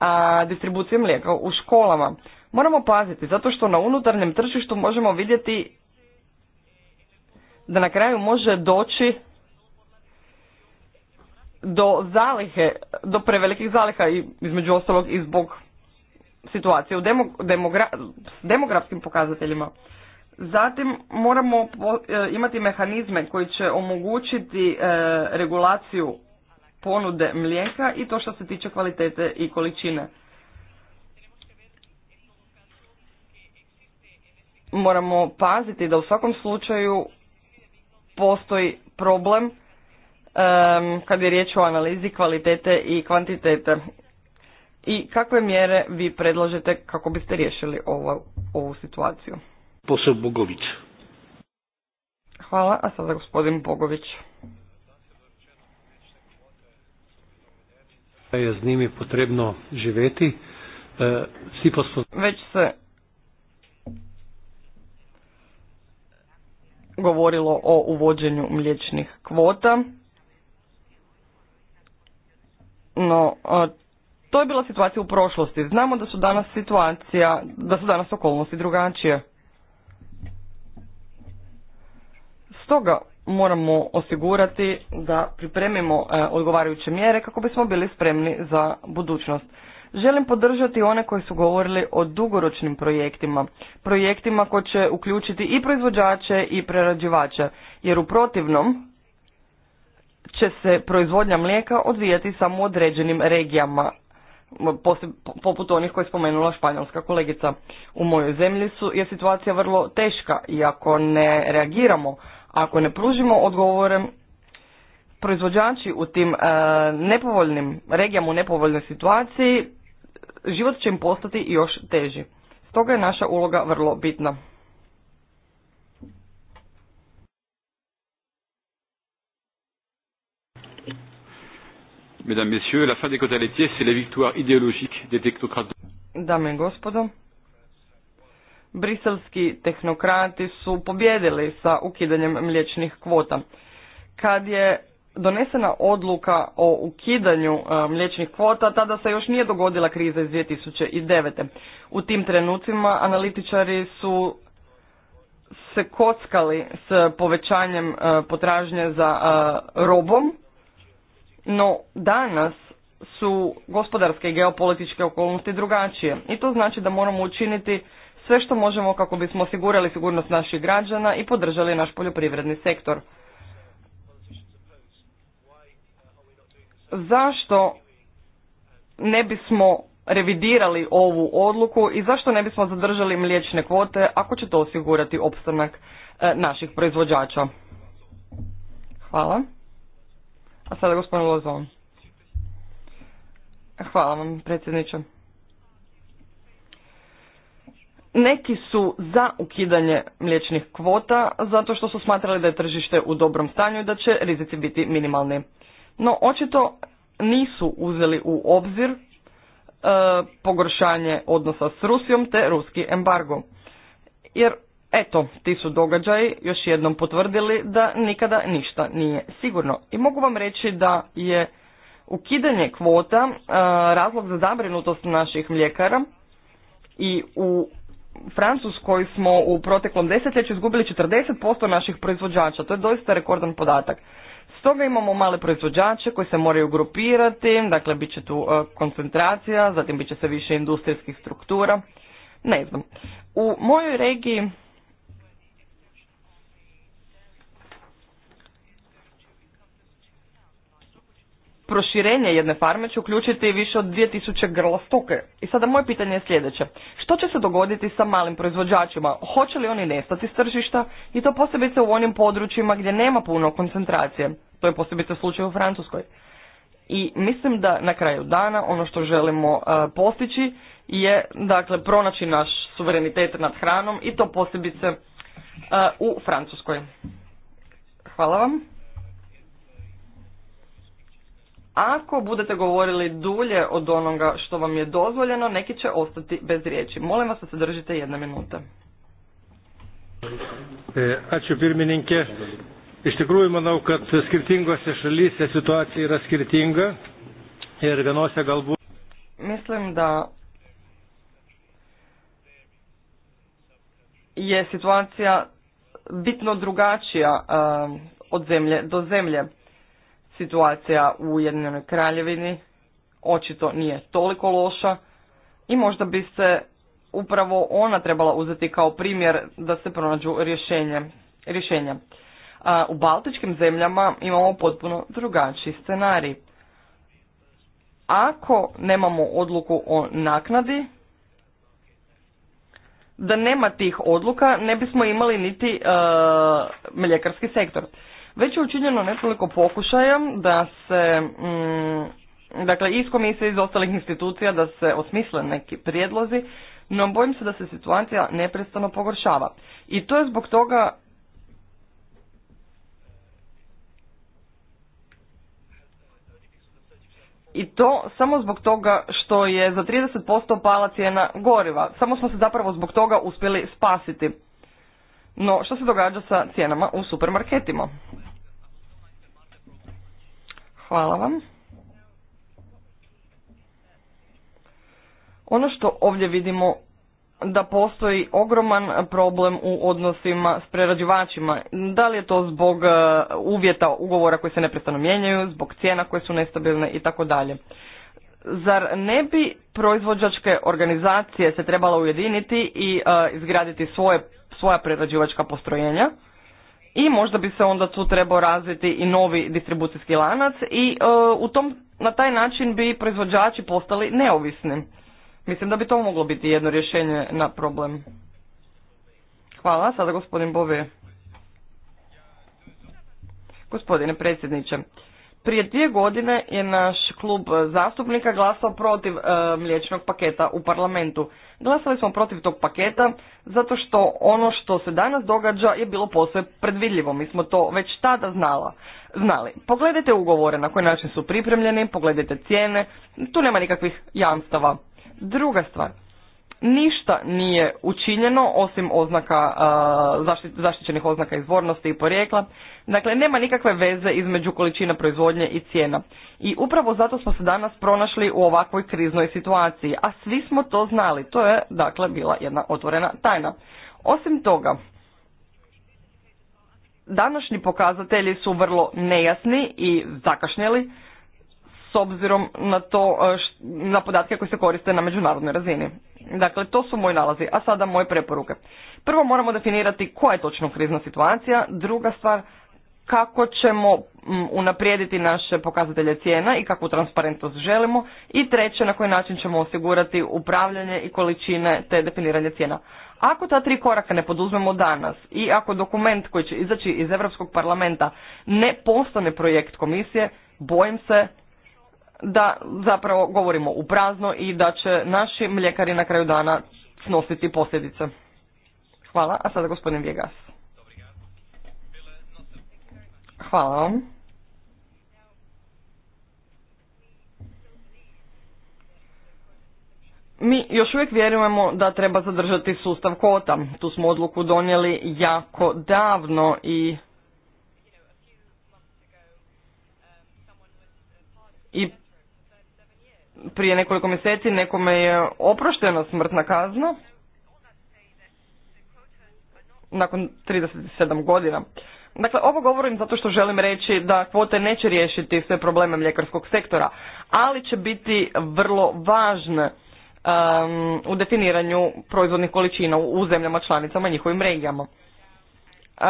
S2: a, distribucije mlijeka u školama. Moramo paziti, zato što na unutarnjem tržištu možemo vidjeti da na kraju može doći do zalihe, do prevelikih zaliha i između ostalog i zbog situacije u demografskim pokazateljima. Zatim moramo e, imati mehanizme koji će omogućiti e, regulaciju ponude mlijeka i to što se tiče kvalitete i količine. Moramo paziti da u svakom slučaju postoji problem um, kad je riječ o analizi kvalitete i kvantitete. I kakve mjere vi predlažete kako biste riješili ovu, ovu situaciju?
S1: Posao Bogović.
S2: Hvala, a sada gospodin Bogović.
S1: je z njimi potrebno živeti. Vsi eh, pa so. Već se
S2: govorilo o uvođenju mliječnih kvota. No, eh, to je bila situacija u prošlosti. Znamo da su danas situacija, da su danas okolnosti drugačije. Stoga moramo osigurati da pripremimo e, odgovarajuće mjere kako bismo bili spremni za budućnost. Želim podržati one koji su govorili o dugoročnim projektima, projektima koji će uključiti i proizvođače i prerađivače, jer u protivnom će se proizvodnja mlijeka odvijati samo u određenim regijama, poput onih koje je spomenula španjolska kolegica. U mojoj zemlji su, je situacija vrlo teška i ako ne reagiramo, ako ne pružimo odgovore, proizvođači u tim e, nepovoljnim regijama u nepovoljnoj situaciji, život će im postati još teži. Stoga je naša uloga vrlo bitna.
S1: Mesdames, Messieurs, la fin des quotas c'est la victoire idéologique des technocrates.
S2: Dame i gospodo, briselski tehnokrati su pobjedili sa ukidanjem mliječnih kvota. Kad je donesena odluka o ukidanju e, mliječnih kvota, tada se još nije dogodila kriza iz 2009. U tim trenucima analitičari su se kockali s povećanjem e, potražnje za e, robom, no danas su gospodarske i geopolitičke okolnosti drugačije i to znači da moramo učiniti sve što možemo kako bismo osigurali sigurnost naših građana i podržali naš poljoprivredni sektor. Zašto ne bismo revidirali ovu odluku i zašto ne bismo zadržali mliječne kvote ako će to osigurati opstanak e, naših proizvođača? Hvala. A sada gospodin Lozon. Hvala vam predsjedniče. Neki su za ukidanje mliječnih kvota zato što su smatrali da je tržište u dobrom stanju i da će rizici biti minimalni. No očito nisu uzeli u obzir e, pogoršanje odnosa s Rusijom te ruski embargo. Jer eto, ti su događaji još jednom potvrdili da nikada ništa nije sigurno. I mogu vam reći da je ukidanje kvota e, razlog za zabrinutost naših mljekara i u Francuskoj smo u proteklom desetljeću izgubili 40% naših proizvođača. To je doista rekordan podatak. Stoga imamo male proizvođače koji se moraju grupirati, dakle bit će tu e, koncentracija, zatim bit će se više industrijskih struktura. Ne znam. U mojoj regiji proširenje jedne farme će uključiti više od 2000 grla stoke. I sada moje pitanje je sljedeće. Što će se dogoditi sa malim proizvođačima? Hoće li oni nestati s tržišta? I to posebice u onim područjima gdje nema puno koncentracije. To je posebice slučaj u Francuskoj. I mislim da na kraju dana ono što želimo e, postići je dakle pronaći naš suverenitet nad hranom i to posebice e, u Francuskoj. Hvala vam. Ako budete govorili dulje od onoga što vam je dozvoljeno, neki će ostati bez riječi. Molim vas da se držite jedna minuta.
S1: E, ačiū pirmininkė. Iš tikrųjų manau, kad skirtingose šalyse situacija yra skirtinga ir vienose galbūt.
S2: Mislim da je situacija bitno drugačija e, od zemlje do zemlje situacija u Ujedinjenoj kraljevini očito nije toliko loša i možda bi se upravo ona trebala uzeti kao primjer da se pronađu rješenje, rješenja. A u baltičkim zemljama imamo potpuno drugačiji scenarij. Ako nemamo odluku o naknadi, da nema tih odluka ne bismo imali niti e, mljekarski sektor. Već je učinjeno nekoliko pokušaja da se, mm, dakle, iz komisije, iz ostalih institucija da se osmisle neki prijedlozi, no bojim se da se situacija neprestano pogoršava. I to je zbog toga I to samo zbog toga što je za 30% pala cijena goriva. Samo smo se zapravo zbog toga uspjeli spasiti. No, što se događa sa cijenama u supermarketima? Hvala vam. Ono što ovdje vidimo da postoji ogroman problem u odnosima s prerađivačima. Da li je to zbog e, uvjeta ugovora koji se neprestano mijenjaju, zbog cijena koje su nestabilne i tako dalje. Zar ne bi proizvođačke organizacije se trebala ujediniti i e, izgraditi svoje svoja prerađivačka postrojenja i možda bi se onda tu trebao razviti i novi distribucijski lanac i e, u tom, na taj način bi proizvođači postali neovisni. Mislim da bi to moglo biti jedno rješenje na problem. Hvala, sada gospodin Bove. Gospodine predsjedniče, prije dvije godine je naš klub zastupnika glasao protiv e, mliječnog paketa u parlamentu. Glasali smo protiv tog paketa zato što ono što se danas događa je bilo posve predvidljivo. Mi smo to već tada znala, znali. Pogledajte ugovore na koji način su pripremljeni, pogledajte cijene, tu nema nikakvih jamstava. Druga stvar, ništa nije učinjeno osim oznaka, zaštićenih oznaka izvornosti i porijekla. Dakle, nema nikakve veze između količina proizvodnje i cijena. I upravo zato smo se danas pronašli u ovakvoj kriznoj situaciji, a svi smo to znali. To je, dakle, bila jedna otvorena tajna. Osim toga, današnji pokazatelji su vrlo nejasni i zakašnjeli s obzirom na to na podatke koji se koriste na međunarodnoj razini. Dakle, to su moji nalazi. A sada moje preporuke. Prvo moramo definirati koja je točno krizna situacija. Druga stvar, kako ćemo unaprijediti naše pokazatelje cijena i kakvu transparentnost želimo i treće na koji način ćemo osigurati upravljanje i količine te definiranje cijena. Ako ta tri koraka ne poduzmemo danas i ako dokument koji će izaći iz Europskog parlamenta ne postane projekt komisije, bojim se da zapravo govorimo u prazno i da će naši mljekari na kraju dana snositi posljedice. Hvala, a sada gospodin Vjegas. Hvala vam. Mi još uvijek vjerujemo da treba zadržati sustav kvota. Tu smo odluku donijeli jako davno i i prije nekoliko mjeseci nekome je oprošteno smrtna kazna nakon 37 godina. Dakle, ovo govorim zato što želim reći da kvote neće riješiti sve probleme mljekarskog sektora, ali će biti vrlo važne um, u definiranju proizvodnih količina u zemljama članicama i njihovim regijama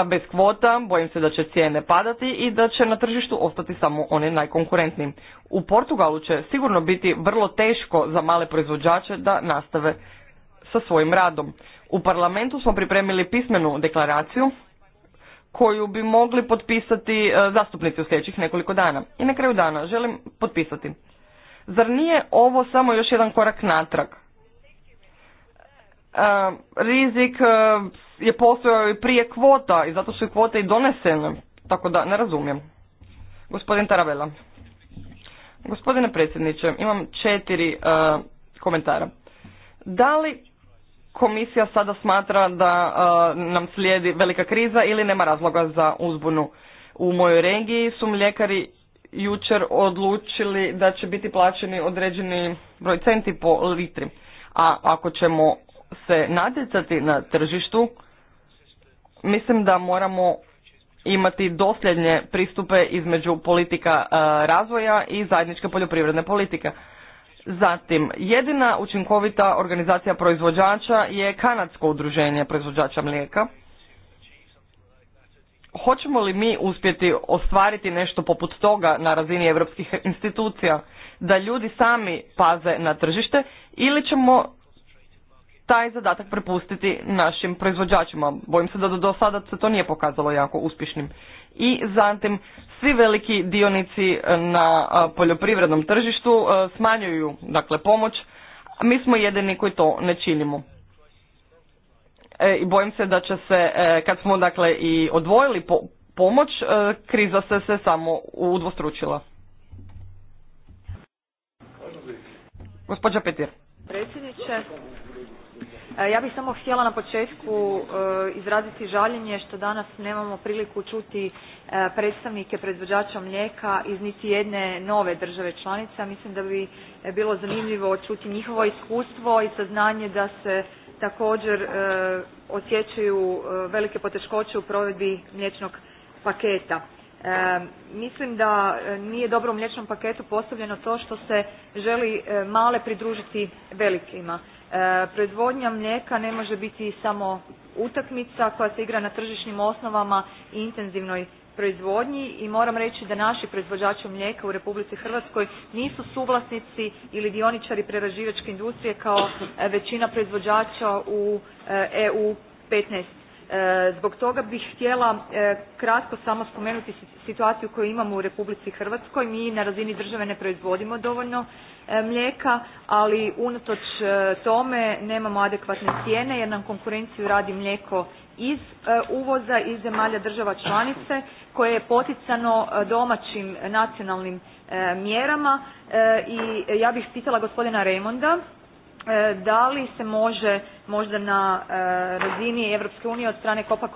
S2: bez kvota bojim se da će cijene padati i da će na tržištu ostati samo one najkonkurentniji. U Portugalu će sigurno biti vrlo teško za male proizvođače da nastave sa svojim radom. U parlamentu smo pripremili pismenu deklaraciju koju bi mogli potpisati e, zastupnici u sljedećih nekoliko dana. I na kraju dana želim potpisati. Zar nije ovo samo još jedan korak natrag rizik je postojao i prije kvota i zato su i kvote i donesene. Tako da ne razumijem. Gospodin Taravela. Gospodine predsjedniče, imam četiri komentara. Da li komisija sada smatra da nam slijedi velika kriza ili nema razloga za uzbunu? U mojoj regiji su mljekari jučer odlučili da će biti plaćeni određeni broj centi po litri. A ako ćemo se natjecati na tržištu, mislim da moramo imati dosljednje pristupe između politika e, razvoja i zajedničke poljoprivredne politike. Zatim, jedina učinkovita organizacija proizvođača je Kanadsko udruženje proizvođača mlijeka. Hoćemo li mi uspjeti ostvariti nešto poput toga na razini europskih institucija, da ljudi sami paze na tržište ili ćemo taj zadatak prepustiti našim proizvođačima. Bojim se da do sada se to nije pokazalo jako uspješnim. I zatim svi veliki dionici e, na poljoprivrednom tržištu e, smanjuju dakle pomoć, a mi smo jedini koji to ne činimo. E, I bojim se da će se, kad smo dakle i odvojili pomoć, kriza se se samo udvostručila.
S5: Gospodža Petir. Predsjedniče, E, ja bih samo htjela na početku e, izraziti žaljenje što danas nemamo priliku čuti e, predstavnike proizvođača mlijeka iz niti jedne nove države članice, mislim da bi bilo zanimljivo čuti njihovo iskustvo i saznanje da se također osjećaju velike poteškoće u provedbi mliječnog paketa. mislim da nije dobro u mliječnom paketu postavljeno to što se želi male pridružiti velikima. E, Proizvodnja mlijeka ne može biti samo utakmica koja se igra na tržišnim osnovama i intenzivnoj proizvodnji i moram reći da naši proizvođači mlijeka u Republici Hrvatskoj nisu suvlasnici ili dioničari prerađivačke industrije kao e, većina proizvođača u EU e 15 E, zbog toga bih htjela e, kratko samo spomenuti situaciju koju imamo u Republici Hrvatskoj. Mi na razini države ne proizvodimo dovoljno e, mlijeka, ali unatoč tome nemamo adekvatne cijene jer nam konkurenciju radi mlijeko iz uvoza, iz zemalja država članice koje je poticano domaćim nacionalnim mjerama i ja bih pitala gospodina Remonda E, da li se može možda na e, razini Europske unije od strane Kopa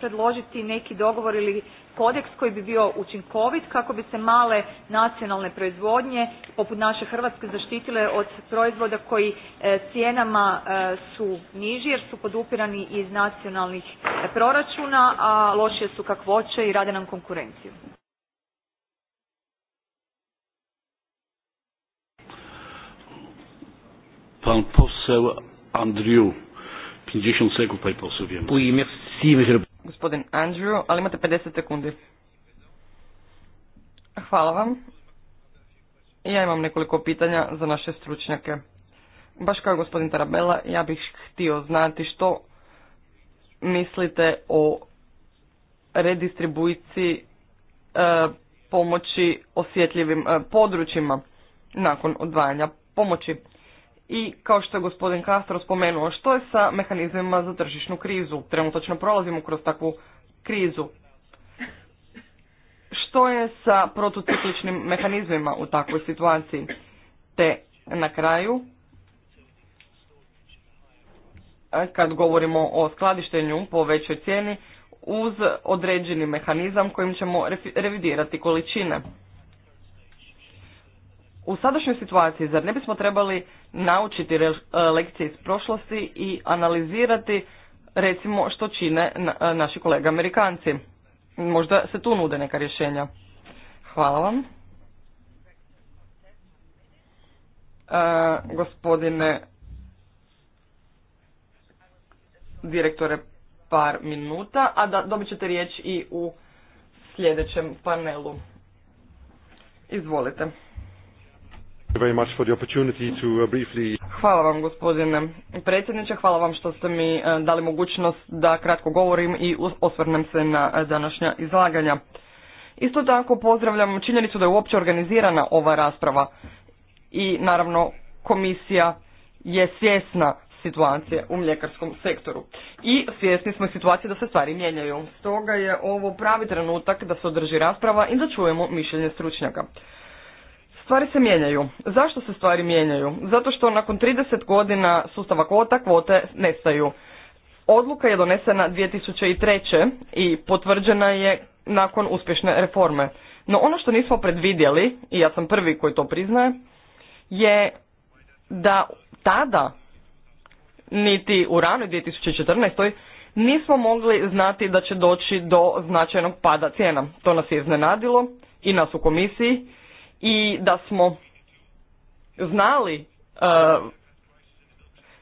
S5: predložiti neki dogovor ili kodeks koji bi bio učinkovit kako bi se male nacionalne proizvodnje poput naše Hrvatske zaštitile od proizvoda koji e, cijenama su niži jer su podupirani iz nacionalnih proračuna, a lošije su kakvoće i rade nam konkurenciju.
S1: Pan poseł Andrew. 50 sekund, poseł wiem. Oui,
S2: Gospodin Andrew, ali imate 50 sekundi. Hvala vam. Ja imam nekoliko pitanja za naše stručnjake. Baš kao gospodin Tarabela, ja bih htio znati što mislite o redistribuciji e, pomoći osjetljivim e, područjima nakon odvajanja pomoći i kao što je gospodin Castro spomenuo, što je sa mehanizmima za tržišnu krizu? Trenutačno prolazimo kroz takvu krizu. Što je sa protocikličnim mehanizmima u takvoj situaciji? Te na kraju, kad govorimo o skladištenju po većoj cijeni, uz određeni mehanizam kojim ćemo revidirati količine. U sadašnjoj situaciji, zar ne bismo trebali naučiti e, lekcije iz prošlosti i analizirati recimo što čine e, naši kolega Amerikanci? Možda se tu nude neka rješenja. Hvala vam. E, gospodine direktore par minuta, a da dobit ćete riječ i u sljedećem panelu. Izvolite.
S6: Uh,
S2: hvala vam gospodine predsjedniče, hvala vam što ste mi uh, dali mogućnost da kratko govorim i osvrnem se na uh, današnja izlaganja. Isto tako pozdravljam činjenicu da je uopće organizirana ova rasprava i naravno komisija je svjesna situacije u mljekarskom sektoru. I svjesni smo situacije da se stvari mijenjaju. Stoga je ovo pravi trenutak da se održi rasprava i da čujemo mišljenje stručnjaka. Stvari se mijenjaju. Zašto se stvari mijenjaju? Zato što nakon 30 godina sustava kvota kvote nestaju. Odluka je donesena 2003. i potvrđena je nakon uspješne reforme. No ono što nismo predvidjeli, i ja sam prvi koji to priznaje, je da tada, niti u ranoj 2014. nismo mogli znati da će doći do značajnog pada cijena. To nas je iznenadilo i nas u komisiji i da smo znali uh,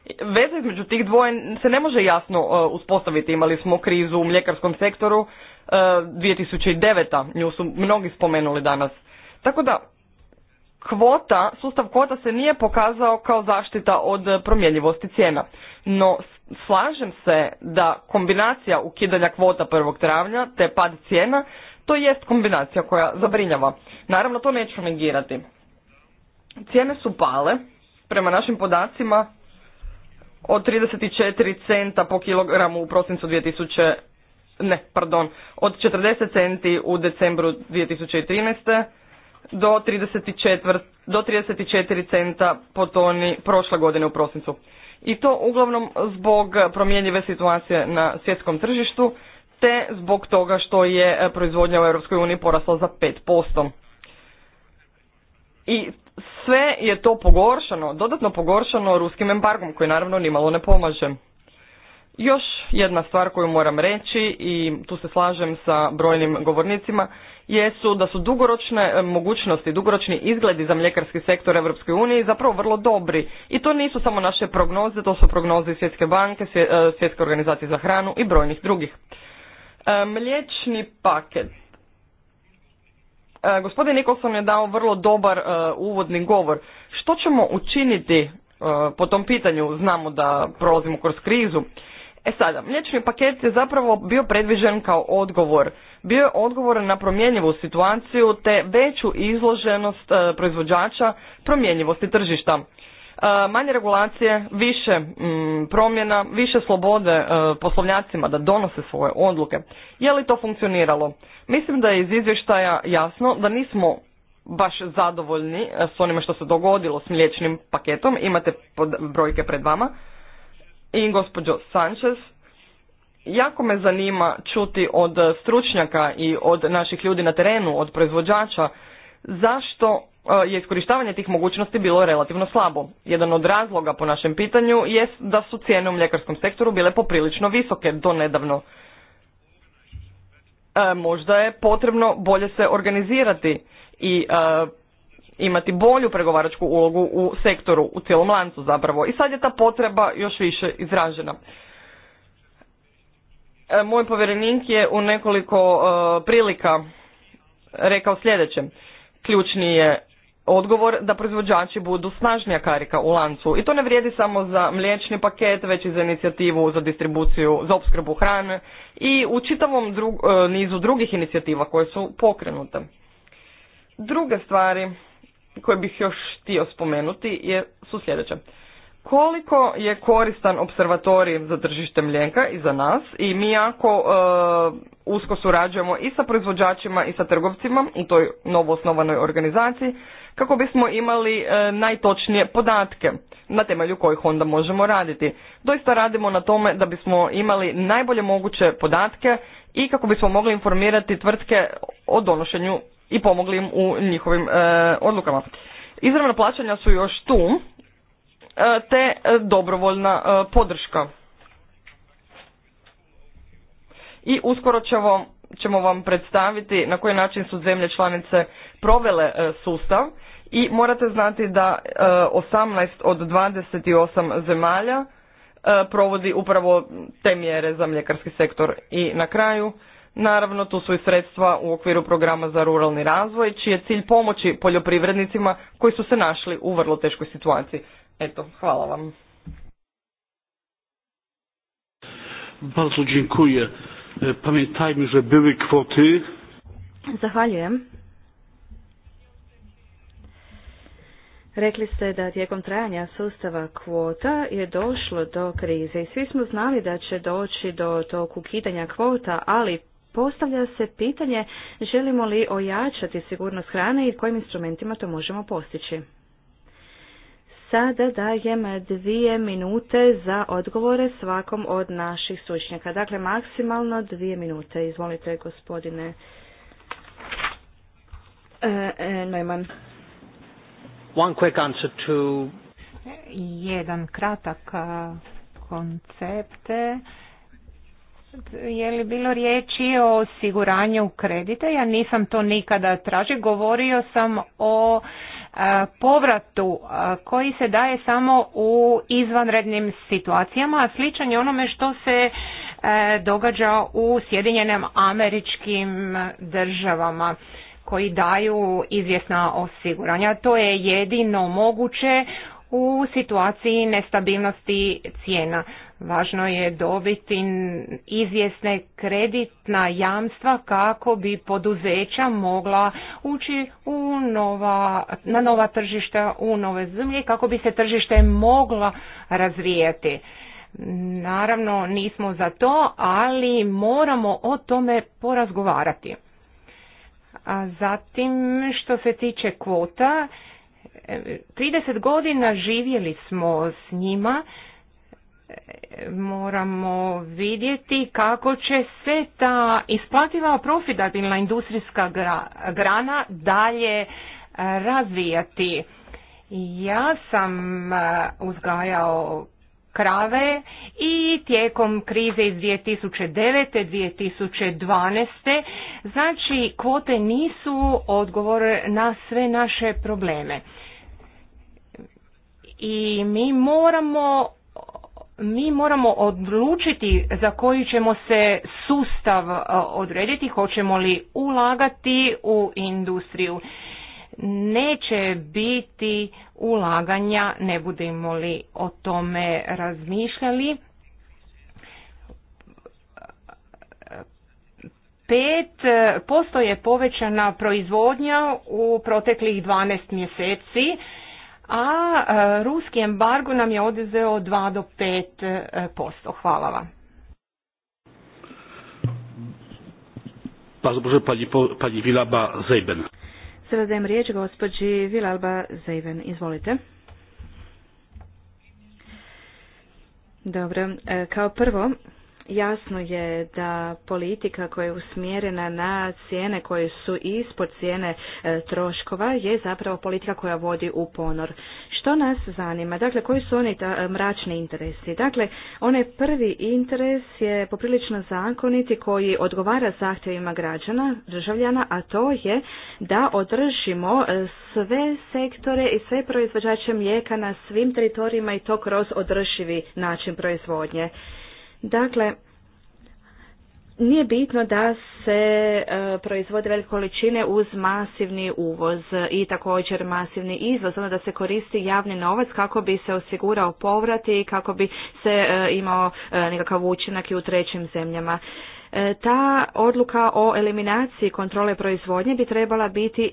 S2: e, veza između tih dvoje se ne može jasno e, uspostaviti. Imali smo krizu u mljekarskom sektoru e, uh, 2009. Nju su mnogi spomenuli danas. Tako da kvota, sustav kvota se nije pokazao kao zaštita od promjenjivosti cijena. No slažem se da kombinacija ukidanja kvota 1. travnja te pad cijena to jest kombinacija koja zabrinjava. Naravno, to neću negirati. Cijene su pale, prema našim podacima, od 34 centa po kilogramu u prosincu 2000, ne, pardon, od 40 centi u decembru 2013 do 34, do 34 centa po toni prošle godine u prosincu. I to uglavnom zbog promjenjive situacije na svjetskom tržištu, te zbog toga što je e, proizvodnja u Europskoj uniji porasla za 5%. I sve je to pogoršano, dodatno pogoršano ruskim embargom koji naravno nimalo ne pomaže. Još jedna stvar koju moram reći i tu se slažem sa brojnim govornicima jesu da su dugoročne e, mogućnosti, dugoročni izgledi za mljekarski sektor Europskoj uniji zapravo vrlo dobri. I to nisu samo naše prognoze, to su prognoze Svjetske banke, e, Svjetske organizacije za hranu i brojnih drugih. E, mliječni paket. E, gospodin Nikolson je dao vrlo dobar e, uvodni govor. Što ćemo učiniti po tom pitanju? Znamo da prolazimo kroz krizu. E sada, mliječni paket je zapravo bio predviđen kao odgovor. Bio je odgovor na promjenjivu situaciju te veću izloženost proizvođača promjenjivosti tržišta manje regulacije, više mm, promjena, više slobode e, poslovnjacima da donose svoje odluke. Je li to funkcioniralo? Mislim da je iz izvještaja jasno da nismo baš zadovoljni e, s onime što se dogodilo s mliječnim paketom. Imate brojke pred vama. I gospođo Sanchez, jako me zanima čuti od stručnjaka i od naših ljudi na terenu, od proizvođača, zašto E, je iskorištavanje tih mogućnosti bilo relativno slabo. Jedan od razloga po našem pitanju jest da su cijene u mljekarskom sektoru bile poprilično visoke do nedavno. E, možda je potrebno bolje se organizirati i e, imati bolju pregovaračku ulogu u sektoru, u cijelom lancu zapravo. I sad je ta potreba još više izražena. E, moj povjerenik je u nekoliko e, prilika rekao sljedeće ključni je odgovor da proizvođači budu snažnija karika u lancu. I to ne vrijedi samo za mliječni paket, već i za inicijativu za distribuciju, za opskrbu hrane i u čitavom e, nizu drugih inicijativa koje su pokrenute. Druge stvari koje bih još htio spomenuti je, su sljedeće koliko je koristan observatorij za tržište mlijeka i za nas i mi jako e, usko surađujemo i sa proizvođačima i sa trgovcima u toj novoosnovanoj organizaciji kako bismo imali e, najtočnije podatke na temelju kojih onda možemo raditi. Doista radimo na tome da bismo imali najbolje moguće podatke i kako bismo mogli informirati tvrtke o donošenju i pomogli im u njihovim e, odlukama. Izravna plaćanja su još tu E, te e, dobrovoljna e, podrška. I uskoro ćemo, vam predstaviti na koji način su zemlje članice provele sustav i morate znati da 18 od 28 zemalja provodi upravo te mjere za mljekarski sektor. I na kraju, naravno, tu su i sredstva u okviru programa za ruralni razvoj, čiji je cilj pomoći poljoprivrednicima koji su se našli u vrlo teškoj situaciji. Eto, hvala vam.
S1: Bardzo dziękuję. E, pamiętajmy, że były kwoty.
S3: Zahvaljujem. Rekli ste da tijekom trajanja sustava kvota je došlo do krize i svi smo znali da će doći do tog ukidanja kvota, ali postavlja se pitanje želimo li ojačati sigurnost hrane i kojim instrumentima to možemo postići. Sada dajem dvije minute za odgovore svakom od naših stručnjaka. Dakle, maksimalno dvije minute. Izvolite, gospodine e, e, Neumann.
S6: One quick answer to...
S4: Jedan kratak e, koncepte. Je li bilo riječi o osiguranju kredita? Ja nisam to nikada tražio. Govorio sam o povratu koji se daje samo u izvanrednim situacijama, a sličan je onome što se e, događa u Sjedinjenim američkim državama koji daju izvjesna osiguranja. To je jedino moguće u situaciji nestabilnosti cijena. Važno je dobiti izvjesne kreditna jamstva kako bi poduzeća mogla ući u nova, na nova tržišta u nove zemlje kako bi se tržište mogla razvijati. Naravno nismo za to, ali moramo o tome porazgovarati. A zatim što se tiče kvota, 30 e, godina živjeli smo s njima, moramo vidjeti kako će se ta isplativa profitabilna industrijska grana dalje e, razvijati. Ja sam e, uzgajao krave i tijekom krize iz 2009. 2012. Znači kvote nisu odgovor na sve naše probleme. I mi moramo mi moramo odlučiti za koji ćemo se sustav e, odrediti, hoćemo li ulagati u industriju. Neće biti ulaganja, ne budemo li o tome razmišljali. Pet e, posto je povećana proizvodnja u proteklih 12 mjeseci a e, ruski embargo nam je odezeo 2 do 5%.
S3: E, posto. Hvala vam.
S1: Bardzo proszę pani, pani Wilaba Zejben.
S3: Sada dajem riječ gospođi Vilalba Zejben. Izvolite. Dobro, e, kao prvo Jasno je da politika koja je usmjerena na cijene koje su ispod cijene e, troškova je zapravo politika koja vodi u ponor. Što nas zanima? Dakle, koji su oni mračni interesi? Dakle, onaj prvi interes je poprilično zakoniti koji odgovara zahtjevima građana, državljana, a to je da održimo e, sve sektore i sve proizvođače mlijeka na svim teritorijima i to kroz održivi način proizvodnje. Dakle, nije bitno da se e, proizvode velike količine uz masivni uvoz i također masivni izvoz, ono da se koristi javni novac kako bi se osigurao povrat i kako bi se e, imao e, nekakav učinak i u trećim zemljama. Ta odluka o eliminaciji kontrole proizvodnje bi trebala biti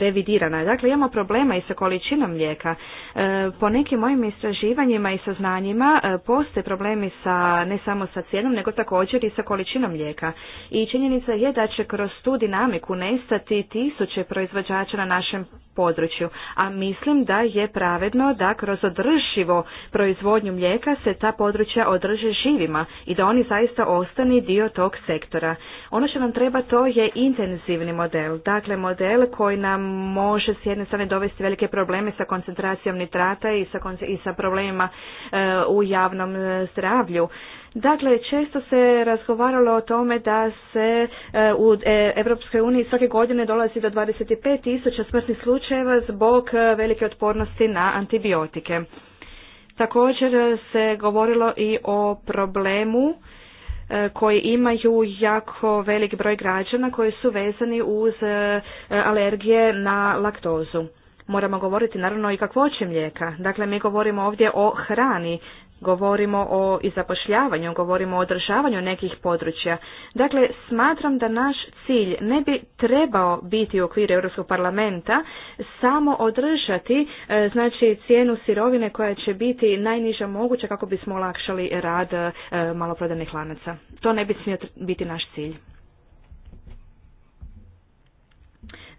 S3: revidirana. Dakle, imamo problema i sa količinom mlijeka. E, po nekim mojim istraživanjima i saznanjima e, postoje problemi sa, ne samo sa cijenom, nego također i sa količinom mlijeka. I činjenica je da će kroz tu dinamiku nestati tisuće proizvođača na našem području, a mislim da je pravedno da kroz održivo proizvodnju mlijeka se ta područja održe živima i da oni zaista zaista ostani dio tog sektora. Ono što nam treba to je intenzivni model, dakle model koji nam može s jedne strane dovesti velike probleme sa koncentracijom nitrata i sa, i sa problemima e, u javnom e, zdravlju. Dakle, često se razgovaralo o tome da se e, u Europskoj uniji svake godine dolazi do 25.000 tisuća smrtnih slučajeva zbog velike otpornosti na antibiotike. Također se govorilo i o problemu E, koji imaju jako velik broj građana koji su vezani uz e, alergije na laktozu. Moramo govoriti naravno i kakvoće mlijeka. Dakle, mi govorimo ovdje o hrani, govorimo o i zapošljavanju, govorimo o održavanju nekih područja. Dakle, smatram da naš cilj ne bi trebao biti u okviru Europskog parlamenta samo održati e, znači cijenu sirovine koja će biti najniža moguća kako bismo olakšali rad e, maloprodajnih lanaca. To ne bi smio biti naš cilj.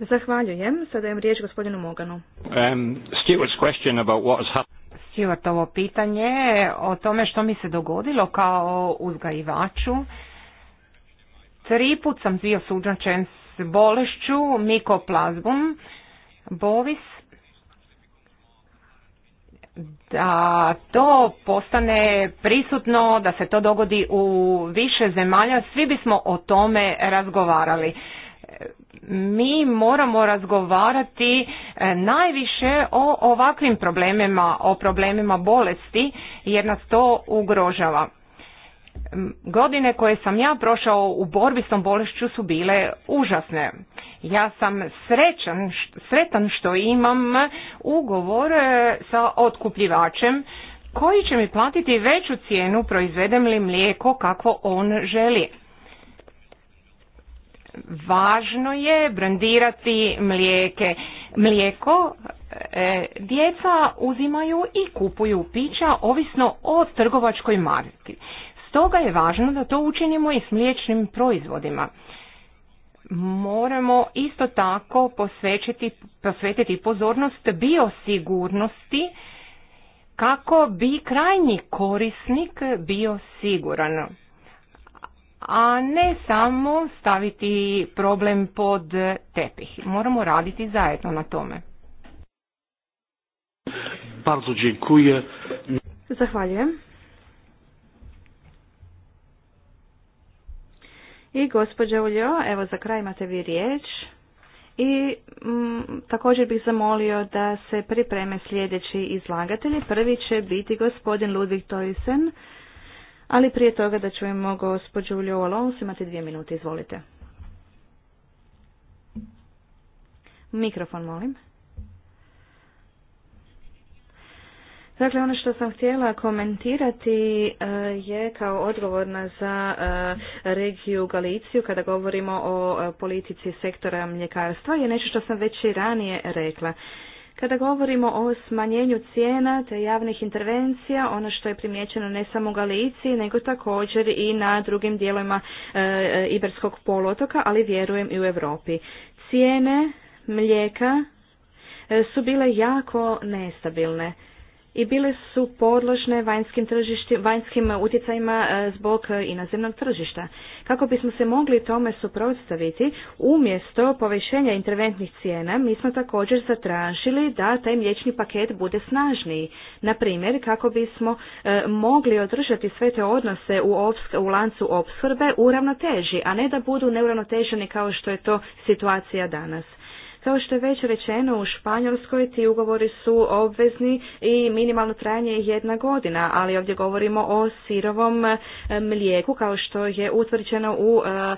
S3: Zahvaljujem. Sada dajem riječ gospodinu Moganu. Um, ovo pitanje
S4: o tome što mi se dogodilo kao uzgajivaču. Tri sam bio suđačen s bolešću mikoplazmom bovis da to postane prisutno, da se to dogodi u više zemalja, svi bismo o tome razgovarali mi moramo razgovarati e, najviše o ovakvim problemima, o problemima bolesti jer nas to ugrožava. Godine koje sam ja prošao u borbi s tom bolešću su bile užasne. Ja sam srećan, sretan što imam ugovor e, sa otkupljivačem koji će mi platiti veću cijenu proizvedem li mlijeko kako on želi važno je brandirati mlijeke. Mlijeko e, djeca uzimaju i kupuju pića ovisno o trgovačkoj marki. Stoga je važno da to učinimo i s mliječnim proizvodima. Moramo isto tako posvetiti pozornost biosigurnosti kako bi krajnji korisnik bio siguran a ne samo staviti problem pod tepih. Moramo raditi zajedno na tome.
S1: Bardzo dziękuję.
S3: Zahvaljujem. I gospođa Uljo, evo za kraj imate vi riječ. I m, mm, također bih zamolio da se pripreme sljedeći izlagatelji. Prvi će biti gospodin Ludvig Toisen ali prije toga da čujemo gospođu Ulju Alons, imate dvije minute, izvolite. Mikrofon, molim. Dakle, ono što sam htjela komentirati e, je kao odgovorna za e, regiju Galiciju kada govorimo o e, politici sektora mljekarstva je nešto što sam već i ranije rekla. Kada govorimo o smanjenju cijena te javnih intervencija, ono što je primjećeno ne samo u Galiciji, nego također i na drugim dijelovima e, e, Iberskog polotoka, ali vjerujem i u Europi. Cijene mlijeka e, su bile jako nestabilne i bile su podložne vanjskim, vanjskim utjecajima e, zbog e, inozemnog tržišta. Kako bismo se mogli tome suprotstaviti, umjesto povećenja interventnih cijena, mi smo također zatražili da taj mliječni paket bude snažniji. Na primjer, kako bismo e, mogli održati sve te odnose u, u lancu opskrbe u ravnoteži, a ne da budu neuravnoteženi kao što je to situacija danas. Kao što je već rečeno, u Španjolskoj ti ugovori su obvezni i minimalno trajanje je jedna godina, ali ovdje govorimo o sirovom e, mlijeku kao što je utvrđeno u e, e,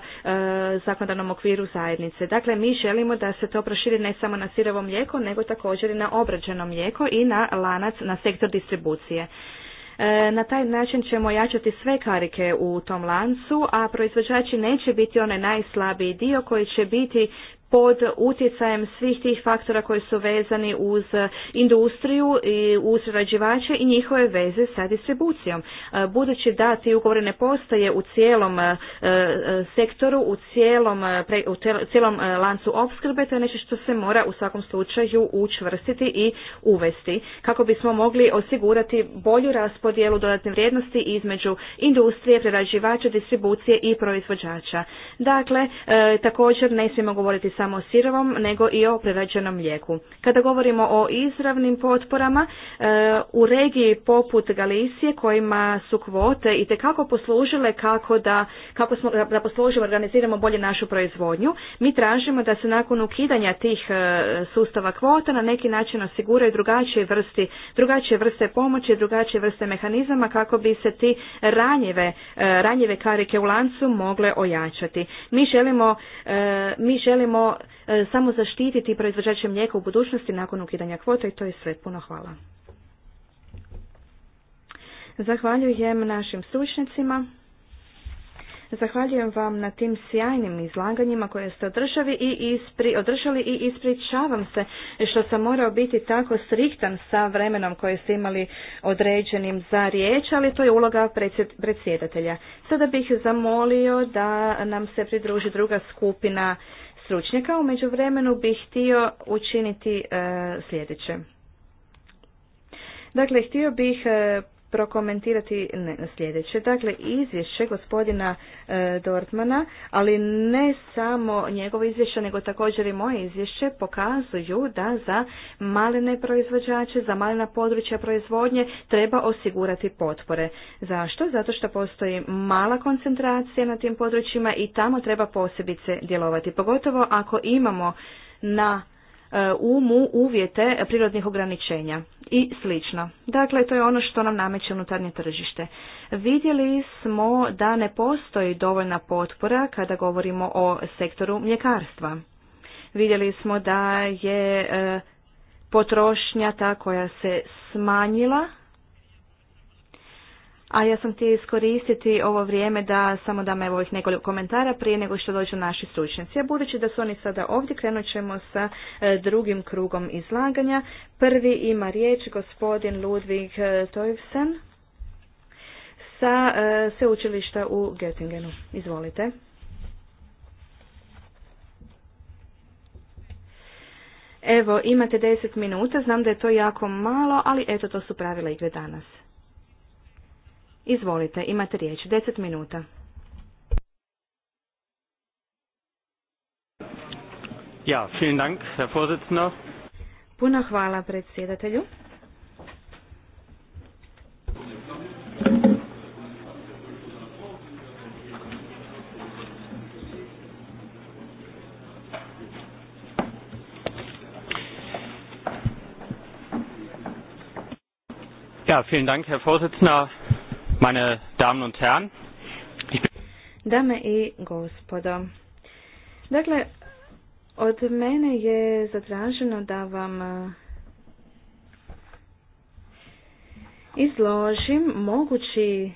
S3: zakonodavnom okviru zajednice. Dakle, mi želimo da se to proširi ne samo na sirovo mlijeko, nego također i na obrađeno mlijeko i na lanac, na sektor distribucije. Na taj način ćemo jačati sve karike u tom lancu, a proizvođači neće biti onaj najslabiji dio koji će biti pod utjecajem svih tih faktora koji su vezani uz industriju i uz rađivače i njihove veze sa distribucijom. E, budući da ti ugovori ne postoje u cijelom e, sektoru, u cijelom, e, u lancu opskrbe, to je nešto što se mora u svakom slučaju učvrstiti i uvesti kako bismo mogli osigurati bolju raspodjelu dodatne vrijednosti između industrije, prerađivača, distribucije i proizvođača. Dakle, također ne smijemo govoriti samo samo sirovom, nego i o prerađenom mlijeku. Kada govorimo o izravnim potporama, e, u regiji poput Galicije, kojima su kvote i kako poslužile kako da, kako smo, da poslužimo, organiziramo bolje našu proizvodnju, mi tražimo da se nakon ukidanja tih e, sustava kvota na neki način osiguraju drugačije vrsti, drugačije vrste pomoći, drugačije vrste mehanizama kako bi se ti ranjive, e, ranjive karike u lancu mogle ojačati. Mi želimo, mi želimo E, samo zaštititi proizvođače mlijeka u budućnosti nakon ukidanja kvota i to je sve. Puno hvala. Zahvaljujem našim stručnicima. Zahvaljujem vam na tim sjajnim izlaganjima koje ste održali i, ispri, održali i ispričavam se što sam morao biti tako striktan sa vremenom koje ste imali određenim za riječ, ali to je uloga predsjedatelja. Sada bih zamolio da nam se pridruži druga skupina stručnjaka. U međuvremenu bih htio učiniti e, sljedeće. Dakle, htio bih e, prokomentirati sljedeće. Dakle, izvješće gospodina e, Dortmana, ali ne samo njegovo izvješće, nego također i moje izvješće pokazuju da za malene proizvođače, za malina područja proizvodnje treba osigurati potpore. Zašto? Zato što postoji mala koncentracija na tim područjima i tamo treba posebice djelovati. Pogotovo ako imamo na E, umu uvjete prirodnih ograničenja i slično. Dakle, to je ono što nam nameće unutarnje tržište. Vidjeli smo da ne postoji dovoljna potpora kada govorimo o sektoru mljekarstva. Vidjeli smo da je e, potrošnja ta koja se smanjila a ja sam ti iskoristiti ovo vrijeme da samo dam evo ovih nekoliko komentara prije nego što dođu naši stručnjaci. A budući da su oni sada ovdje, krenut ćemo sa e, drugim krugom izlaganja. Prvi ima riječ gospodin Ludvig e, Tojvsen sa e, sveučilišta u Göttingenu. Izvolite. Evo, imate 10 minuta, znam da je to jako malo, ali eto, to su pravila igre danas. Izvolite, imate riječ, Deset minuta.
S1: Ja, vielen Dank, Herr Vorsitzender.
S3: Puno hvala predsjedatelju.
S1: Ja, vielen Dank, Herr
S4: Vorsitzender meine Damen und Herren.
S3: Dame i gospodo. Dakle, od mene je zatraženo da vam e, izložim mogući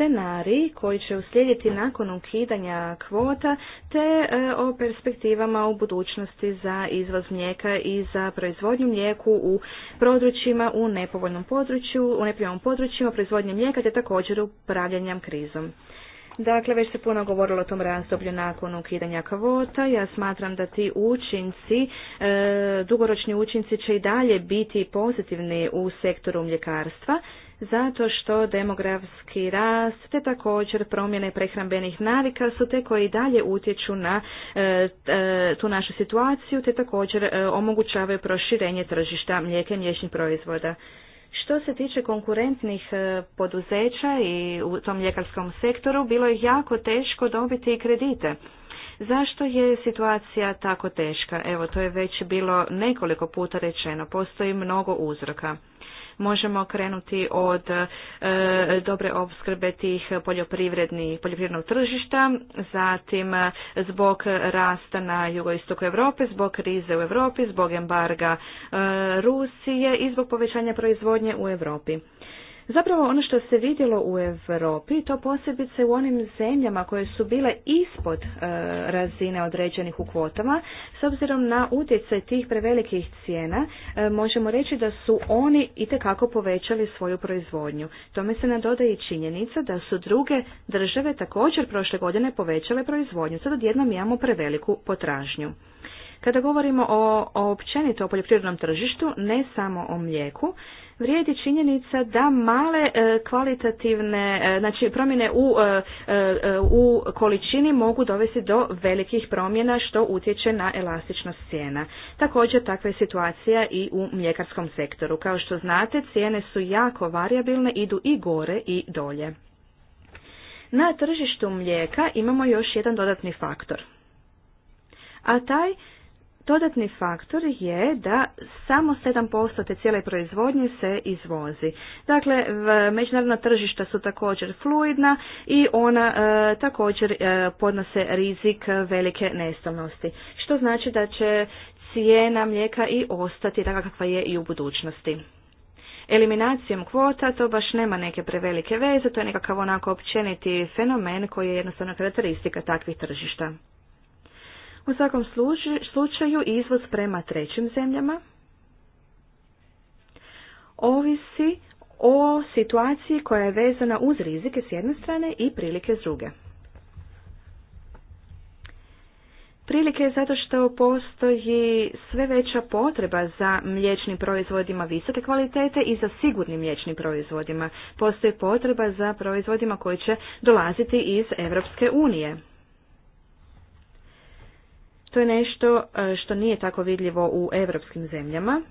S3: scenarij koji će uslijediti nakon ukidanja kvota te e, o perspektivama u budućnosti za izvoz mlijeka i za proizvodnju mlijeku u područjima u nepovoljnom području, u nepovoljnom područjima proizvodnje mlijeka te također upravljanjem krizom. Dakle, već se puno govorilo o tom razdoblju nakon ukidanja kvota. Ja smatram da ti učinci, e, dugoročni učinci će i dalje biti pozitivni u sektoru mljekarstva zato što demografski rast te također promjene prehrambenih navika su te koje i dalje utječu na e, e, tu našu situaciju te također e, omogućavaju proširenje tržišta mlijeka i mliječnih proizvoda. Što se tiče konkurentnih poduzeća i u tom mljekarskom sektoru, bilo je jako teško dobiti kredite. Zašto je situacija tako teška? Evo, to je već bilo nekoliko puta rečeno. Postoji mnogo uzroka. Možemo krenuti od e, dobre opskrbe tih poljoprivrednih, poljoprivrednog tržišta, zatim e, zbog rasta na jugoistoku Europe, zbog krize u Europi, zbog embarga e, Rusije i zbog povećanja proizvodnje u Europi. Zapravo ono što se vidjelo u Europi, to posebice u onim zemljama koje su bile ispod e, razine određenih u kvotama, s obzirom na utjecaj tih prevelikih cijena, e, možemo reći da su oni itekako povećali svoju proizvodnju. Tome se nadodaje i činjenica da su druge države također prošle godine povećale proizvodnju. Sad odjednom imamo preveliku potražnju. Kada govorimo o, o općenito o poljoprivrednom tržištu, ne samo o mlijeku, vrijedi činjenica da male e, kvalitativne, e, znači promjene u, e, u količini mogu dovesti do velikih promjena što utječe na elastičnost cijena. Također takva je situacija i u mljekarskom sektoru. Kao što znate, cijene su jako variabilne, idu i gore i dolje. Na tržištu mlijeka imamo još jedan dodatni faktor. A taj Dodatni faktor je da samo 7% te cijele proizvodnje se izvozi. Dakle, međunarodna tržišta su također fluidna i ona e, također e, podnose rizik velike nestalnosti, što znači da će cijena mlijeka i ostati takva kakva je i u budućnosti. Eliminacijom kvota to baš nema neke prevelike veze, to je nekakav onako općeniti fenomen koji je jednostavno karakteristika takvih tržišta. U svakom slučaju izvoz prema trećim zemljama ovisi o situaciji koja je vezana uz rizike s jedne strane i prilike s druge. Prilike zato što postoji sve veća potreba za mliječnim proizvodima visoke kvalitete i za sigurnim mliječnim proizvodima. Postoji potreba za proizvodima koji će dolaziti iz Europske unije. To je nešto e, što nije tako vidljivo u europskim zemljama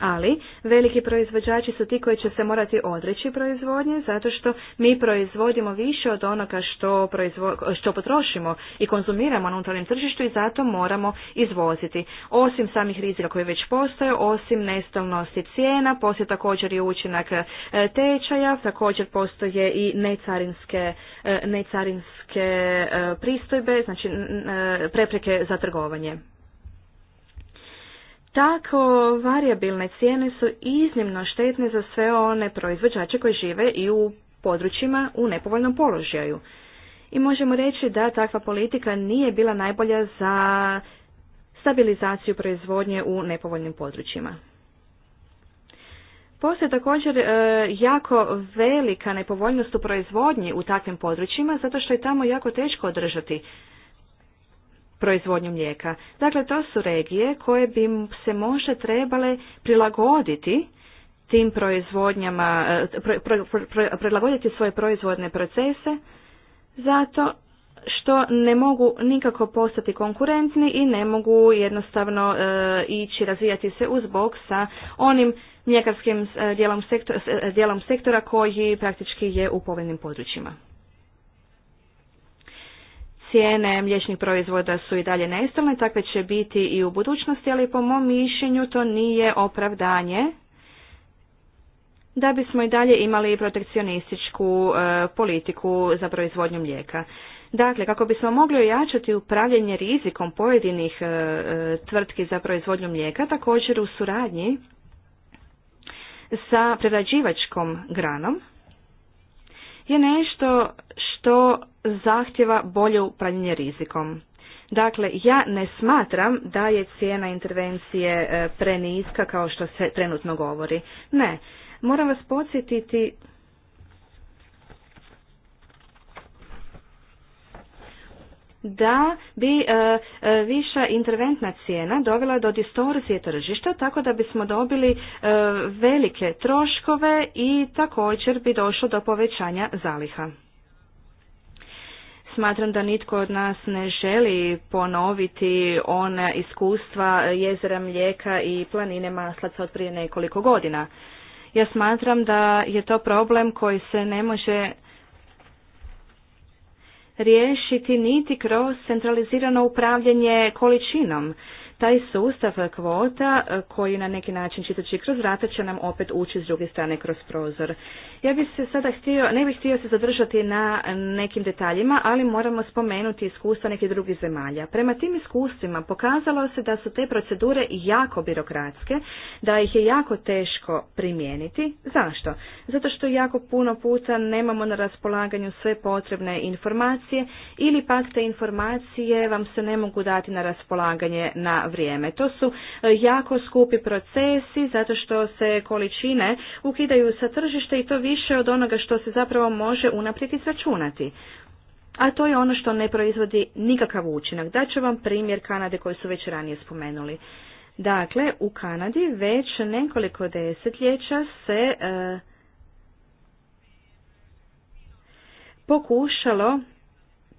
S3: ali veliki proizvođači su ti koji će se morati odreći proizvodnje zato što mi proizvodimo više od onoga što, proizvo, što potrošimo i konzumiramo na unutarnjem tržištu i zato moramo izvoziti. Osim samih rizika koji već postoje, osim nestalnosti cijena, postoje također i učinak e, tečaja, također postoje i necarinske, e, necarinske e, pristojbe, znači prepreke za trgovanje. Tako varijabilne cijene su iznimno štetne za sve one proizvođače koji žive i u područjima u nepovoljnom položaju. I možemo reći da takva politika nije bila najbolja za stabilizaciju proizvodnje u nepovoljnim područjima. Postoje također e, jako velika nepovoljnost u proizvodnji u takvim područjima zato što je tamo jako teško održati proizvodnju mlijeka. Dakle, to su regije koje bi se možda trebale prilagoditi tim proizvodnjama, e, prilagoditi svoje proizvodne procese, zato što ne mogu nikako postati konkurentni i ne mogu jednostavno e, ići razvijati se uz bok sa onim mljekarskim e, dijelom sektora, dijelom sektora koji praktički je u povoljnim područjima. Cijene mliječnih proizvoda su i dalje nestalne, takve će biti i u budućnosti, ali po mom mišljenju to nije opravdanje da bismo i dalje imali protekcionističku e, politiku za proizvodnju mlijeka. Dakle, kako bismo mogli ojačati upravljanje rizikom pojedinih e, e, tvrtki za proizvodnju mlijeka, također u suradnji sa prerađivačkom granom, je nešto što zahtjeva bolje upravljanje rizikom. Dakle, ja ne smatram da je cijena intervencije e, preniska kao što se trenutno govori. Ne, moram vas podsjetiti da bi e, e, viša interventna cijena dovela do distorzije tržišta tako da bismo dobili e, velike troškove i također bi došlo do povećanja zaliha. Smatram da nitko od nas ne želi ponoviti ona iskustva jezera mlijeka i planine maslaca od prije nekoliko godina. Ja smatram da je to problem koji se ne može riješiti niti kroz centralizirano upravljanje količinom taj sustav kvota e, koji na neki način čitaći kroz vrata će nam opet ući s druge strane kroz prozor. Ja bih se sada htio, ne bih htio se zadržati na nekim detaljima, ali moramo spomenuti iskustva nekih drugih zemalja. Prema tim iskustvima pokazalo se da su te procedure jako birokratske, da ih je jako teško primijeniti. Zašto? Zato što jako puno puta nemamo na raspolaganju sve potrebne informacije ili pak te informacije vam se ne mogu dati na raspolaganje na vrijeme. To su e, jako skupi procesi zato što se količine ukidaju sa tržišta i to više od onoga što se zapravo može unaprijed izračunati a to je ono što ne proizvodi nikakav učinak. Daću vam primjer Kanade koji su već ranije spomenuli. Dakle, u Kanadi već nekoliko desetljeća se e, pokušalo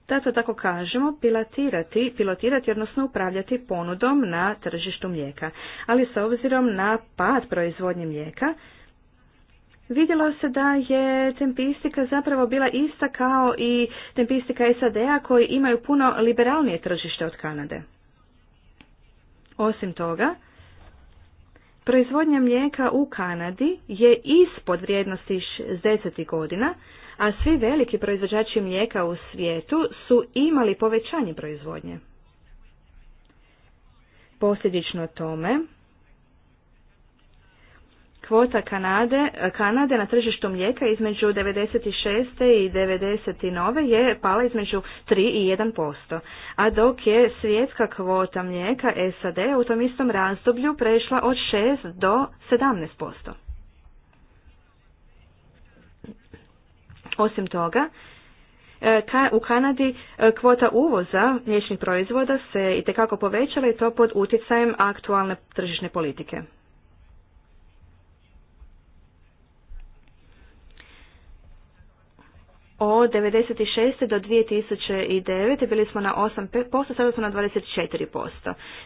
S3: da to tako kažemo, pilotirati, pilotirati odnosno upravljati ponudom na tržištu mlijeka. Ali s obzirom na pad proizvodnje mlijeka, Vidjelo se da je tempistika zapravo bila ista kao i tempistika SAD-a koji imaju puno liberalnije tržište od Kanade. Osim toga, proizvodnja mlijeka u Kanadi je ispod vrijednosti 10. godina, a svi veliki proizvođači mlijeka u svijetu su imali povećanje proizvodnje. Posljedično tome, kvota Kanade, Kanade na tržištu mlijeka između 96. i 99. je pala između 3 i 1%, a dok je svjetska kvota mlijeka SAD u tom istom razdoblju prešla od 6 do 17%. Osim toga, e, u Kanadi e, kvota uvoza mliječnih proizvoda se itekako povećala i to pod utjecajem aktualne tržišne politike. od 96. do 2009. bili smo na 8%, sada smo na 24%.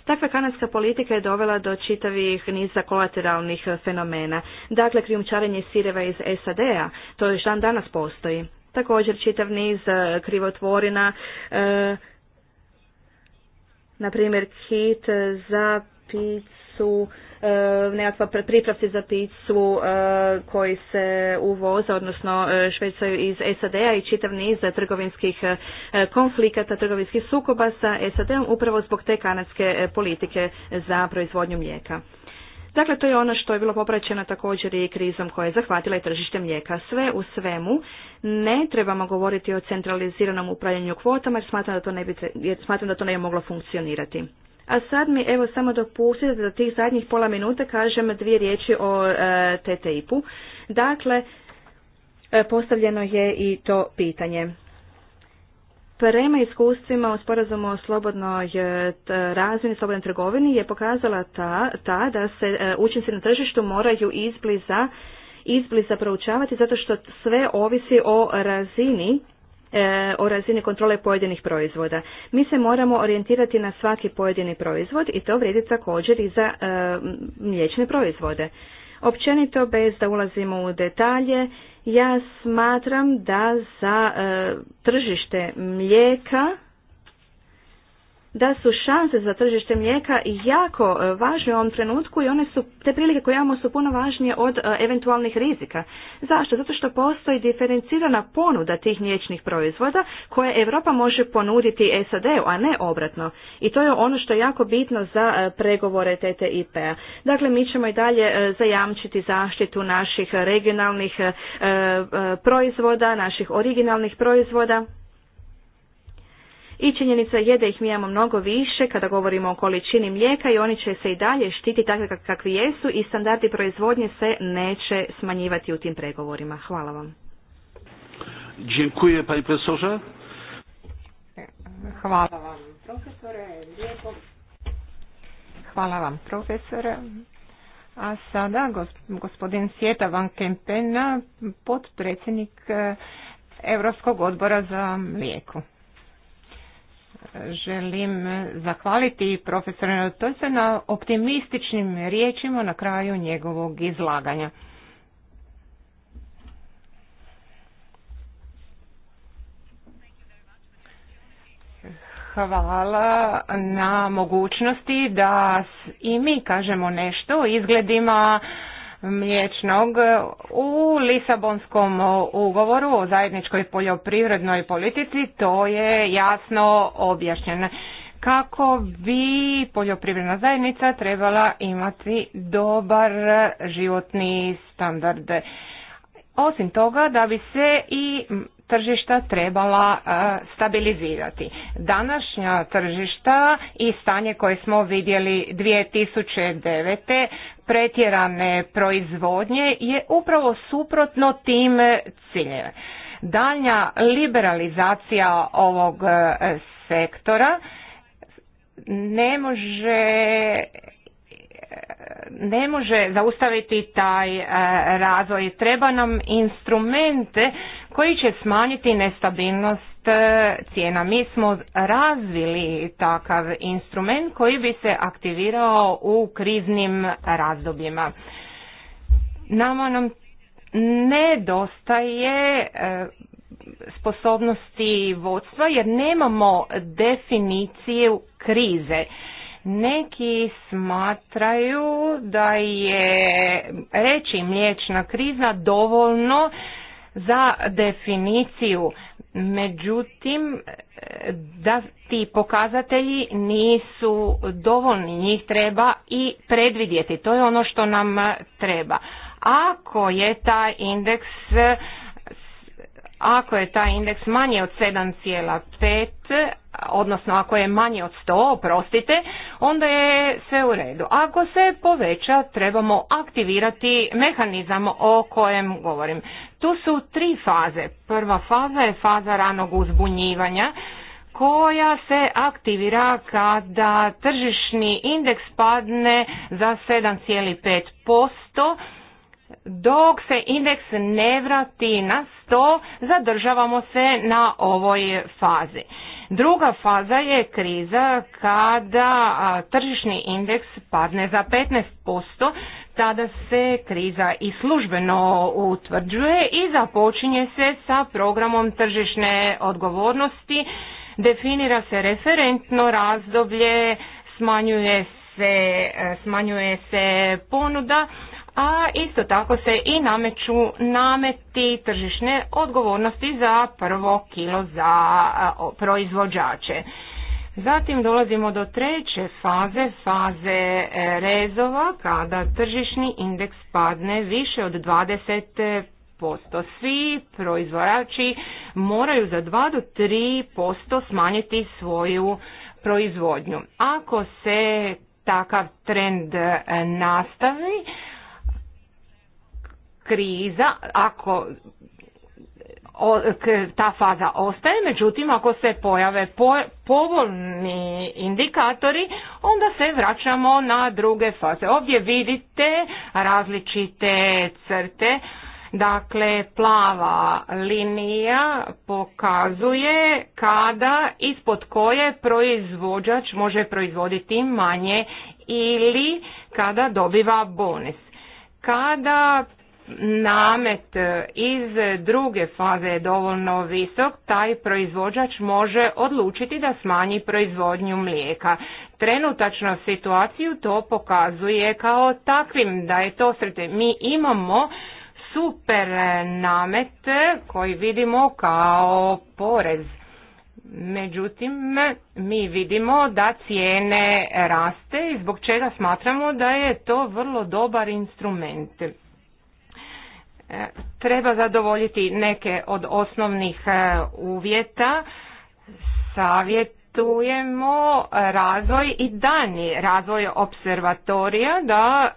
S3: Takva kanadska politika je dovela do čitavih niza kolateralnih fenomena. Dakle, krijumčarenje sireva iz SAD-a, to još dan danas postoji. Također čitav niz e, krivotvorina, e, na primjer kit za su e, nekakva pripravci za picu e, koji se uvoze, odnosno e, švecaju iz SAD-a i čitav niz trgovinskih konflikata, trgovinskih sukoba sa SAD-om upravo zbog te kanadske politike za proizvodnju mlijeka. Dakle, to je ono što je bilo popraćeno također i krizom koja je zahvatila i tržište mlijeka. Sve u svemu ne trebamo govoriti o centraliziranom upravljanju kvotama jer smatram da to ne, jer smatram da to ne bi moglo funkcionirati. A sad mi evo samo dopustite da tih zadnjih pola minuta kažem dvije riječi o e, TTIP-u. Dakle, e, postavljeno je i to pitanje. Prema iskustvima u sporazumu o slobodnoj e, razvini, slobodnoj trgovini je pokazala ta, ta da se e, učinci na tržištu moraju izbliza, izbliza proučavati zato što sve ovisi o razini E, o razini kontrole pojedinih proizvoda. Mi se moramo orijentirati na svaki pojedini proizvod i to vrijedi također i za e, mliječne proizvode. Općenito, bez da ulazimo u detalje, ja smatram da za e, tržište mlijeka da su šanse za tržište mlijeka jako e, važne u ovom trenutku i one su, te prilike koje imamo su puno važnije od e, eventualnih rizika. Zašto? Zato što postoji diferencirana ponuda tih mliječnih proizvoda koje Europa može ponuditi SAD-u, a ne obratno. I to je ono što je jako bitno za e, pregovore TTIP-a. Dakle, mi ćemo i dalje zajamčiti zaštitu naših regionalnih proizvoda, naših originalnih proizvoda i činjenica je da ih mi imamo mnogo više kada govorimo o količini mlijeka i oni će se i dalje štiti takve kakvi jesu i standardi proizvodnje se neće smanjivati u tim pregovorima. Hvala vam.
S1: Dziękuję, pani profesorze.
S3: E, hvala
S4: vam, profesore. Lijepo. Hvala vam, profesore. A sada gospodin Sjeta Van Kempena, potpredsjednik e, Europskog odbora za mlijeku želim zahvaliti profesoru Tose na optimističnim riječima na kraju njegovog izlaganja. Hvala na mogućnosti da i mi kažemo nešto o izgledima mliječnog u Lisabonskom ugovoru o zajedničkoj poljoprivrednoj politici to je jasno objašnjeno kako bi poljoprivredna zajednica trebala imati dobar životni standard. Osim toga da bi se i tržišta trebala e, stabilizirati. Današnja tržišta i stanje koje smo vidjeli 2009 pretjerane proizvodnje je upravo suprotno tim ciljem. Daljnja liberalizacija ovog e, sektora ne može ne može zaustaviti taj e, razvoj. Treba nam instrumente koji će smanjiti nestabilnost e, cijena. Mi smo razvili takav instrument koji bi se aktivirao u kriznim razdobljima. Nama nam nedostaje e, sposobnosti vodstva jer nemamo definiciju krize. Neki smatraju da je reći mliječna kriza dovoljno za definiciju. Međutim, da ti pokazatelji nisu dovoljni, njih treba i predvidjeti. To je ono što nam treba. Ako je taj indeks ako je taj indeks manje od 7,5, odnosno ako je manje od 100, prostite, onda je sve u redu. Ako se poveća, trebamo aktivirati mehanizam o kojem govorim. Tu su tri faze. Prva faza je faza ranog uzbunjivanja koja se aktivira kada tržišni indeks padne za 7,5%, dok se indeks ne vrati na 100, zadržavamo se na ovoj fazi. Druga faza je kriza kada tržišni indeks padne za 15%, tada se kriza i službeno utvrđuje i započinje se sa programom tržišne odgovornosti, definira se referentno razdoblje, smanjuje se, e, smanjuje se ponuda, a isto tako se i nameću nameti tržišne odgovornosti za prvo kilo za proizvođače. Zatim dolazimo do treće faze, faze e, rezova, kada tržišni indeks padne više od 20 Svi proizvođači moraju za 2 do 3 smanjiti svoju proizvodnju. Ako se takav trend e, nastavi, kriza, ako ta faza ostaje, međutim ako se pojave povoljni indikatori, onda se vraćamo na druge faze. Ovdje vidite različite crte, dakle plava linija pokazuje kada ispod koje proizvođač može proizvoditi manje ili kada dobiva bonus. Kada namet e, iz druge faze je dovoljno visok, taj proizvođač može odlučiti da smanji proizvodnju mlijeka. Trenutačno situaciju to pokazuje kao takvim da je to srte. Mi imamo super namet koji vidimo kao porez. Međutim, mi vidimo da cijene raste i zbog čega smatramo da je to vrlo dobar instrument. E, treba zadovoljiti neke od osnovnih e, uvjeta. Savjetujemo razvoj i dani razvoj observatorija da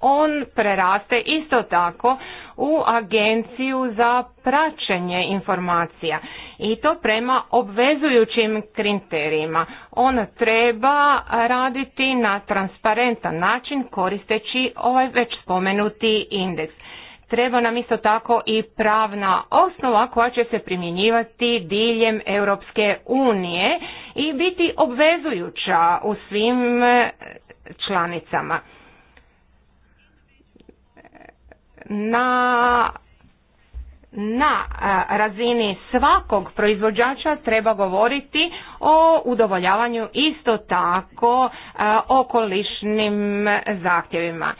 S4: on preraste isto tako u agenciju za praćenje informacija i to prema obvezujućim kriterijima. On treba raditi na transparentan način koristeći ovaj već spomenuti indeks treba nam isto tako i pravna osnova koja će se primjenjivati diljem Europske unije i biti obvezujuća u svim e, članicama. Na na e, razini svakog proizvođača treba govoriti o udovoljavanju isto tako e, okolišnim zahtjevima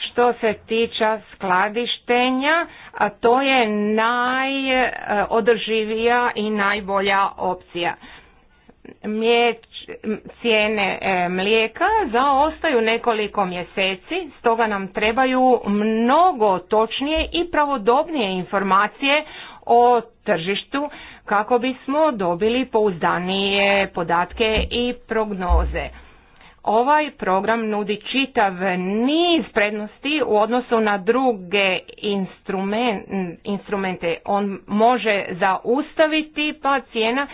S4: što se tiče skladištenja, a to je najodrživija i najbolja opcija. cijene e, mlijeka zaostaju nekoliko mjeseci, stoga nam trebaju mnogo točnije i pravodobnije informacije o tržištu kako bismo dobili pouzdanije podatke i prognoze. Ovaj program nudi čitav niz prednosti u odnosu na druge instrumente. On može zaustaviti cijena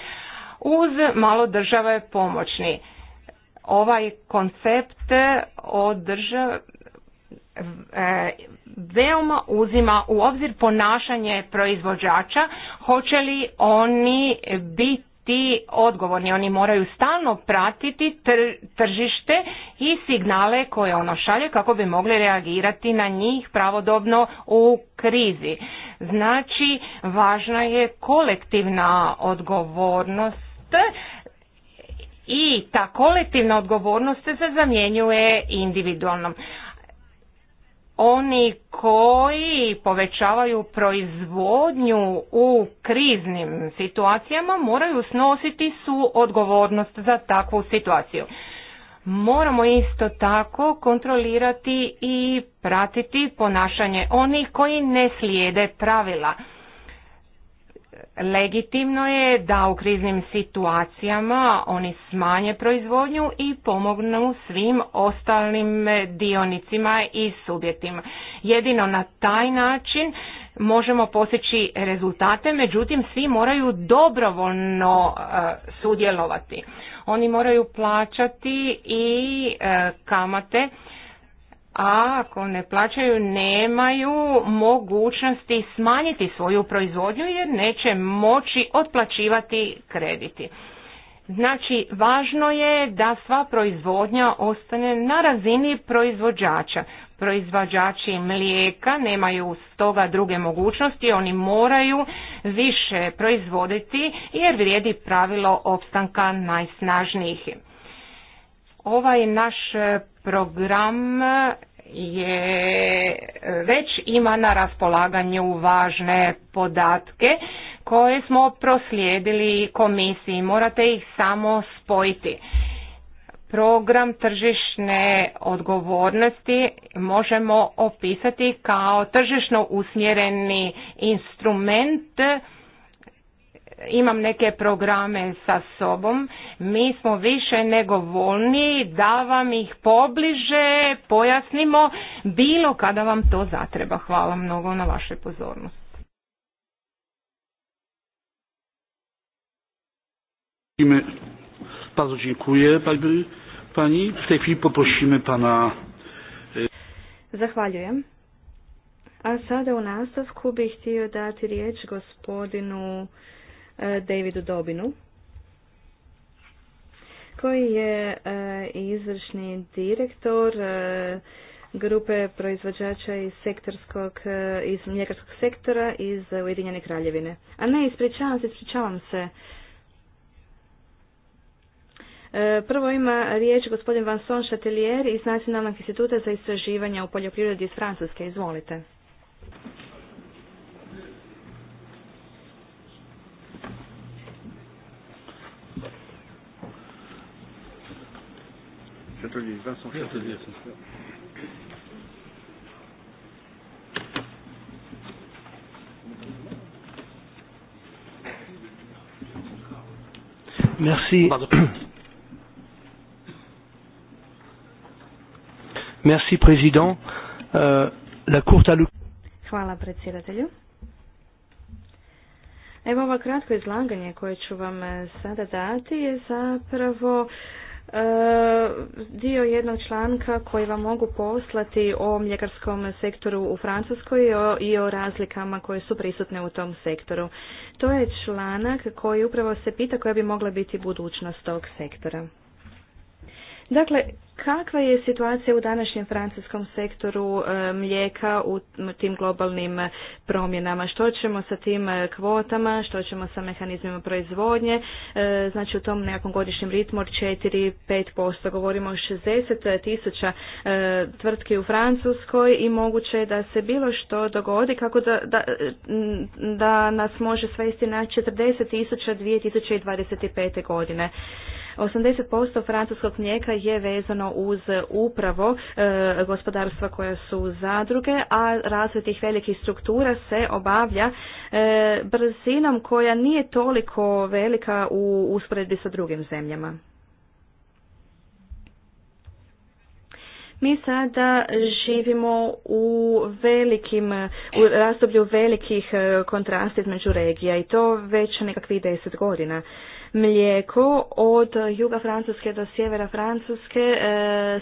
S4: uz malo države pomoćni. Ovaj koncept od e, veoma uzima u obzir ponašanje proizvođača, hoće li oni biti ti odgovorni, oni moraju stalno pratiti tržište i signale koje ono šalje kako bi mogli reagirati na njih pravodobno u krizi. Znači, važna je kolektivna odgovornost i ta kolektivna odgovornost se zamjenjuje individualnom oni koji povećavaju proizvodnju u kriznim situacijama moraju snositi su odgovornost za takvu situaciju. Moramo isto tako kontrolirati i pratiti ponašanje onih koji ne slijede pravila. Legitimno je da u kriznim situacijama oni smanje proizvodnju i pomognu svim ostalim dionicima i subjetima. Jedino na taj način možemo postići rezultate, međutim svi moraju dobrovoljno e, sudjelovati. Oni moraju plaćati i e, kamate a ako ne plaćaju nemaju mogućnosti smanjiti svoju proizvodnju jer neće moći otplaćivati krediti. Znači, važno je da sva proizvodnja ostane na razini proizvođača. Proizvođači mlijeka nemaju stoga druge mogućnosti, oni moraju više proizvoditi jer vrijedi pravilo opstanka najsnažnijih. Ovaj naš program je već ima na raspolaganju važne podatke koje smo proslijedili komisiji. Morate ih samo spojiti. Program tržišne odgovornosti možemo opisati kao tržišno usmjereni instrument imam neke programe sa sobom, mi smo više nego voljni da vam ih pobliže pojasnimo bilo kada vam to zatreba. Hvala mnogo na vašoj pozornosti.
S1: Bardzo dziękuję pani. W tej chwili poprosimy pana.
S3: Zahvaljujem. A sada u nastavku bih htio dati riječ gospodinu E, Davidu Dobinu koji je e, izvršni direktor e, grupe proizvođača iz sektorskog, iz mljekarskog sektora iz Ujedinjene kraljevine. A ne, ispričavam se, ispričavam se. Prvo ima riječ gospodin Vanson Chatelier iz Nacionalnog instituta za istraživanja u poljoprivredi iz Francuske. Izvolite.
S1: Châtelier, Vincent Châtelier. Merci. Merci, Président. Euh, la courte
S3: Hvala predsjedatelju. Evo ovo kratko izlaganje koje ću vam eh, sada dati je zapravo E, dio jednog članka koji vam mogu poslati o mljekarskom sektoru u Francuskoj i o razlikama koje su prisutne u tom sektoru. To je članak koji upravo se pita koja bi mogla biti budućnost tog sektora. Dakle, Kakva je situacija u današnjem francuskom sektoru e, mlijeka u tim globalnim e, promjenama? Što ćemo sa tim e, kvotama, što ćemo sa mehanizmima proizvodnje? Znači u tom nekom godišnjem ritmu od 4-5% govorimo o 60 tisuća tvrtki u Francuskoj i moguće je da se bilo što dogodi kako da, da, nas može svesti na 40 tisuća 2025. godine. 80% francuskog mlijeka je vezano uz upravo e, gospodarstva koja su zadruge, a razvoj tih velikih struktura se obavlja e, brzinom koja nije toliko velika u usporedbi sa drugim zemljama. Mi sada živimo u velikim, u razdoblju velikih e, kontrasta između regija i to već nekakvih deset godina mlijeko od juga Francuske do sjevera Francuske e,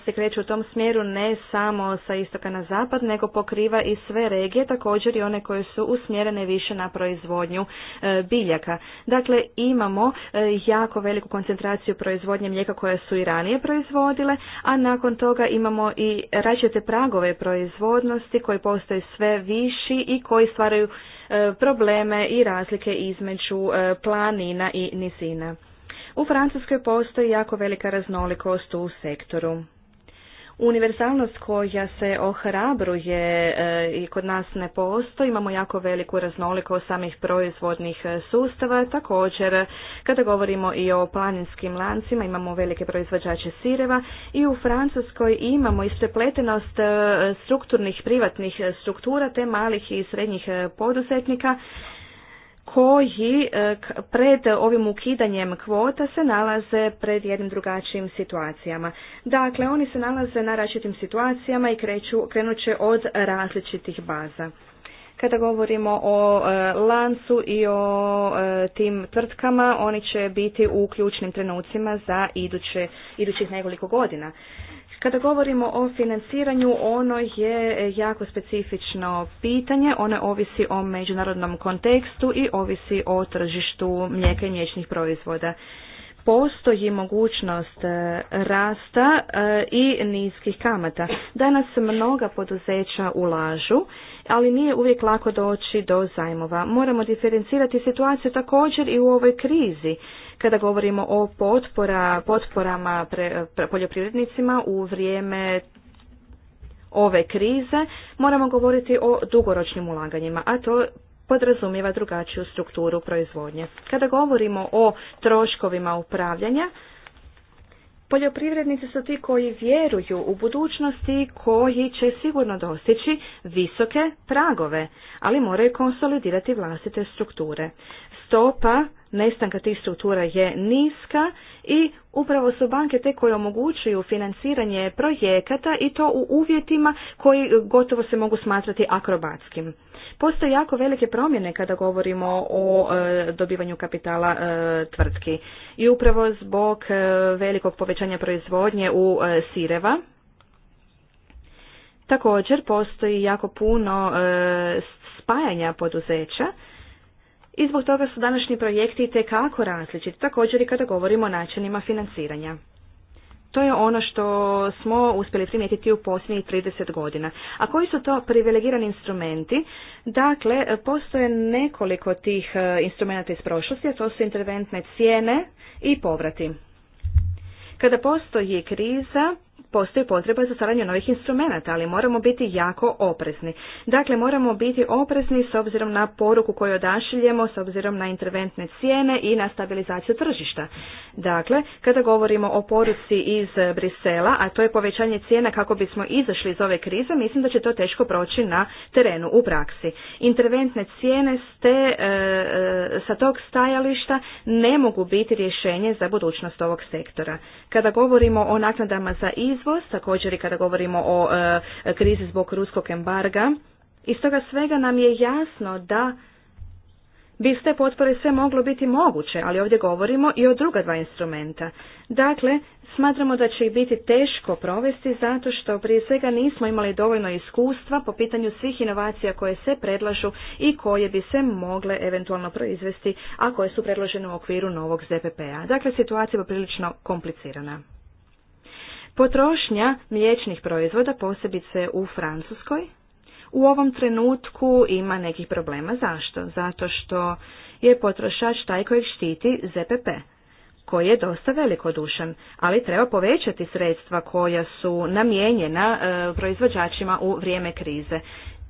S3: se kreće u tom smjeru ne samo sa istoka na zapad, nego pokriva i sve regije, također i one koje su usmjerene više na proizvodnju e, biljaka. Dakle, imamo e, jako veliku koncentraciju proizvodnje mlijeka koje su i ranije proizvodile, a nakon toga imamo i različite pragove proizvodnosti koji postaju sve viši i koji stvaraju E, probleme i razlike između e, planina i nizina. U Francuskoj postoji jako velika raznolikost u sektoru. Univerzalnost koja se ohrabruje e, i kod nas ne postoji, imamo jako veliku raznolikost samih proizvodnih sustava. Također, kada govorimo i o planinskim lancima, imamo velike proizvođače sireva i u Francuskoj imamo isprepletenost e, strukturnih privatnih struktura te malih i srednjih e, poduzetnika koji e, pred ovim ukidanjem kvota se nalaze pred jednim drugačijim situacijama. Dakle, oni se nalaze na različitim situacijama i kreću, krenut će od različitih baza. Kada govorimo o e, lancu i o e, tim tvrtkama, oni će biti u ključnim trenucima za idućih nekoliko godina. Kada govorimo o financiranju, ono je jako specifično pitanje, ono ovisi o međunarodnom kontekstu i ovisi o tržištu mlijeka i mliječnih proizvoda postoji mogućnost e, rasta e, i niskih kamata. Danas mnoga poduzeća ulažu, ali nije uvijek lako doći do zajmova. Moramo diferencirati situaciju također i u ovoj krizi kada govorimo o potpora, potporama poljoprivrednicima u vrijeme ove krize moramo govoriti o dugoročnim ulaganjima, a to podrazumijeva drugačiju strukturu proizvodnje. Kada govorimo o troškovima upravljanja, poljoprivrednici su ti koji vjeruju u budućnosti koji će sigurno dostići visoke pragove, ali moraju konsolidirati vlastite strukture. Stopa nestanka tih struktura je niska i upravo su banke te koje omogućuju financiranje projekata i to u uvjetima koji gotovo se mogu smatrati akrobatskim. Postoje jako velike promjene kada govorimo o e, dobivanju kapitala e, tvrtki. I upravo zbog e, velikog povećanja proizvodnje u sireva, također postoji jako puno spajanja poduzeća i zbog toga su današnji projekti tekako različiti, također i kada govorimo o načinima financiranja. To je ono što smo uspjeli primijetiti u posljednjih 30 godina. A koji su to privilegirani instrumenti? Dakle, postoje nekoliko tih e, instrumenta iz prošlosti, a to su interventne cijene i povrati. Kada postoji kriza, postoji potreba za stvaranje novih instrumenata, ali moramo biti jako oprezni. Dakle, moramo biti oprezni s obzirom na poruku koju odašiljemo, s obzirom na interventne cijene i na stabilizaciju tržišta. Dakle, kada govorimo o poruci iz Brisela, a to je povećanje cijena kako bismo izašli iz ove krize, mislim da će to teško proći na terenu u praksi. Interventne cijene ste e, e, sa tog stajališta ne mogu biti rješenje za budućnost ovog sektora. Kada govorimo o naknadama za iz izvoz, također i kada govorimo o e, krizi zbog ruskog embarga. Iz toga svega nam je jasno da bi ste potpore sve moglo biti moguće, ali ovdje govorimo i o druga dva instrumenta. Dakle, smatramo da će ih biti teško provesti zato što prije svega nismo imali dovoljno iskustva po pitanju svih inovacija koje se predlažu i koje bi se mogle eventualno proizvesti, a koje su predložene u okviru novog ZPP-a. Dakle, situacija je prilično komplicirana. Potrošnja mliječnih proizvoda, posebice u Francuskoj, u ovom trenutku ima nekih problema. Zašto? Zato što je potrošač taj kojeg štiti ZPP, koji je dosta velikodušan, ali treba povećati sredstva koja su namijenjena e, proizvođačima u vrijeme krize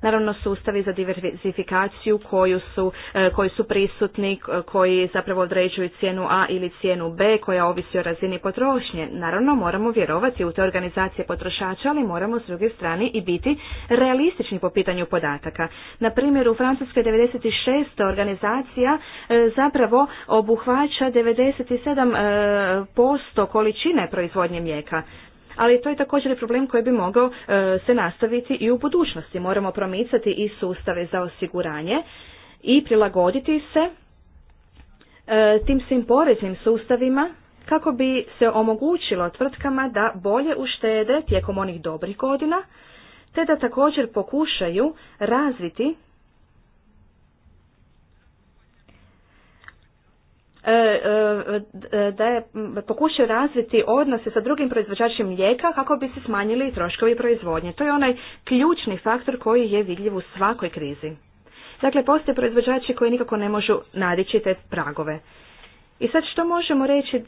S3: naravno sustavi za diversifikaciju koju su, e, koji su prisutni, e, koji zapravo određuju cijenu A ili cijenu B koja ovisi o razini potrošnje. Naravno moramo vjerovati u te organizacije potrošača, ali moramo s druge strane i biti realistični po pitanju podataka. Na primjer u Francuskoj 96. organizacija e, zapravo obuhvaća 97% količine proizvodnje mlijeka ali to je također problem koji bi mogao e, se nastaviti i u budućnosti. Moramo promicati i sustave za osiguranje i prilagoditi se e, tim svim poreznim sustavima kako bi se omogućilo tvrtkama da bolje uštede tijekom onih dobrih godina, te da također pokušaju razviti E, e, e, da je pokušao razviti odnose sa drugim proizvođačima mlijeka kako bi se smanjili troškovi proizvodnje. To je onaj ključni faktor koji je vidljiv u svakoj krizi. Dakle, postoje proizvođači koji nikako ne možu nadići te pragove. I sad što možemo reći,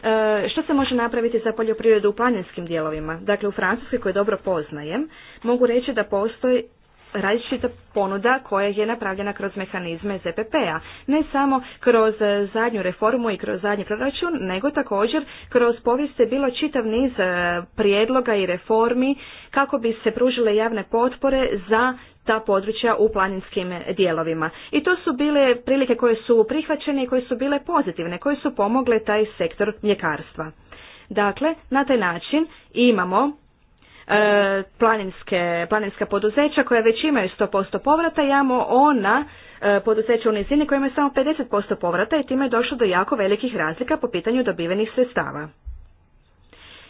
S3: što se može napraviti za poljoprivredu u planinskim dijelovima? Dakle, u Francuskoj koju dobro poznajem, mogu reći da postoji različita ponuda koja je napravljena kroz mehanizme ZPP-a. Ne samo kroz eh, zadnju reformu i kroz zadnji proračun, nego također kroz povijest je bilo čitav niz eh, prijedloga i reformi kako bi se pružile javne potpore za ta područja u planinskim dijelovima. I to su bile prilike koje su prihvaćene i koje su bile pozitivne, koje su pomogle taj sektor mljekarstva. Dakle, na taj način imamo E, planinske, planinska poduzeća koja već imaju 100% povrata, imamo ona e, poduzeća u nizini koja imaju samo 50% povrata i time je došlo do jako velikih razlika po pitanju dobivenih sredstava.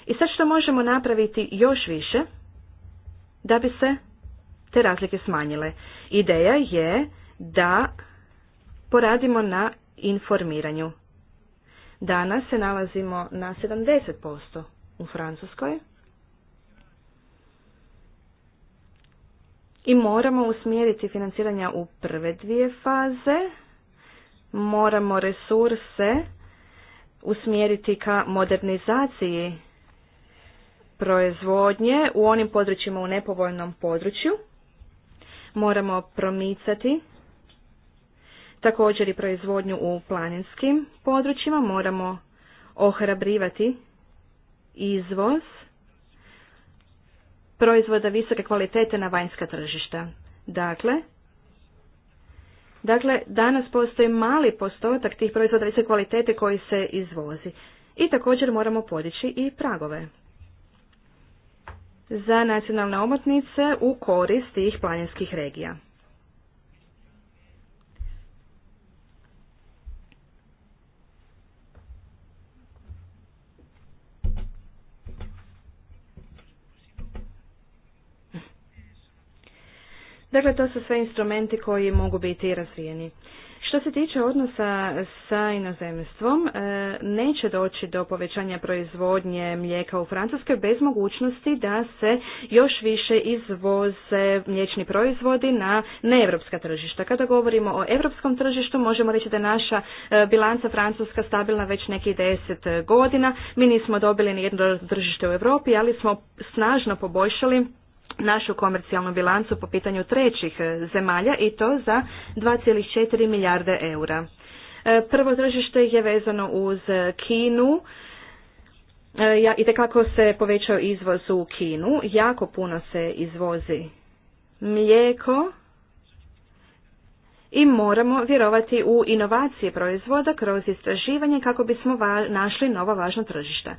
S3: I sad što možemo napraviti još više da bi se te razlike smanjile? Ideja je da poradimo na informiranju. Danas se nalazimo na 70% u Francuskoj, i moramo usmjeriti financiranja u prve dvije faze, moramo resurse usmjeriti ka modernizaciji proizvodnje u onim područjima u nepovoljnom području. Moramo promicati također i proizvodnju u planinskim područjima, moramo ohrabrivati izvoz proizvoda visoke kvalitete na vanjska tržišta. Dakle, dakle danas postoji mali postotak tih proizvoda visoke kvalitete koji se izvozi. I također moramo podići i pragove za nacionalne omotnice u korist tih planinskih regija. Dakle, to su sve instrumenti koji mogu biti razvijeni. Što se tiče odnosa sa inozemstvom, e, neće doći do povećanja proizvodnje mlijeka u Francuskoj bez mogućnosti da se još više izvoze mliječni proizvodi na neevropska tržišta. Kada govorimo o europskom tržištu, možemo reći da je naša e, bilanca Francuska stabilna već nekih deset godina. Mi nismo dobili ni jedno tržište u Europi, ali smo snažno poboljšali našu komercijalnu bilancu po pitanju trećih e, zemalja i to za 2,4 milijarde eura. E, prvo tržište je vezano uz Kinu. E, ja, I tekako se povećao izvoz u Kinu. Jako puno se izvozi mlijeko, i moramo vjerovati u inovacije proizvoda kroz istraživanje kako bismo našli nova važna tržišta.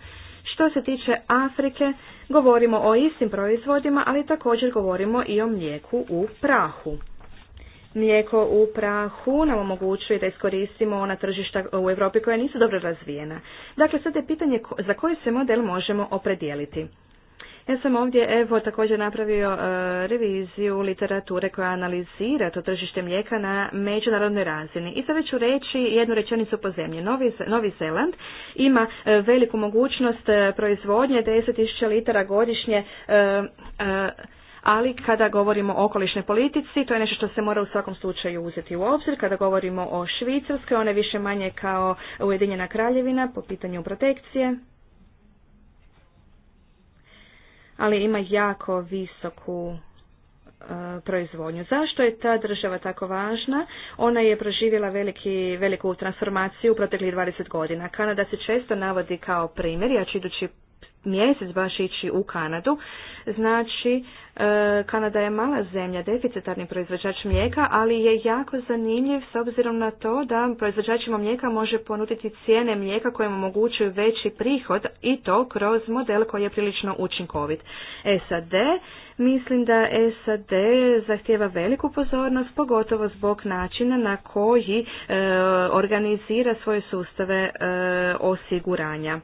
S3: Što se tiče Afrike, govorimo o istim proizvodima, ali također govorimo i o mlijeku u prahu. Mlijeko u prahu nam omogućuje da iskoristimo ona tržišta u Europi koja nisu dobro razvijena. Dakle, sad je pitanje za koji se model možemo opredijeliti. Ja sam ovdje evo također napravio e, reviziju literature koja analizira to tržište mlijeka na međunarodnoj razini. I sad ću reći jednu rečenicu po zemlji. Novi, Novi Zeland ima e, veliku mogućnost e, proizvodnje 10.000 litara godišnje ali kada govorimo o okolišnoj politici, to je nešto što se mora u svakom slučaju uzeti u obzir. Kada govorimo o Švicarskoj, ona je više manje kao Ujedinjena kraljevina po pitanju protekcije ali ima jako visoku e, proizvodnju. Zašto je ta država tako važna? Ona je proživjela veliki, veliku transformaciju u proteklih 20 godina. Kanada se često navodi kao primjer, ja ću idući mjesec baš ići u Kanadu. Znači, e, Kanada je mala zemlja, deficitarni proizvođač mlijeka, ali je jako zanimljiv s obzirom na to da proizvođačima mlijeka može ponuditi cijene mlijeka koje omogućuju veći prihod i to kroz model koji je prilično učinkovit. SAD, mislim da SAD zahtjeva veliku pozornost, pogotovo zbog načina na koji e, organizira svoje sustave e, osiguranja.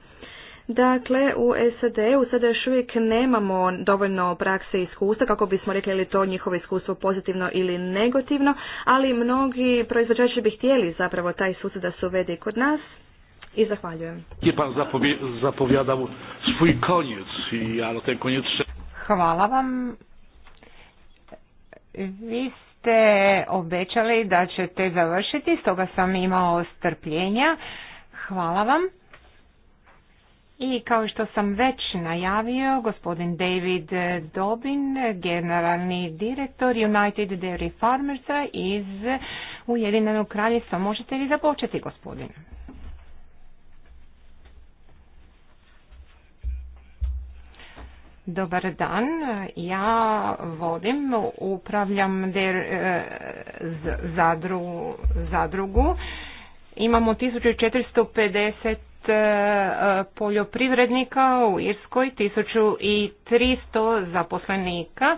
S3: Dakle, u SAD-u sada još uvijek nemamo dovoljno prakse i iskustva, kako bismo rekli li to njihovo iskustvo pozitivno ili negativno, ali mnogi proizvođači bi htjeli zapravo taj sustav da se uvede kod nas. I zahvaljujem.
S1: Pa svoj konjec i ten konjec...
S3: Hvala vam.
S4: Vi ste obećali da ćete završiti, stoga sam imao strpljenja. Hvala vam. I kao što sam već najavio, gospodin David Dobin, generalni direktor United Dairy Farmersa iz Ujedinjenog kraljevstva. Možete li započeti, gospodin? Dobar dan, ja vodim, upravljam der, e, zadru, zadrugu. Imamo 1450 E, poljoprivrednika u Irskoj, 1300 zaposlenika.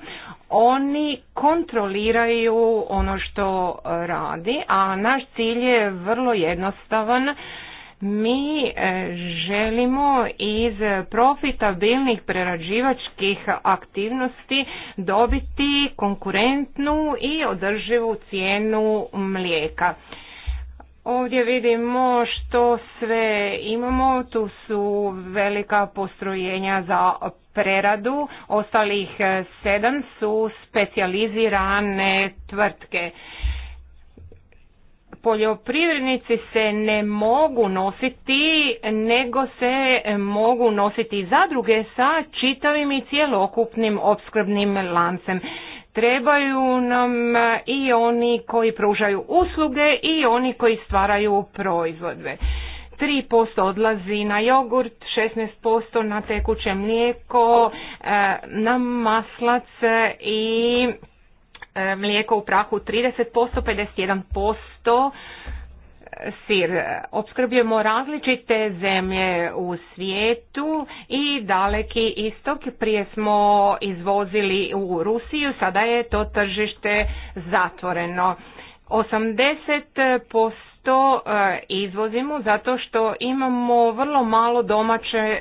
S4: Oni kontroliraju ono što radi, a naš cilj je vrlo jednostavan. Mi e, želimo iz profitabilnih prerađivačkih aktivnosti dobiti konkurentnu i održivu cijenu mlijeka. Ovdje vidimo što sve imamo, tu su velika postrojenja za preradu, ostalih e, sedam su specijalizirane tvrtke. Poljoprivrednici se ne mogu nositi, nego se mogu nositi zadruge sa čitavim i cjelokupnim opskrbnim lancem. Trebaju nam e, i oni koji pružaju usluge i oni koji stvaraju proizvodbe. 3% odlazi na jogurt, 16% na tekuće mlijeko, e, na maslac i e, mlijeko u prahu 30%, 51% sir. Opskrbljujemo različite zemlje u svijetu i daleki istok. Prije smo izvozili u Rusiju, sada je to tržište zatvoreno. 80% e, izvozimo zato što imamo vrlo malo domaće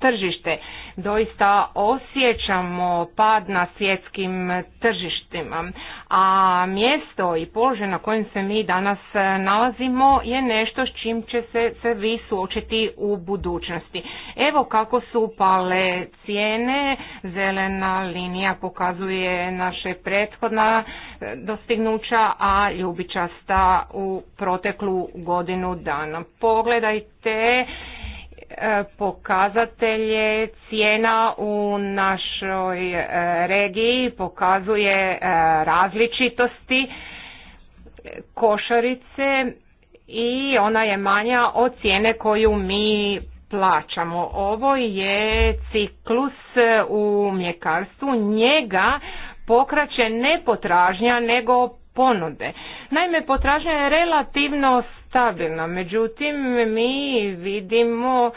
S4: tržište. Doista osjećamo pad na svjetskim tržištima, a mjesto i položaj na kojem se mi danas nalazimo je nešto s čim će se, se vi suočiti u budućnosti. Evo kako su pale cijene, zelena linija pokazuje naše prethodna e, dostignuća, a ljubičasta u proteklu godinu dana. Pogledajte E, pokazatelje cijena u našoj e, regiji pokazuje e, različitosti košarice i ona je manja od cijene koju mi plaćamo. Ovo je ciklus u mljekarstvu, njega pokraće ne potražnja nego ponude. Naime, potražnja je relativno stabilna Međutim, mi vidimo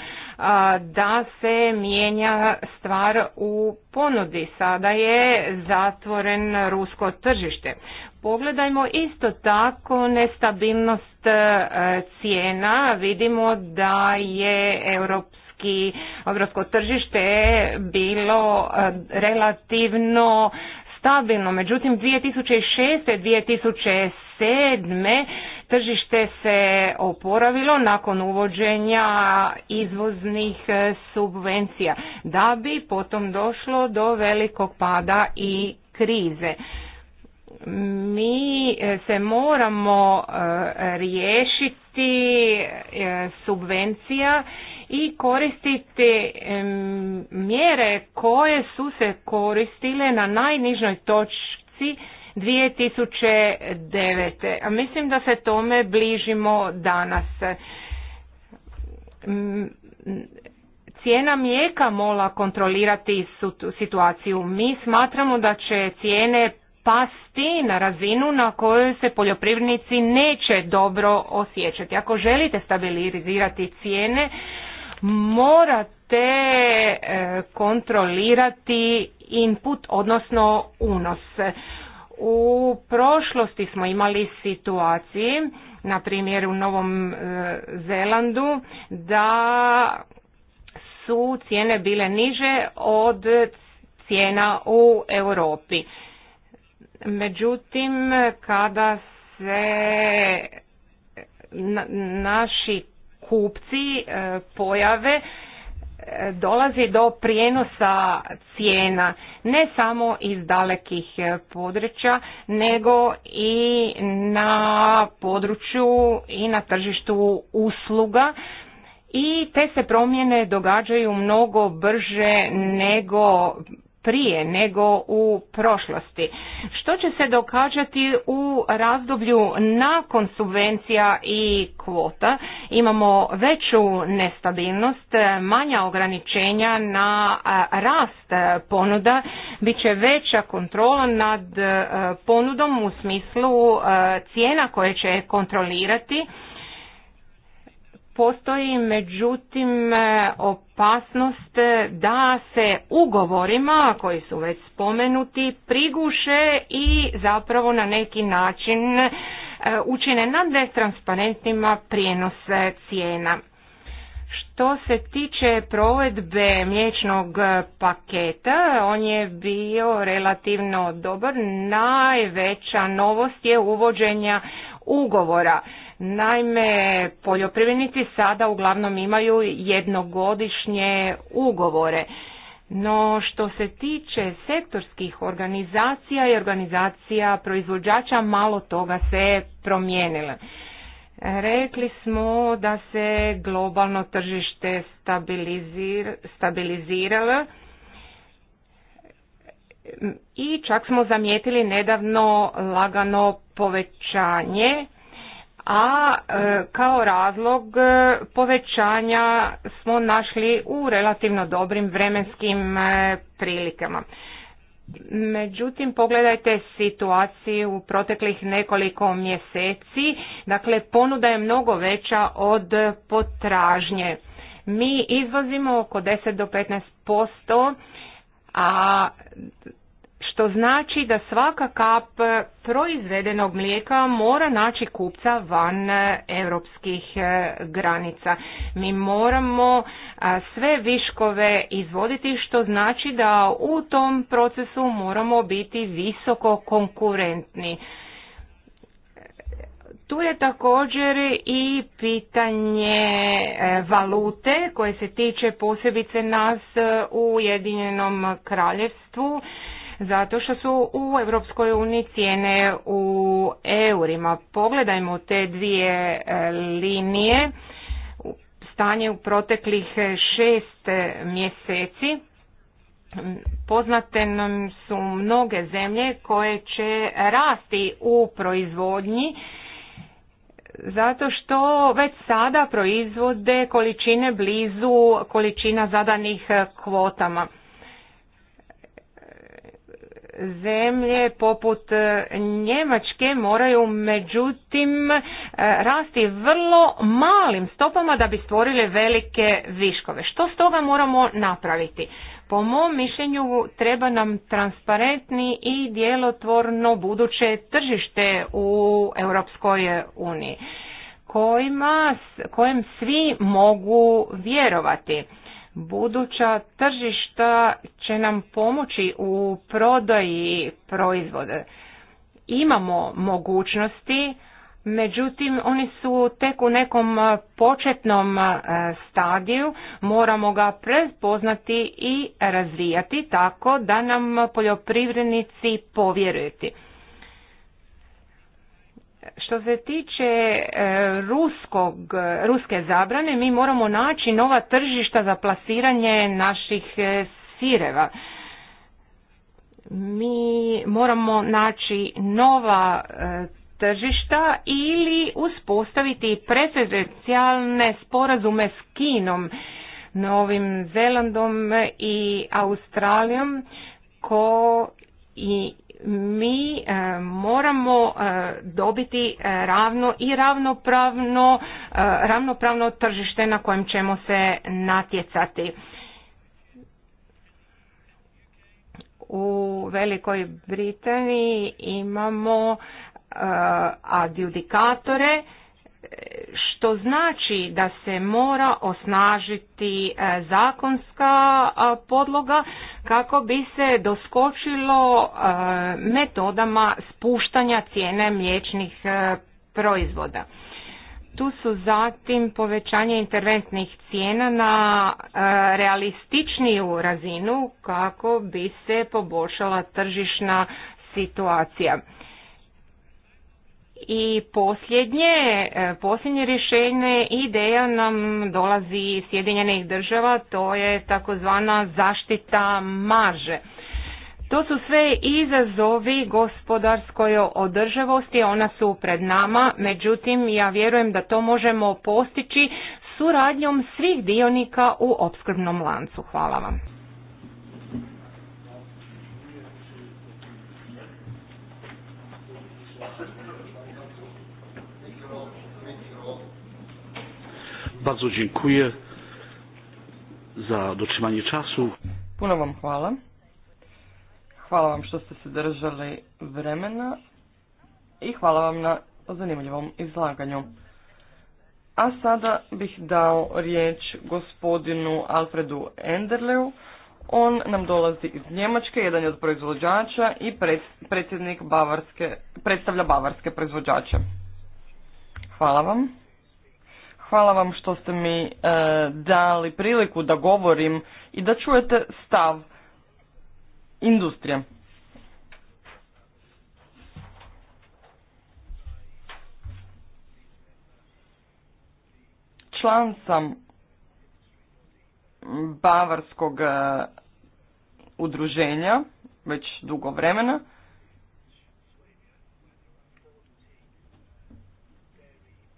S4: da se mijenja stvar u ponudi. Sada je zatvoren rusko tržište. Pogledajmo isto tako nestabilnost e, cijena. Vidimo da je europski, europsko tržište bilo e, relativno stabilno. Međutim, 2006. 2007. Tržište se oporavilo nakon uvođenja izvoznih e, subvencija, da bi potom došlo do velikog pada i krize. Mi e, se moramo e, riješiti subvencija i koristiti mjere koje su se koristile na najnižoj točci 2009. A mislim da se tome bližimo danas. Cijena mlijeka mola kontrolirati situaciju. Mi smatramo da će cijene pasti na razinu na kojoj se poljoprivrednici neće dobro osjećati. Ako želite stabilizirati cijene, morate e, kontrolirati input, odnosno unos. U prošlosti smo imali situacije, na primjer u Novom e, Zelandu, da su cijene bile niže od cijena u Europi. Međutim, kada se naši kupci e, pojave dolazi do prijenosa cijena ne samo iz dalekih e, područja nego i na području i na tržištu usluga i te se promjene događaju mnogo brže nego prije nego u prošlosti. Što će se događati u razdoblju nakon subvencija i kvota? Imamo veću nestabilnost, manja ograničenja na rast ponuda, bit će veća kontrola nad ponudom u smislu cijena koje će kontrolirati postoji međutim e, opasnost da se ugovorima koji su već spomenuti priguše i zapravo na neki način e, učine na netransparentnima prijenose cijena. Što se tiče provedbe mliječnog paketa, on je bio relativno dobar. Najveća novost je uvođenja ugovora. Naime, poljoprivrednici sada uglavnom imaju jednogodišnje ugovore. No što se tiče sektorskih organizacija i organizacija proizvođača, malo toga se promijenilo. Rekli smo da se globalno tržište stabilizir, stabiliziralo i čak smo zamijetili nedavno lagano povećanje a e, kao razlog e, povećanja smo našli u relativno dobrim vremenskim e, prilikama. Međutim, pogledajte situaciju u proteklih nekoliko mjeseci. Dakle, ponuda je mnogo veća od potražnje. Mi izvozimo oko 10 do 15 posto, a što znači da svaka kap proizvedenog mlijeka mora naći kupca van europskih e, granica. Mi moramo e, sve viškove izvoditi što znači da u tom procesu moramo biti visoko konkurentni. Tu je također i pitanje e, valute koje se tiče posebice nas u Ujedinjenom kraljevstvu zato što su u Europskoj uniji cijene u eurima. Pogledajmo te dvije e, linije, stanje u proteklih šest mjeseci. Poznate nam su mnoge zemlje koje će rasti u proizvodnji, zato što već sada proizvode količine blizu količina zadanih kvotama zemlje poput e, Njemačke moraju međutim e, rasti vrlo malim stopama da bi stvorile velike viškove. Što s toga moramo napraviti? Po mom mišljenju treba nam transparentni i djelotvorno buduće tržište u Europskoj uniji kojima, kojem svi mogu vjerovati buduća tržišta će nam pomoći u prodaji proizvoda. Imamo mogućnosti, međutim oni su tek u nekom e, početnom e, stadiju, moramo ga prepoznati i razvijati tako da nam poljoprivrednici povjerujete. Što se tiče e, ruskog, ruske zabrane, mi moramo naći nova tržišta za plasiranje naših e, sireva. Mi moramo naći nova e, tržišta ili uspostaviti preferencijalne sporazume s Kinom, Novim Zelandom i Australijom ko i mi e, moramo e, dobiti e, ravno i ravnopravno, ravnopravno tržište na kojem ćemo se natjecati. U Velikoj Britaniji imamo adjudikatore što znači da se mora osnažiti e, zakonska podloga kako bi se doskočilo e, metodama spuštanja cijene mliječnih e, proizvoda. Tu su zatim povećanje interventnih cijena na realističniju razinu kako bi se poboljšala tržišna situacija. I posljednje, e, posljednje rješenje ideja nam dolazi iz Sjedinjenih država, to je takozvana zaštita marže. To su sve izazovi gospodarskoj održavosti, ona su pred nama, međutim ja vjerujem da to možemo postići suradnjom svih dionika u opskrbnom lancu. Hvala vam.
S1: Bardzo dziękuję za dotrzymanie czasu.
S2: Puno vam hvala. Hvala vam što ste se držali vremena i hvala vam na zanimljivom izlaganju. A sada bih dao riječ gospodinu Alfredu Enderleu. On nam dolazi iz Njemačke, jedan je od proizvođača i predsjednik Bavarske, predstavlja bavarske proizvođače. Hvala vam. Hvala vam što ste mi e, dali priliku da govorim i da čujete stav industrije. Član sam Bavarskog e, udruženja već dugo vremena.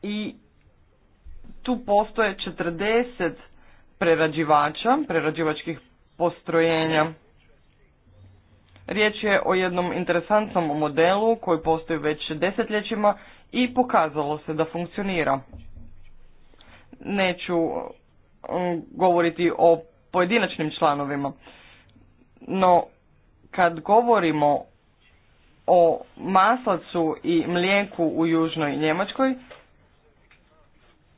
S2: I tu postoje 40 prerađivača, prerađivačkih postrojenja. Riječ je o jednom interesantnom modelu koji postoji već desetljećima i pokazalo se da funkcionira. Neću um, govoriti o pojedinačnim članovima, no kad govorimo o maslacu i mlijeku u južnoj Njemačkoj,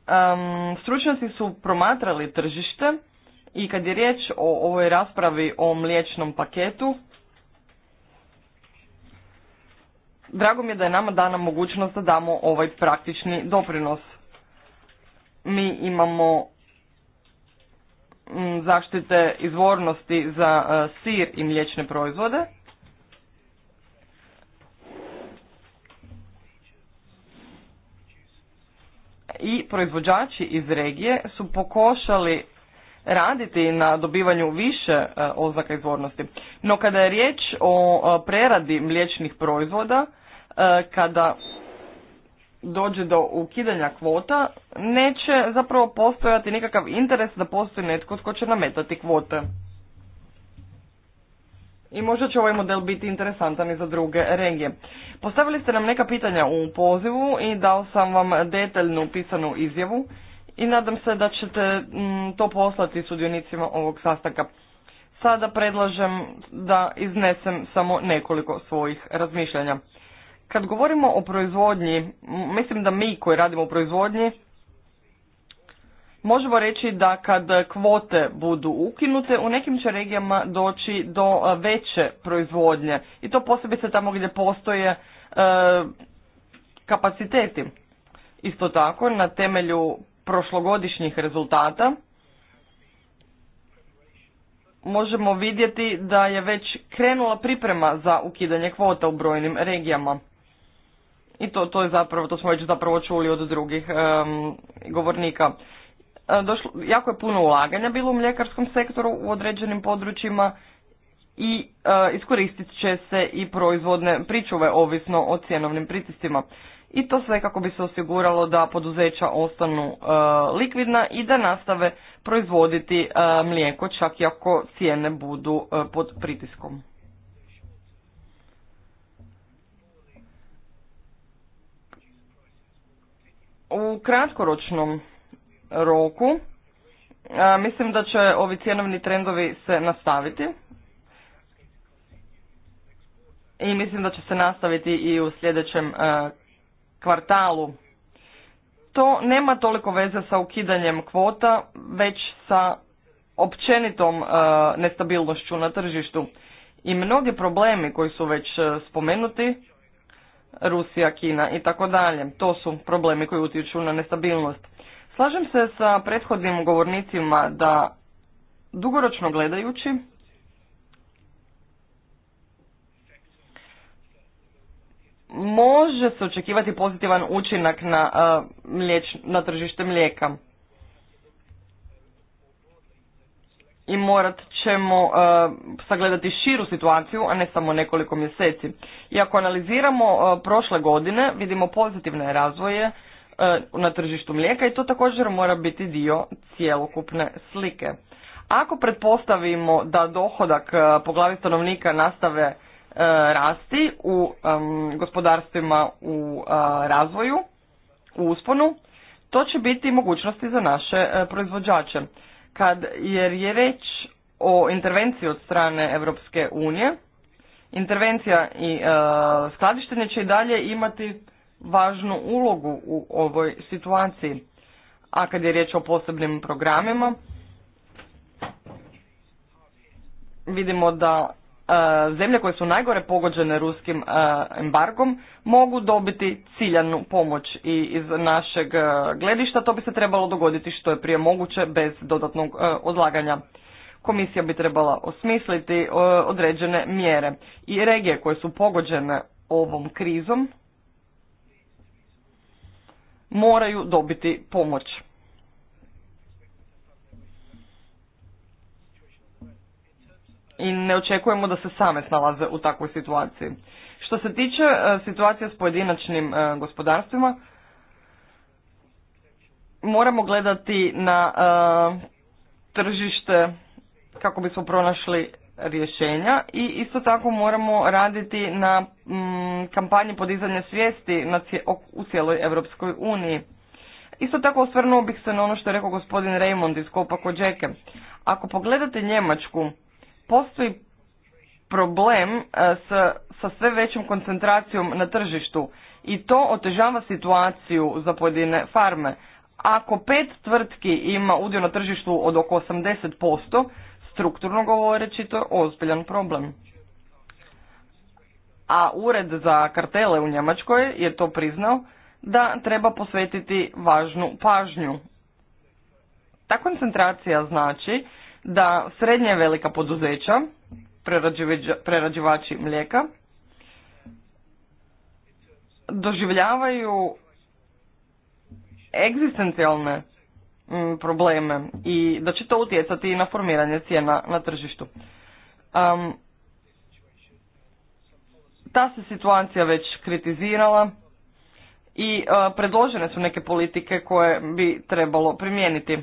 S2: Um, stručnjaci su promatrali tržište i kad je riječ o ovoj raspravi o mliječnom paketu, drago mi je da je nama dana mogućnost da damo ovaj praktični doprinos. Mi imamo mm, zaštite izvornosti za e, sir i mliječne proizvode, i proizvođači iz regije su pokušali raditi na dobivanju više e, oznaka izvornosti. No kada je riječ o e, preradi mliječnih proizvoda, e, kada dođe do ukidanja kvota, neće zapravo postojati nikakav interes da postoji netko tko će nametati kvote i možda će ovaj model biti interesantan i za druge regije. Postavili ste nam neka pitanja u pozivu i dao sam vam detaljnu pisanu izjavu i nadam se da ćete mm, to poslati sudionicima ovog sastanka. Sada predlažem da iznesem samo nekoliko svojih razmišljanja. Kad govorimo o proizvodnji, mislim da mi koji radimo u proizvodnji Možemo reći da kad kvote budu ukinute, u nekim će regijama doći do e, veće proizvodnje i to posebice tamo gdje postoje e, kapaciteti. Isto tako, na temelju prošlogodišnjih rezultata možemo vidjeti da je već krenula priprema za ukidanje kvota u brojnim regijama. I to, to je zapravo, to smo već zapravo čuli od drugih govornika došlo, jako je puno ulaganja bilo u mljekarskom sektoru u određenim područjima i e, iskoristit će se i proizvodne pričuve ovisno o cjenovnim pritiscima. I to sve kako bi se osiguralo da poduzeća ostanu likvidna i da nastave proizvoditi e, mlijeko čak i ako cijene budu pod pritiskom. U kratkoročnom roku. Mislim da će ovi cjenovni trendovi se nastaviti. I mislim da će se nastaviti i u sljedećem e, kvartalu. To nema toliko veze sa ukidanjem kvota, već sa općenitom e, nestabilnošću na tržištu. I mnogi problemi koji su već e, spomenuti, Rusija, Kina i tako dalje, to su problemi koji utječu na nestabilnost. Slažem se sa prethodnim govornicima da dugoročno gledajući može se očekivati pozitivan učinak na, na tržište mlijeka. I morat ćemo sagledati širu situaciju, a ne samo nekoliko mjeseci. I ako analiziramo prošle godine, vidimo pozitivne razvoje E, na tržištu mlijeka i to također mora biti dio cjelokupne slike. Ako pretpostavimo da dohodak e, po glavi stanovnika nastave e, rasti u gospodarstvima u razvoju, u usponu, to će biti mogućnosti za naše proizvođače. Kad jer je reč o intervenciji od strane Europske unije, intervencija i skladištenje će i dalje imati važnu ulogu u ovoj situaciji. A kad je riječ o posebnim programima, vidimo da e, zemlje koje su najgore pogođene ruskim e, embargom mogu dobiti ciljanu pomoć i iz našeg e, gledišta to bi se trebalo dogoditi što je prije moguće bez dodatnog odlaganja. Komisija bi trebala osmisliti određene mjere i regije koje su pogođene ovom krizom moraju dobiti pomoć. I ne očekujemo da se same snalaze u takvoj situaciji. Što se tiče e, situacije s pojedinačnim e, gospodarstvima, moramo gledati na e, tržište kako bismo pronašli rješenja i isto tako moramo raditi na mm, kampanji podizanja svijesti na u cijeloj Europskoj uniji. Isto tako osvrnuo bih se na ono što je rekao gospodin Raymond iz Kopa Kođeke. Ako pogledate Njemačku, postoji problem e, sa, sve većom koncentracijom na tržištu i to otežava situaciju za pojedine farme. Ako pet tvrtki ima udio na tržištu od oko 80%, strukturno govoreći to je ozbiljan problem. A ured za kartele u Njemačkoj je to priznao da treba posvetiti važnu pažnju. Ta koncentracija znači da srednje velika poduzeća, prerađivači mlijeka, doživljavaju egzistencijalne Mm, probleme i da će to utjecati i na formiranje cijena na tržištu. ta se situacija već kritizirala i e, predložene su neke politike koje bi trebalo primijeniti.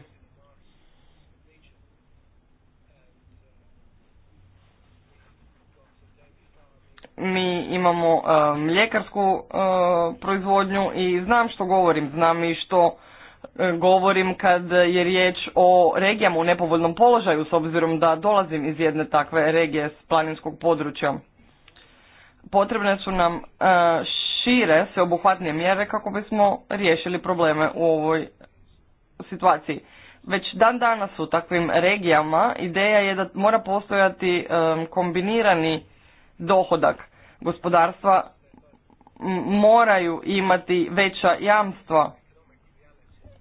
S2: Mi imamo e, mljekarsku e, proizvodnju i znam što govorim, znam i što govorim kad je riječ o regijama u nepovoljnom položaju s obzirom da dolazim iz jedne takve regije s planinskog područja. Potrebne su nam e, šire, sveobuhvatnije mjere kako bismo riješili probleme u ovoj situaciji. Već dan danas u takvim regijama ideja je da mora postojati e, kombinirani dohodak gospodarstva moraju imati veća jamstva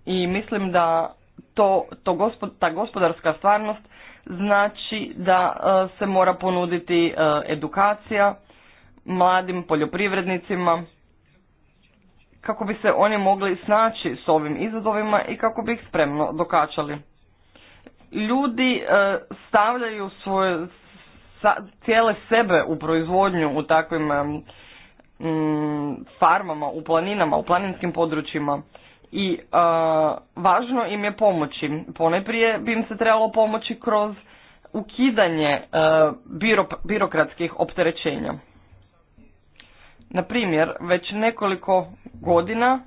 S2: i mislim da to, to ta gospodarska stvarnost znači da e, se mora ponuditi e, edukacija mladim poljoprivrednicima kako bi se oni mogli snaći s ovim izazovima i kako bi ih spremno dokačali. Ljudi e, stavljaju svoje cijele sebe u proizvodnju u takvim farmama, u planinama, u planinskim područjima i važno im je pomoći. Poneprije bi im se trebalo pomoći kroz ukidanje e, biro, birokratskih opterećenja. Na primjer, već nekoliko godina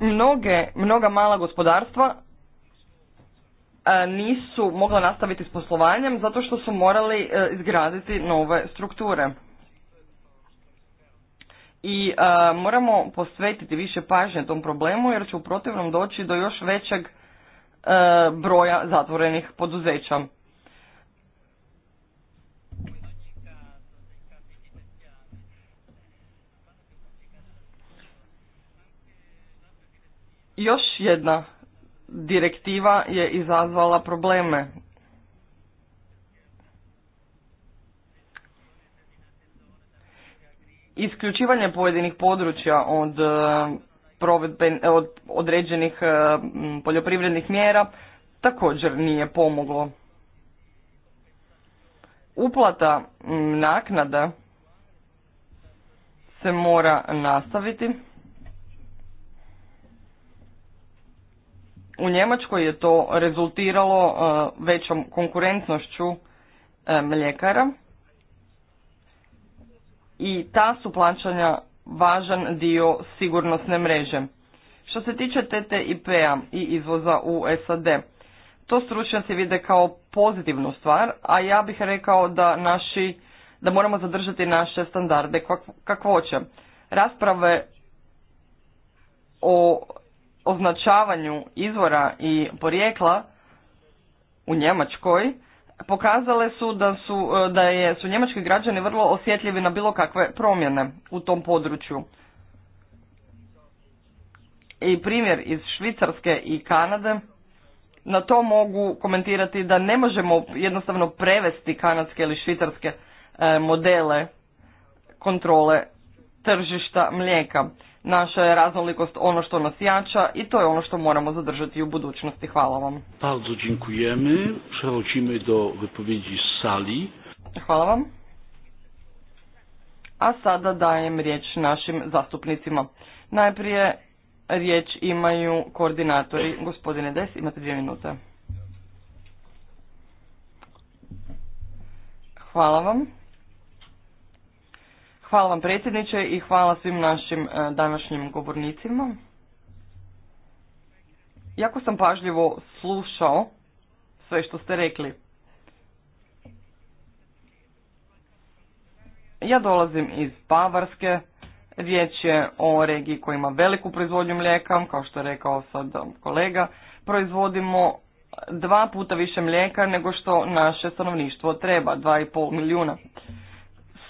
S2: mnoge, mnoga mala gospodarstva E, nisu mogla nastaviti s poslovanjem zato što su morali e, izgraditi nove strukture. I e, moramo posvetiti više pažnje tom problemu jer će u protivnom doći do još većeg broja zatvorenih poduzeća. Još jedna direktiva je izazvala probleme. Isključivanje pojedinih područja od e, e, od određenih e, poljoprivrednih mjera također nije pomoglo. Uplata naknada se mora nastaviti. U Njemačkoj je to rezultiralo e, većom konkurentnošću e, mljekara i ta su plaćanja važan dio sigurnosne mreže. Što se tiče TTIP-a i izvoza u SAD, to stručnjaci vide kao pozitivnu stvar, a ja bih rekao da, naši, da moramo zadržati naše standarde kakvoće. Rasprave o označavanju izvora i porijekla u Njemačkoj pokazale su da su, e, da je, su njemački građani vrlo osjetljivi na bilo kakve promjene u tom području. I primjer iz Švicarske i Kanade na to mogu komentirati da ne možemo jednostavno prevesti kanadske ili švicarske e, modele kontrole tržišta mlijeka. Naša je raznolikost ono što nas jača i to je ono što moramo zadržati u budućnosti. Hvala vam.
S1: Bardzo dziękujemy. do wypowiedzi sali. Hvala vam.
S2: A sada dajem riječ našim zastupnicima. Najprije riječ imaju koordinatori. Gospodine Des, imate dvije minute. Hvala vam. Hvala vam predsjedniče i hvala svim našim e, današnjim govornicima. Jako sam pažljivo slušao sve što ste rekli. Ja dolazim iz Bavarske, riječ je o regiji koja ima veliku proizvodnju mlijeka, kao što je rekao sad kolega, proizvodimo dva puta više mlijeka nego što naše stanovništvo treba, dva i pol milijuna.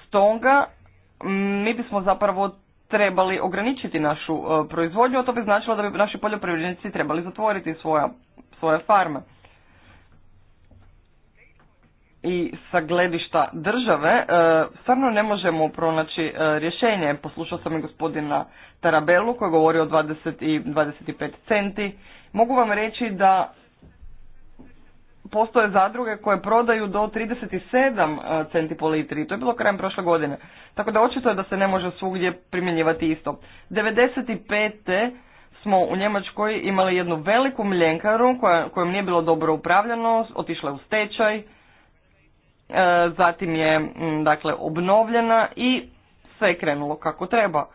S2: Stoga mi bismo zapravo trebali ograničiti našu e, proizvodnju, a to bi značilo da bi naši poljoprivrednici trebali zatvoriti svoja, svoje farme. I sa gledišta države e, stvarno ne možemo pronaći e, rješenje. Poslušao sam i gospodina Tarabelu koji govori o 20 i 25 centi. Mogu vam reći da postoje zadruge koje prodaju do 37 e, centi po litri. To je bilo krajem prošle godine. Tako da očito je da se ne može svugdje primjenjivati isto. 95. smo u Njemačkoj imali jednu veliku mljenkaru koja, kojom nije bilo dobro upravljeno. otišla je u stečaj, e, zatim je dakle obnovljena i sve je krenulo kako treba.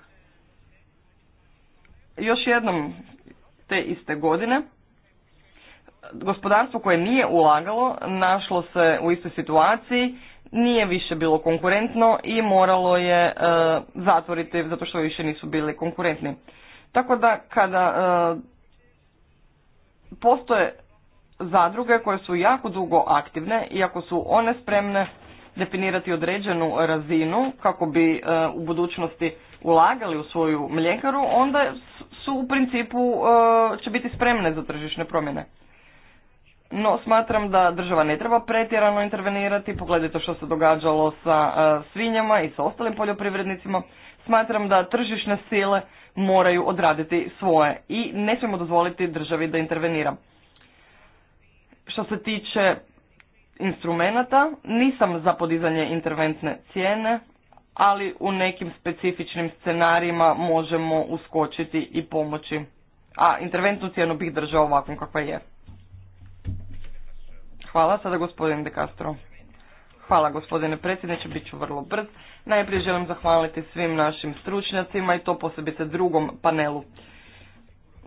S2: Još jednom te iste godine gospodarstvo koje nije ulagalo našlo se u istoj situaciji, nije više bilo konkurentno i moralo je e, zatvoriti zato što više nisu bili konkurentni. Tako da kada e, postoje zadruge koje su jako dugo aktivne, i ako su one spremne definirati određenu razinu kako bi e, u budućnosti ulagali u svoju mljekaru, onda su u principu će biti spremne za tržišne promjene. No, smatram da država ne treba pretjerano intervenirati, pogledajte što se događalo sa e, svinjama i sa ostalim poljoprivrednicima. Smatram da tržišne sile moraju odraditi svoje i ne smijemo dozvoliti državi da intervenira. Što se tiče instrumenta, nisam za podizanje interventne cijene, ali u nekim specifičnim scenarijima možemo uskočiti i pomoći. A interventnu cijenu bih držao ovakvom kakva je. Hvala. Sada gospodin De Castro. Hvala gospodine predsjedniče, bit ću vrlo brz. Najprije želim zahvaliti svim našim stručnjacima i to posebice drugom panelu.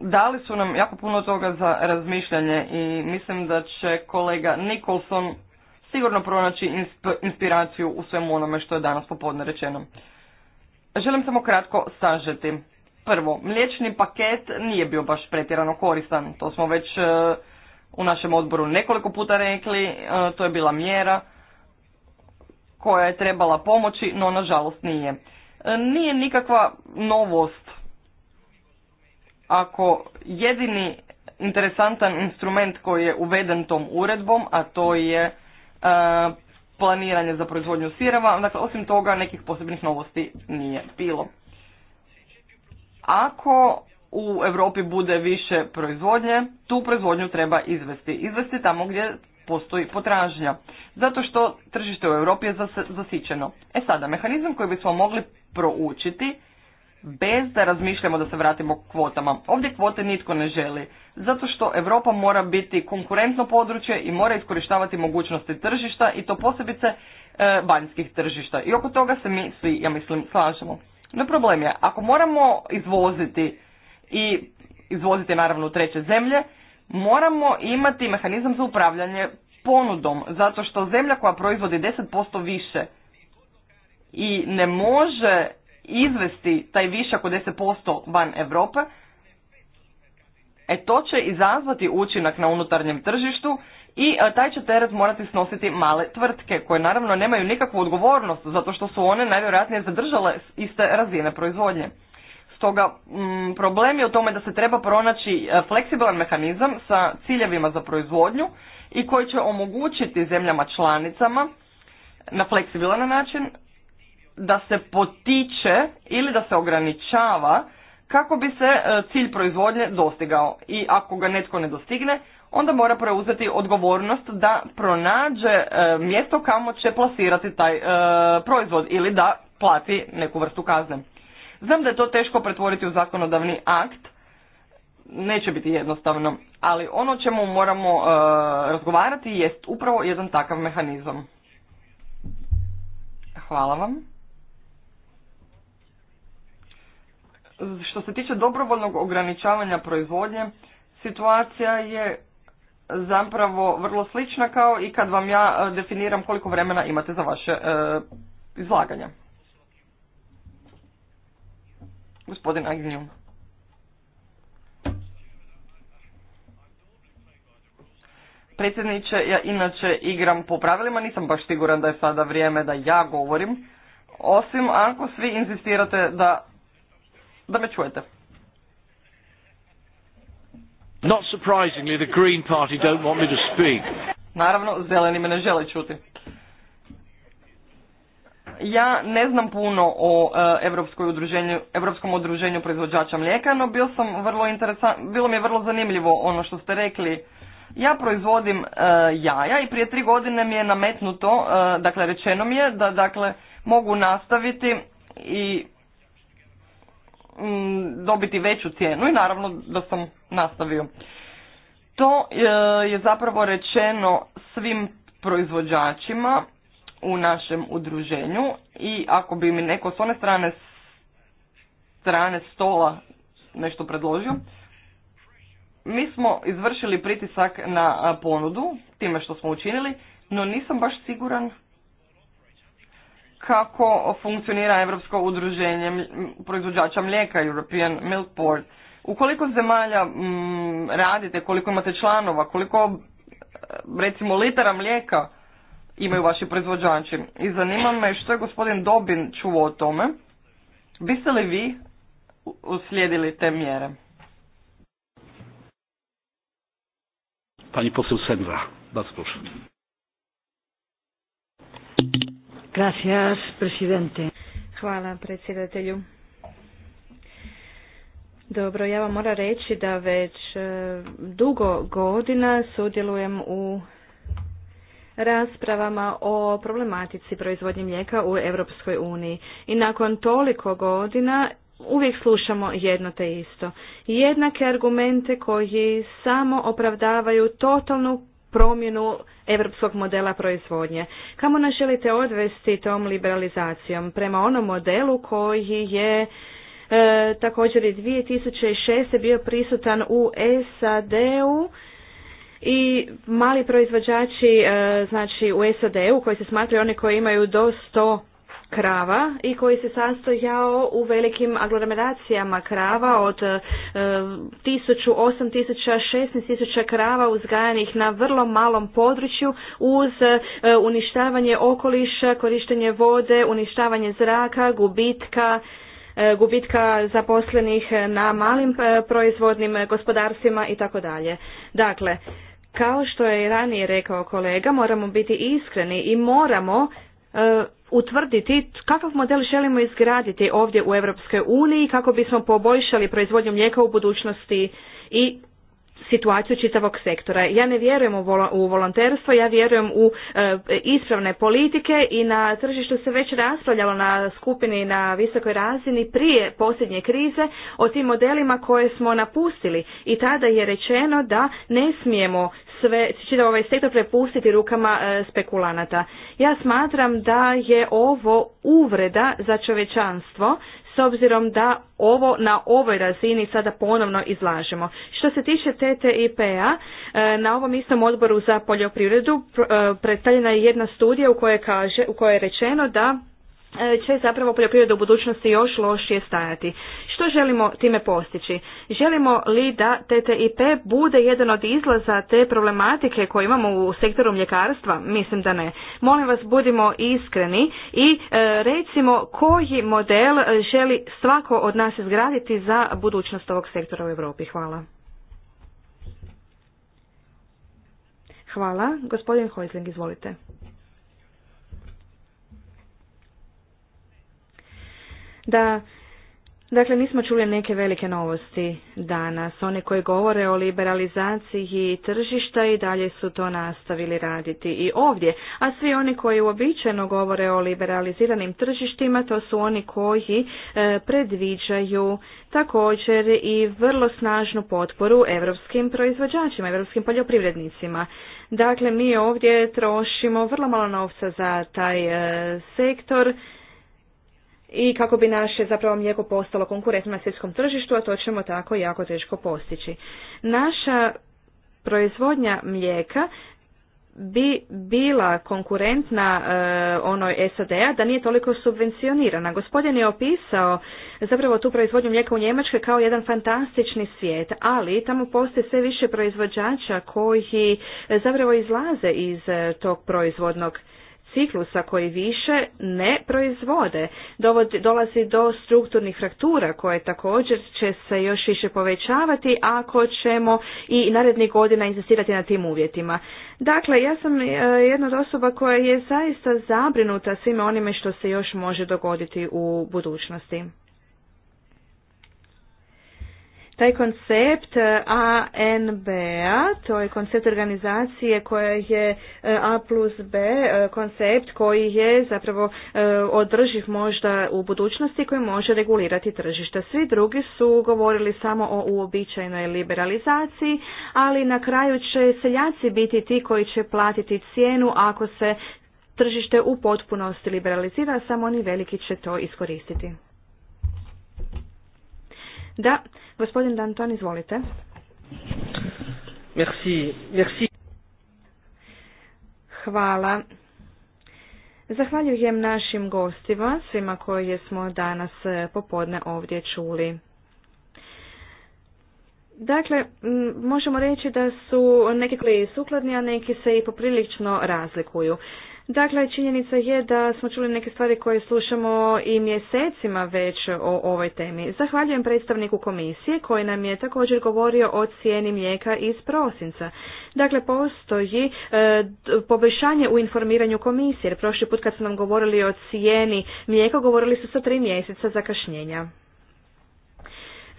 S2: Dali su nam jako puno toga za razmišljanje i mislim da će kolega Nikolson sigurno pronaći inspiraciju u svemu onome što je danas popodne rečeno. Želim samo kratko sažeti. Prvo, mliječni paket nije bio baš pretjerano koristan, to smo već e, u našem odboru nekoliko puta rekli, e, to je bila mjera koja je trebala pomoći, no nažalost nije. E, nije nikakva novost ako jedini interesantan instrument koji je uveden tom uredbom, a to je e, planiranje za proizvodnju sirava, dakle osim toga nekih posebnih novosti nije bilo. Ako u Europi bude više proizvodnje, tu proizvodnju treba izvesti. Izvesti tamo gdje postoji potražnja. Zato što tržište u Europi je zasićeno. E sada, mehanizam koji bismo mogli proučiti bez da razmišljamo da se vratimo kvotama. Ovdje kvote nitko ne želi. Zato što Europa mora biti konkurentno područje i mora iskorištavati mogućnosti tržišta i to posebice banjskih e, tržišta. I oko toga se mi svi, ja mislim, slažemo. No problem je, ako moramo izvoziti i izvoziti naravno u treće zemlje, moramo imati mehanizam za upravljanje ponudom, zato što zemlja koja proizvodi 10% više i ne može izvesti taj višak od 10% van Europe, e to će izazvati učinak na unutarnjem tržištu i e, taj će teret morati snositi male tvrtke koje naravno nemaju nikakvu odgovornost zato što su one najvjerojatnije zadržale iste razine proizvodnje. Stoga mm, problem je u tome da se treba pronaći e, fleksibilan mehanizam sa ciljevima za proizvodnju i koji će omogućiti zemljama članicama na fleksibilan način da se potiče ili da se ograničava kako bi se e, cilj proizvodnje dostigao i ako ga netko ne dostigne onda mora preuzeti odgovornost da pronađe e, mjesto kamo će plasirati taj proizvod ili da plati neku vrstu kazne. Znam da je to teško pretvoriti u zakonodavni akt, neće biti jednostavno, ali ono čemu moramo e, razgovarati jest upravo jedan takav mehanizam. Hvala vam. Što se tiče dobrovoljnog ograničavanja proizvodnje, situacija je zapravo vrlo slična kao i kad vam ja e, definiram koliko vremena imate za vaše e, izlaganje. Gospodin Agnijom. Predsjedniče, ja inače igram po pravilima, nisam baš siguran da je sada vrijeme da ja govorim, osim ako svi insistirate da, da me čujete.
S1: Not surprisingly, the Green Party don't want me to speak. Naravno,
S2: zeleni me ne žele čuti ja ne znam puno o e, Evropskom udruženju, Europskom udruženju proizvođača mlijeka, no bio sam vrlo interesan, bilo mi je vrlo zanimljivo ono što ste rekli. Ja proizvodim e, jaja i prije tri godine mi je nametnuto, e, dakle rečeno mi je da dakle mogu nastaviti i mm, dobiti veću cijenu i naravno da sam nastavio. To je zapravo rečeno svim proizvođačima u našem udruženju i ako bi mi neko s one strane strane stola nešto predložio, mi smo izvršili pritisak na ponudu time što smo učinili, no nisam baš siguran kako funkcionira Europsko udruženje proizvođača mlijeka, European Milk Board. Ukoliko zemalja radite, koliko imate članova, koliko recimo litara mlijeka imaju vaši proizvođači. I zanima me što je gospodin Dobin čuo o tome. Biste li vi uslijedili te mjere?
S1: Pani poseł Sendra, bardzo
S5: Gracias, presidente.
S3: Hvala predsjedatelju. Dobro, ja vam moram reći da već e, dugo godina sudjelujem u raspravama o problematici proizvodnje mlijeka u Europskoj uniji. I nakon toliko godina uvijek slušamo jedno te isto. Jednake argumente koji samo opravdavaju totalnu promjenu europskog modela proizvodnje. Kamo nas želite odvesti tom liberalizacijom? Prema onom modelu koji je e, također i 2006. bio prisutan u SAD-u i mali proizvođači e, znači u SAD-u koji se smatraju oni koji imaju do 100 krava i koji se sastojao u velikim aglomeracijama krava od e, 1000, 8000, 16000 krava uzgajanih na vrlo malom području uz e, uništavanje okoliša, korištenje vode, uništavanje zraka, gubitka e, gubitka zaposlenih na malim proizvodnim gospodarstvima i tako dalje. Dakle, kao što je i ranije rekao kolega, moramo biti iskreni i moramo eh, utvrditi kakav model želimo izgraditi ovdje u Europskoj uniji kako bismo poboljšali proizvodnju mlijeka u budućnosti i situaciju čitavog sektora. Ja ne vjerujem u volonterstvo, ja vjerujem u e, ispravne politike i na tržištu se već raspravljalo na skupini na visokoj razini prije posljednje krize o tim modelima koje smo napustili i tada je rečeno da ne smijemo sve, čitav ovaj sektor prepustiti rukama e, spekulanata. Ja smatram da je ovo uvreda za čovečanstvo s obzirom da ovo na ovoj razini sada ponovno izlažemo. Što se tiče TTIP-a, e, na ovom istom odboru za poljoprivredu e, predstavljena je jedna studija u kojoj, kaže, u kojoj je rečeno da E, će zapravo poljoprivreda u budućnosti još lošije stajati. Što želimo time postići? Želimo li da TTIP bude jedan od izlaza te problematike koje imamo u sektoru mljekarstva? Mislim da ne. Molim vas, budimo iskreni i e, recimo koji model želi svako od nas izgraditi za budućnost ovog sektora u Europi. Hvala. Hvala. Gospodin Hojzling, izvolite. da Dakle, nismo čuli neke velike novosti danas. Oni koji govore o liberalizaciji tržišta i dalje su to nastavili raditi i ovdje. A svi oni koji uobičajeno govore o liberaliziranim tržištima, to su oni koji e, predviđaju također i vrlo snažnu potporu evropskim proizvođačima, evropskim poljoprivrednicima. Dakle, mi ovdje trošimo vrlo malo novca za taj e, sektor i kako bi naše zapravo mlijeko postalo konkurentno na svjetskom tržištu, a to ćemo tako jako teško postići. Naša proizvodnja mlijeka bi bila konkurentna e, onoj SAD-a da nije toliko subvencionirana. Gospodin je opisao zapravo tu proizvodnju mlijeka u Njemačkoj kao jedan fantastični svijet, ali tamo postoje sve više proizvođača koji zapravo izlaze iz e, tog proizvodnog ciklusa koji više ne proizvode. Dolazi do strukturnih fraktura koje također će se još više povećavati ako ćemo i narednih godina insistirati na tim uvjetima. Dakle, ja sam e, jedna od osoba koja je zaista zabrinuta svime onime što se još može dogoditi u budućnosti. Taj koncept eh, anb to je koncept organizacije koja je eh, A plus B, eh, koncept koji je zapravo održiv možda u budućnosti koji može regulirati tržište. Svi drugi su govorili samo o uobičajenoj liberalizaciji, ali na kraju će seljaci biti ti koji će platiti cijenu ako se tržište u potpunosti liberalizira, samo oni veliki će to iskoristiti. Da, Gospodin Danton, izvolite.
S6: Merci, merci.
S3: Hvala. Zahvaljujem našim gostima, svima koje smo danas e, popodne ovdje čuli. Dakle, možemo reći da su neki koji sukladni, a neki se i poprilično razlikuju. Dakle, činjenica je da smo čuli neke stvari koje slušamo i mjesecima već o ovoj temi. Zahvaljujem predstavniku komisije koji nam je također govorio o cijeni mlijeka iz prosinca. Dakle, postoji e, poboljšanje u informiranju komisije, jer prošli put kad su nam govorili o cijeni mlijeka, govorili su sa tri mjeseca zakašnjenja.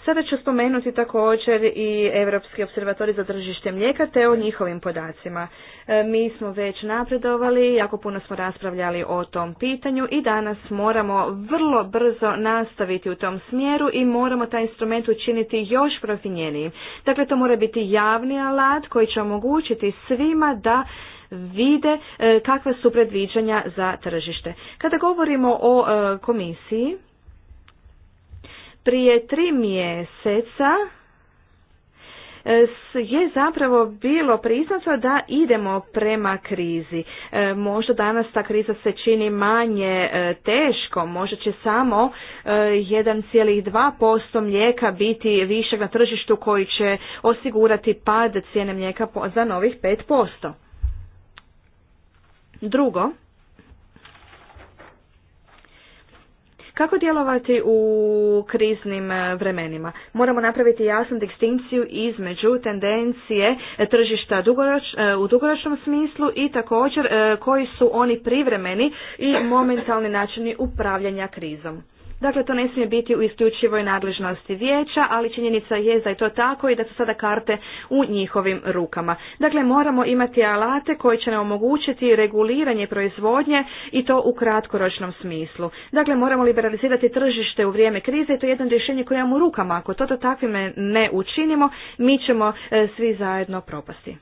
S3: Sada ću spomenuti također i Europski observatori za tržište mlijeka te o njihovim podacima. E, mi smo već napredovali, jako puno smo raspravljali o tom pitanju i danas moramo vrlo brzo nastaviti u tom smjeru i moramo taj instrument učiniti još profinjenijim. Dakle, to mora biti javni alat koji će omogućiti svima da vide e, kakva su predviđanja za tržište. Kada govorimo o e, komisiji, prije tri mjeseca e, je zapravo bilo priznato da idemo prema krizi. E, možda danas ta kriza se čini manje e, teško, možda će samo 1,2% mlijeka biti višak na tržištu koji će osigurati pad cijene mlijeka za novih 5%. Drugo, Kako djelovati u kriznim e, vremenima? Moramo napraviti jasnu distinkciju između tendencije e, tržišta e, u dugoročnom smislu i također koji su oni privremeni i momentalni načini upravljanja krizom. Dakle, to ne smije biti u isključivoj nadležnosti vijeća, ali činjenica je da je to tako i da su sada karte u njihovim rukama. Dakle, moramo imati alate koji će nam omogućiti reguliranje proizvodnje i to u kratkoročnom smislu. Dakle, moramo liberalizirati tržište u vrijeme krize i to je jedno rješenje koje imamo u rukama. Ako to takvime ne učinimo, mi ćemo e, svi zajedno propasti.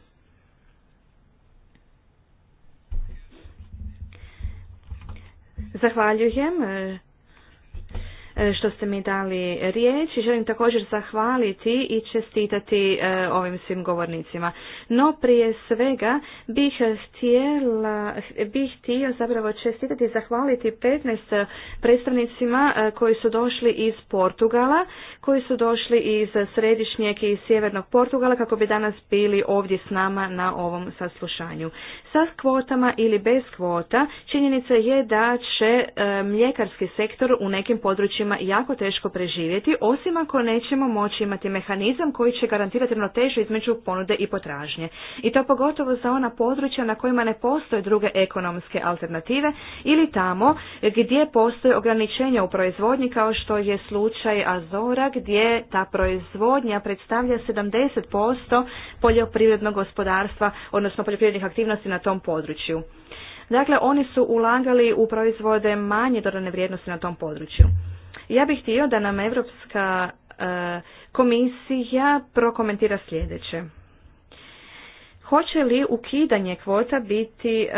S3: Zahvaljujem. E, E, što ste mi dali riječ i želim također zahvaliti i čestitati e, ovim svim govornicima. No prije svega bih htjela, bih htio zapravo čestitati i zahvaliti 15 predstavnicima e, koji su došli iz Portugala, koji su došli iz središnjeg i sjevernog Portugala kako bi danas bili ovdje s nama na ovom saslušanju. Sa kvotama ili bez kvota činjenica je da će mljekarski sektor u nekim područjima jako teško preživjeti, osim ako nećemo moći imati mehanizam koji će garantirati ravnotežu između ponude i potražnje. I to pogotovo za ona područja na kojima ne postoje druge ekonomske alternative ili tamo gdje postoje ograničenja u proizvodnji kao što je slučaj Azora gdje ta proizvodnja predstavlja 70% poljoprivrednog gospodarstva, odnosno poljoprivrednih aktivnosti na tom području. Dakle, oni su ulagali u proizvode manje dodane vrijednosti na tom području. Ja bih htio da nam Europska e, komisija prokomentira sljedeće. Hoće li ukidanje kvota biti e,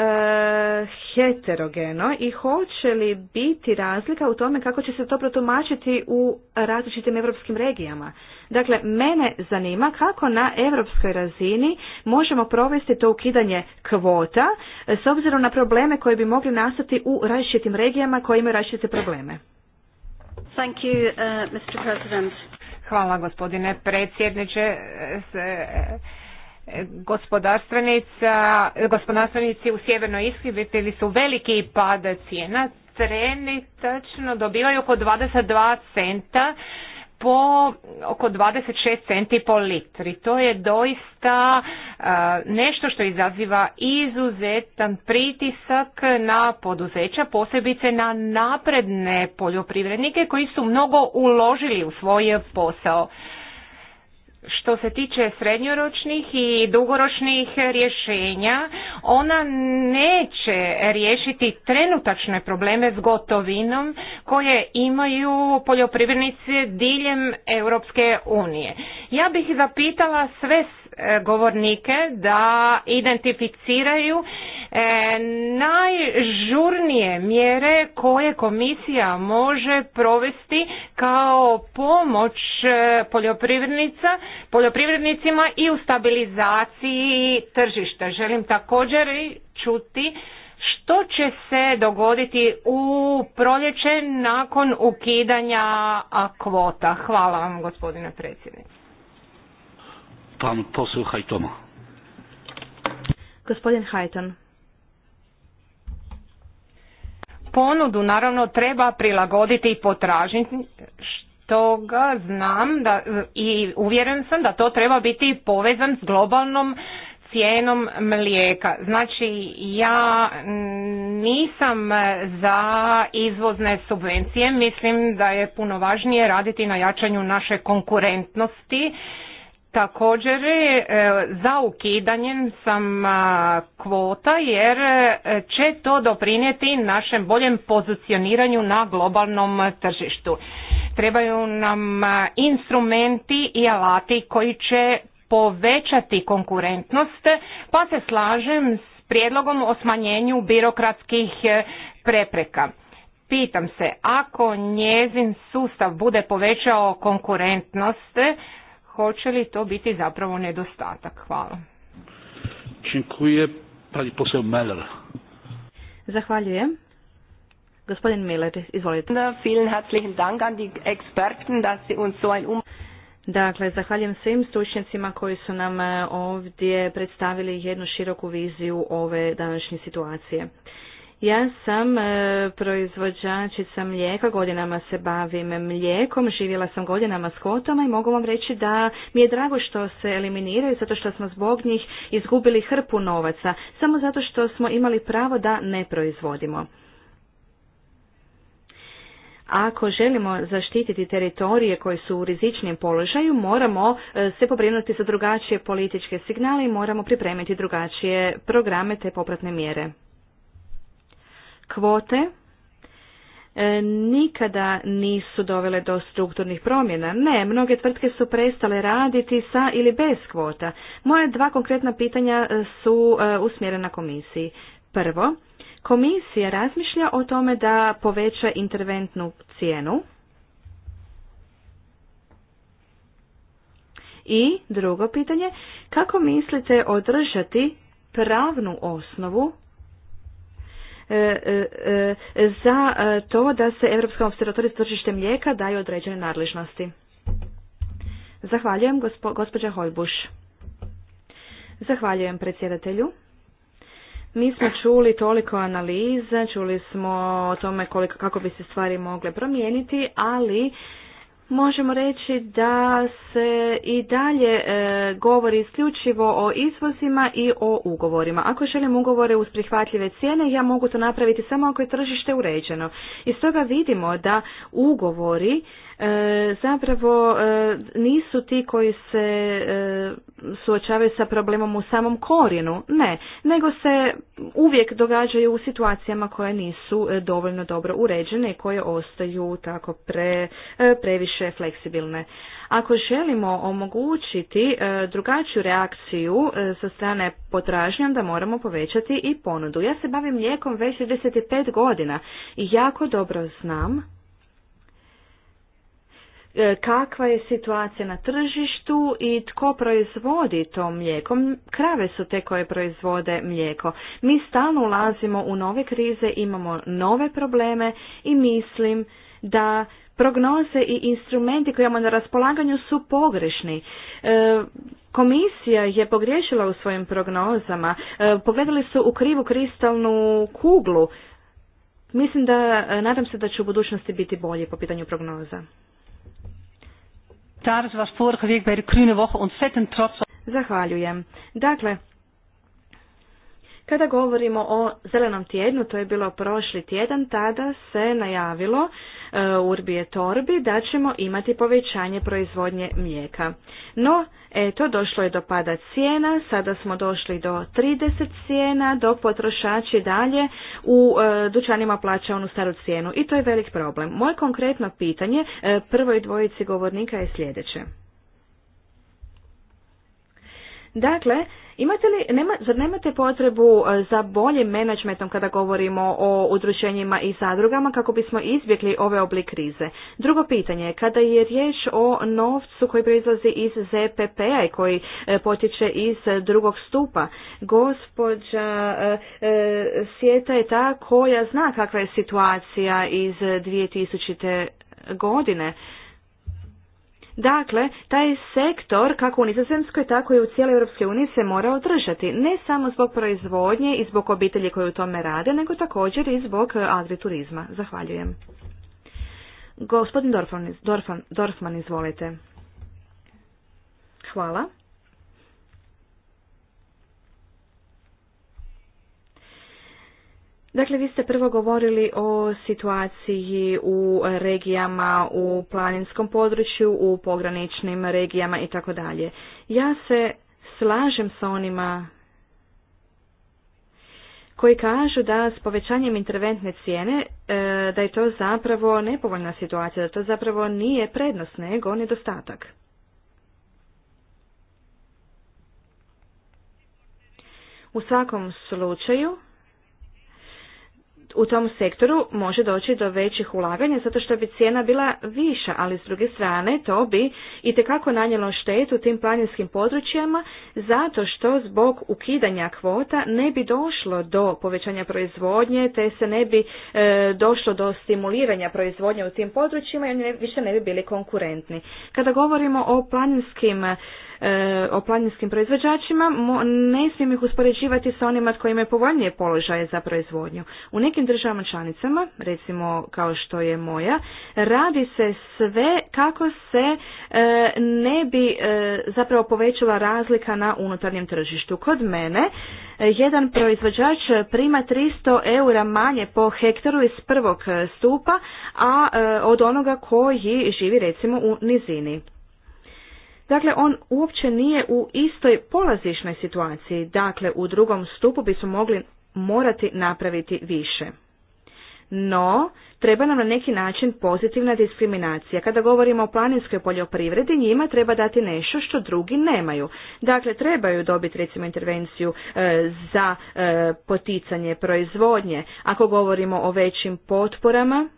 S3: heterogeno i hoće li biti razlika u tome kako će se to protumačiti u različitim europskim regijama? Dakle, mene zanima kako na europskoj razini možemo provesti to ukidanje kvota e, s obzirom na probleme koje bi mogli nastati u različitim regijama koje imaju različite probleme.
S4: Thank you, uh, Hvala gospodine predsjedniče. E, gospodarstvenica, gospodarstvenici u Sjevernoj Iskri su veliki pad cijena. Treni tačno dobivaju oko 22 centa po oko 26 centi po litri. To je doista nešto što izaziva izuzetan pritisak na poduzeća, posebice na napredne poljoprivrednike koji su mnogo uložili u svoj posao što se tiče srednjoročnih i dugoročnih rješenja, ona neće riješiti trenutačne probleme s gotovinom koje imaju poljoprivrednici diljem Europske unije. Ja bih zapitala sve e, govornike da identificiraju E, najžurnije mjere koje komisija može provesti kao pomoć e, poljoprivrednica, poljoprivrednicima i u stabilizaciji tržišta. Želim također čuti što će se dogoditi u proljeće nakon ukidanja kvota. Hvala vam gospodine predsjedniče. Pan Gospodin Hajton. ponudu naravno treba prilagoditi i potražiti što ga znam da, i uvjeren sam da to treba biti povezan s globalnom cijenom mlijeka. Znači ja nisam za izvozne subvencije, mislim da je puno važnije raditi na jačanju naše konkurentnosti Također e, za ukidanjem sam kvota jer e, će to doprinijeti našem boljem pozicioniranju na globalnom tržištu. Trebaju nam instrumenti i alati koji će povećati konkurentnost pa se slažem s prijedlogom o smanjenju birokratskih e, prepreka. Pitam se, ako njezin sustav bude povećao konkurentnost, hoće li to biti zapravo nedostatak? Hvala.
S1: Činkuje, Meller.
S3: Zahvaljujem. Gospodin Miller, izvolite. Vielen herzlichen Dank an die Experten, dass sie uns so ein um- Dakle, zahvaljujem svim stručnjacima koji su nam eh, ovdje predstavili jednu široku viziju ove današnje situacije. Ja sam e, proizvođačica mlijeka, godinama se bavim mlijekom, živjela sam godinama s kotama i mogu vam reći da mi je drago što se eliminiraju zato što smo zbog njih izgubili hrpu novaca, samo zato što smo imali pravo da ne proizvodimo. Ako želimo zaštititi teritorije koje su u rizičnim položaju, moramo e, se pobrinuti za drugačije političke signale i moramo pripremiti drugačije programe te popratne mjere. Kvote e, nikada nisu dovele do strukturnih promjena. Ne, mnoge tvrtke su prestale raditi sa ili bez kvota. Moje dva konkretna pitanja e, su e, usmjerena komisiji. Prvo, komisija razmišlja o tome da poveća interventnu cijenu. I drugo pitanje, kako mislite održati pravnu osnovu E, e, e, za to da se Europskom observatoriju za tržište mlijeka daju određene nadležnosti. Zahvaljujem, gospođa Zahvaljujem predsjedatelju. Mi smo čuli toliko analiza, čuli smo o tome koliko, kako bi se stvari mogle promijeniti, ali možemo reći da se i dalje e, govori isključivo o izvozima i o ugovorima. Ako želim ugovore uz prihvatljive cijene, ja mogu to napraviti samo ako je tržište uređeno. Iz toga vidimo da ugovori E, zapravo e, nisu ti koji se e, suočavaju sa problemom u samom korijenu, ne, nego se uvijek događaju u situacijama koje nisu dovoljno dobro uređene i koje ostaju tako pre, previše fleksibilne. Ako želimo omogućiti drugačiju reakciju sa strane potražnje, onda moramo povećati i ponudu. Ja se bavim mlijekom već 35 godina i jako dobro znam E, kakva je situacija na tržištu i tko proizvodi to mlijeko. Krave su te koje proizvode mlijeko. Mi stalno ulazimo u nove krize, imamo nove probleme i mislim da prognoze i instrumenti koje imamo na raspolaganju su pogrešni. E, komisija je pogriješila u svojim prognozama. E, pogledali su u krivu kristalnu kuglu. Mislim da, nadam se da će u budućnosti biti bolje po pitanju prognoza.
S5: Commissaris was vorige week bij de Krune Woche
S3: ontzettend trots op. Zahvaljujem. Dakle, kada govorimo o zelenom tjednu, to je bilo prošli tjedan, tada se najavilo e, Urbije Torbi da ćemo imati povećanje proizvodnje mlijeka. No, eto, došlo je do pada cijena, sada smo došli do 30 cijena, dok potrošači dalje u e, dućanima plaća onu staru cijenu i to je velik problem. Moje konkretno pitanje e, prvoj dvojici govornika je sljedeće. Dakle, imate li, nema, zar nemate potrebu e, za boljim menadžmentom kada govorimo o udruženjima i zadrugama kako bismo izbjegli ove oblik krize? Drugo pitanje, kada je riječ o novcu koji proizlazi iz ZPP-a i koji e, potiče iz e, drugog stupa, gospođa e, Sjeta je ta koja zna kakva je situacija iz 2000. godine Dakle, taj sektor, kako u Nizozemskoj, tako i u cijeloj Europskoj uniji, se mora održati. Ne samo zbog proizvodnje i zbog obitelji koje u tome rade, nego također i zbog e, agriturizma. Zahvaljujem. Gospodin Dorfman izvolite. Hvala. Dakle, vi ste prvo govorili o situaciji u regijama, u planinskom području, u pograničnim regijama i tako dalje. Ja se slažem sa onima koji kažu da s povećanjem interventne cijene e, da je to zapravo nepovoljna situacija, da to zapravo nije prednost nego nedostatak. U svakom slučaju u tom sektoru može doći do većih ulaganja zato što bi cijena bila viša, ali s druge strane to bi i tekako nanjelo štetu tim planinskim područjima zato što zbog ukidanja kvota ne bi došlo do povećanja proizvodnje te se ne bi e, došlo do stimuliranja proizvodnje u tim područjima i oni više ne bi bili konkurentni. Kada govorimo o planinskim E, o planinskim proizvođačima, ne smijem ih uspoređivati sa onima koji imaju povoljnije položaje za proizvodnju. U nekim državama članicama, recimo kao što je moja, radi se sve kako se e, ne bi e, zapravo povećala razlika na unutarnjem tržištu. Kod mene jedan proizvođač prima 300 eura manje po hektaru iz prvog stupa, a od onoga koji živi recimo u nizini. Dakle, on uopće nije u istoj polazišnoj situaciji, dakle u drugom stupu bi su mogli morati napraviti više. No, treba nam na neki način pozitivna diskriminacija. Kada govorimo o planinskoj poljoprivredi, njima treba dati nešto što drugi nemaju. Dakle, trebaju dobiti recimo intervenciju e, za e, poticanje proizvodnje. Ako govorimo o većim potporama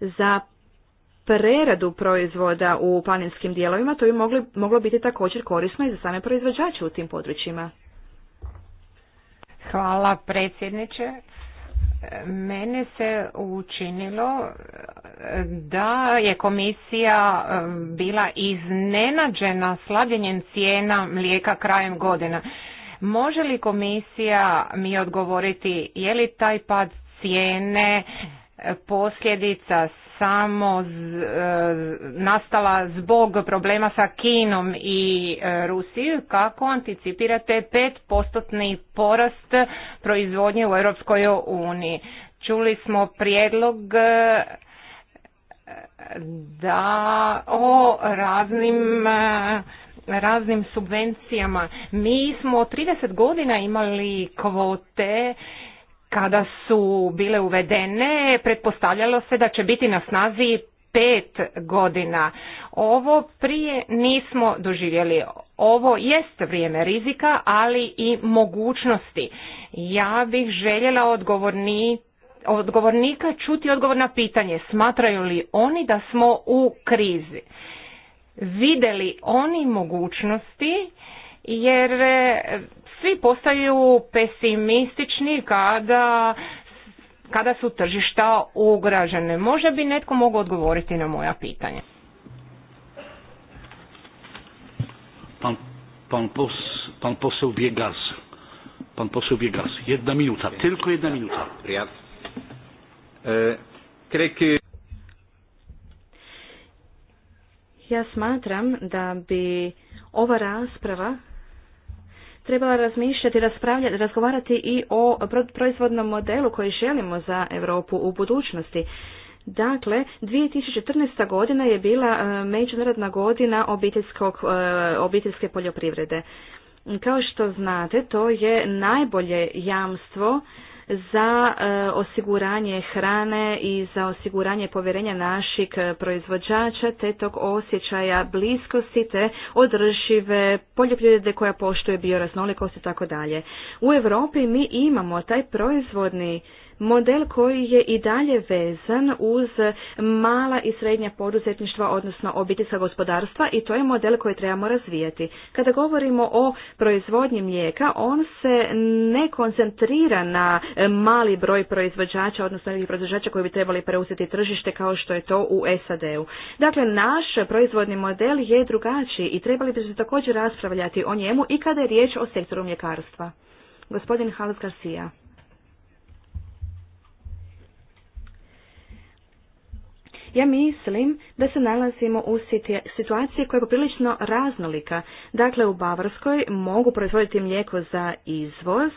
S3: za preradu proizvoda u planinskim dijelovima, to bi moglo biti također korisno i za same proizvođače u tim područjima. Hvala
S4: predsjedniče. Mene se učinilo da je komisija um, bila iznenađena slabljenjem cijena mlijeka krajem godina. Može li komisija mi odgovoriti je li taj pad cijene posljedica samo e, nastala zbog problema sa Kinom i e, Rusijom, kako anticipirate 5% porast proizvodnje u Europskoj uniji? Čuli smo prijedlog e, da o raznim raznim subvencijama. Mi smo 30 godina imali kvote kada su bile uvedene, pretpostavljalo se da će biti na snazi pet godina. Ovo prije nismo doživjeli. Ovo jest vrijeme rizika, ali i mogućnosti. Ja bih željela odgovorni, odgovornika čuti odgovor na pitanje smatraju li oni da smo u krizi. Videli oni mogućnosti jer svi postaju pesimistični kada kada su tržišta ugražene. Možda bi netko mogao odgovoriti na moja pitanja.
S1: Pan, pan, pos, pan poseł Biegas. Pan poseł Biegas. Jedna minuta. Tylko jedna minuta. E, kreki...
S3: Ja smatram da bi ova rasprava trebala razmišljati, raspravljati, razgovarati i o proizvodnom modelu koji želimo za Europu u budućnosti. Dakle, 2014. godina je bila e, međunarodna godina obiteljskog, e, obiteljske poljoprivrede. Kao što znate, to je najbolje jamstvo za e, osiguranje hrane i za osiguranje povjerenja naših e, proizvođača te tog osjećaja bliskosti te održive poljoprivrede koja poštuje bioraznolikost i tako dalje. U Europi mi imamo taj proizvodni model koji je i dalje vezan uz mala i srednja poduzetništva, odnosno obiteljska gospodarstva i to je model koji trebamo razvijati. Kada govorimo o proizvodnji mlijeka, on se ne koncentrira na mali broj proizvođača, odnosno nekih proizvođača koji bi trebali preuzeti tržište kao što je to u SAD-u. Dakle, naš proizvodni model je drugačiji i trebali bi se također raspravljati o njemu i kada je riječ o sektoru mljekarstva. Gospodin Halas Garcia. Ja mislim da se nalazimo u situaciji koja je poprilično raznolika. Dakle, u Bavarskoj mogu proizvoditi mlijeko za izvoz,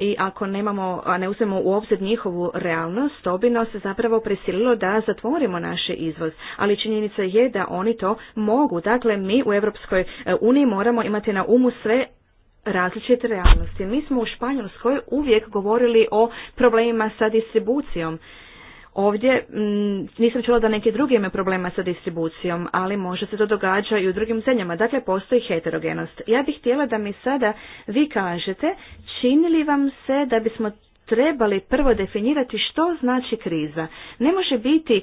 S3: i ako nemamo, a ne uzmemo u obzir njihovu realnost, to bi nas zapravo prisililo da zatvorimo naš izvoz. Ali činjenica je da oni to mogu. Dakle, mi u Europskoj e, uniji moramo imati na umu sve različite realnosti. Mi smo u Španjolskoj uvijek govorili o problemima sa distribucijom. Ovdje mm, nisam čula da neki drugi imaju problema sa distribucijom, ali možda se to događa i u drugim zemljama. Dakle, postoji heterogenost. Ja bih htjela da mi sada vi kažete, čini li vam se da bismo trebali prvo definirati što znači kriza. Ne može biti e,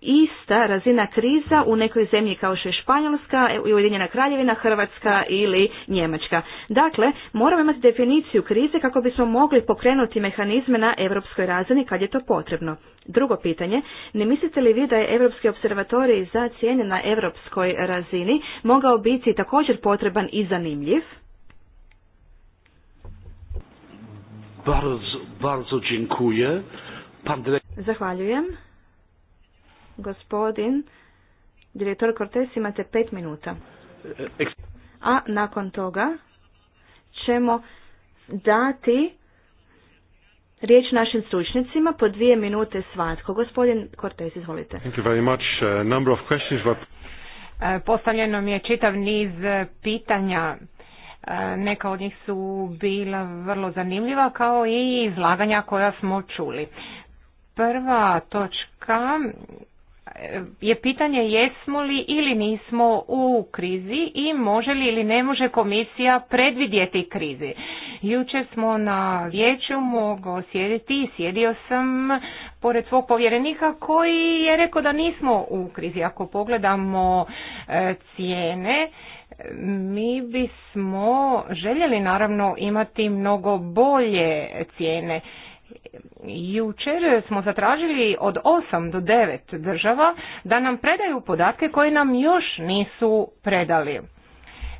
S3: ista razina kriza u nekoj zemlji kao što je Španjolska, e, Ujedinjena Kraljevina, Hrvatska ili Njemačka. Dakle, moramo imati definiciju krize kako bismo mogli pokrenuti mehanizme na europskoj razini kad je to potrebno. Drugo pitanje, ne mislite li vi da je Europski observatorij za cijene na europskoj razini mogao biti također potreban i zanimljiv?
S1: Bardzo, bardzo dziękuję. Pan
S3: Zahvaljujem. Gospodin, direktor Cortes, imate pet minuta. A nakon toga ćemo dati riječ našim stručnicima po dvije minute svatko. Gospodin Cortes, izvolite.
S6: Thank you very much. number of questions,
S3: e, Postavljeno mi je čitav
S4: niz pitanja E, neka od njih su bila vrlo zanimljiva kao i izlaganja koja smo čuli. Prva točka e, je pitanje jesmo li ili nismo u krizi i može li ili ne može komisija predvidjeti krizi. Juče smo na vijeću mogao sjediti i sjedio sam pored svog povjerenika koji je rekao da nismo u krizi. Ako pogledamo e, cijene, mi bismo željeli naravno imati mnogo bolje cijene. Jučer smo zatražili od 8 do 9 država da nam predaju podatke koje nam još nisu predali.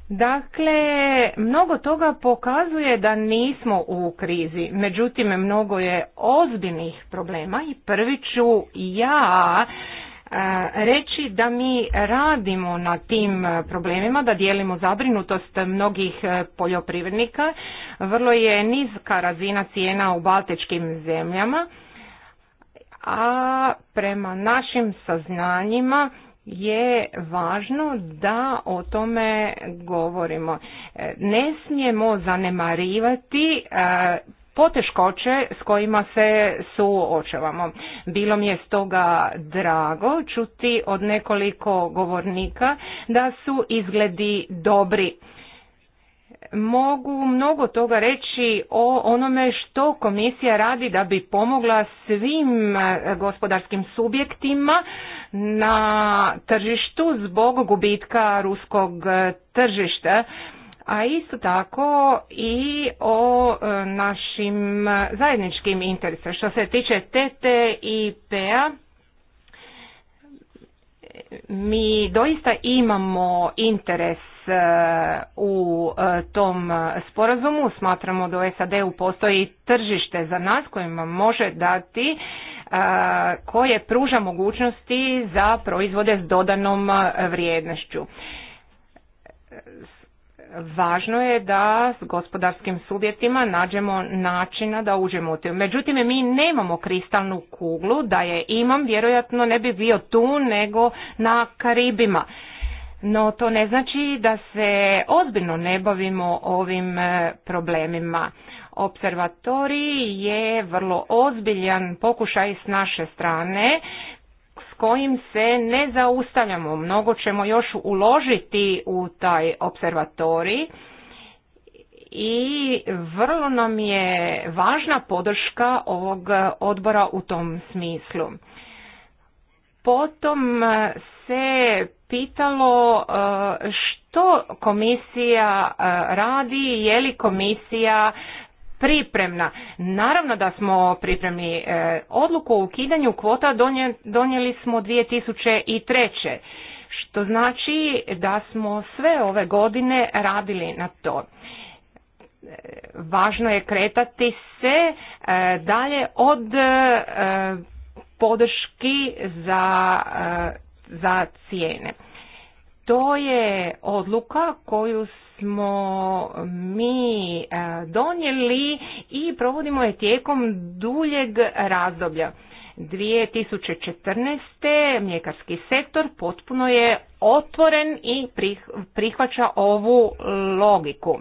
S4: Dakle, mnogo toga pokazuje da nismo u krizi, međutim mnogo je ozbiljnih problema i prvi ću ja reći da mi radimo na tim problemima, da dijelimo zabrinutost mnogih poljoprivrednika. Vrlo je nizka razina cijena u baltičkim zemljama, a prema našim saznanjima je važno da o tome govorimo. E, ne smijemo zanemarivati poteškoće s kojima se suočavamo. Bilo mi je stoga drago čuti od nekoliko govornika da su izgledi dobri mogu mnogo toga reći o onome što komisija radi da bi pomogla svim gospodarskim subjektima na tržištu zbog gubitka ruskog tržišta a isto tako i o e, našim zajedničkim interesima. Što se tiče i a p-a, mi doista imamo interes e, u e, tom sporazumu. Smatramo da u SAD-u postoji tržište za nas kojima može dati koje pruža mogućnosti za proizvode s dodanom vrijednošću važno je da s gospodarskim subjetima nađemo načina da uđemo u to. Međutim, mi nemamo kristalnu kuglu, da je imam, vjerojatno ne bi bio tu nego na Karibima. No to ne znači da se ozbiljno ne bavimo ovim e, problemima. Observatori je vrlo ozbiljan pokušaj s naše strane kojim se ne zaustavljamo. Mnogo ćemo još uložiti u taj observatorij i vrlo nam je važna podrška ovog odbora u tom smislu. Potom se pitalo e, što komisija e, radi, je li komisija pripremna. Naravno da smo pripremni. E, odluku o ukidanju kvota donijeli smo 2003. Što znači da smo sve ove godine radili na to. E, važno je kretati se e, dalje od podrški za, za cijene. To je odluka koju smo mi e, donijeli i provodimo je tijekom duljeg razdoblja. 2014. mljekarski sektor potpuno je otvoren i prihvaća ovu logiku.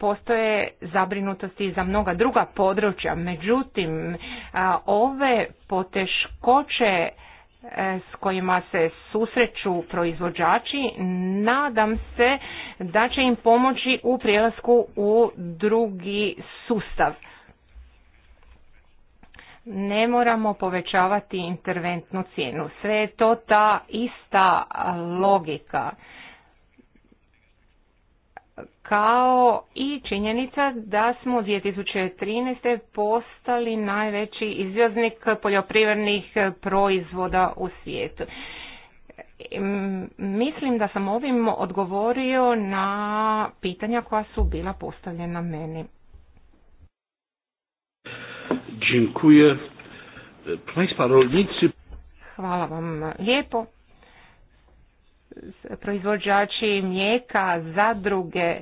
S4: Postoje zabrinutosti za mnoga druga područja, međutim ove poteškoće E, s kojima se susreću proizvođači, nadam se da će im pomoći u prijelasku u drugi sustav. Ne moramo povećavati interventnu cijenu. Sve je to ta ista logika kao i činjenica da smo 2013. postali najveći izvoznik poljoprivrednih proizvoda u svijetu. Mislim da sam ovim odgovorio na pitanja koja su bila postavljena meni. Hvala vam lijepo proizvođači mlijeka, zadruge.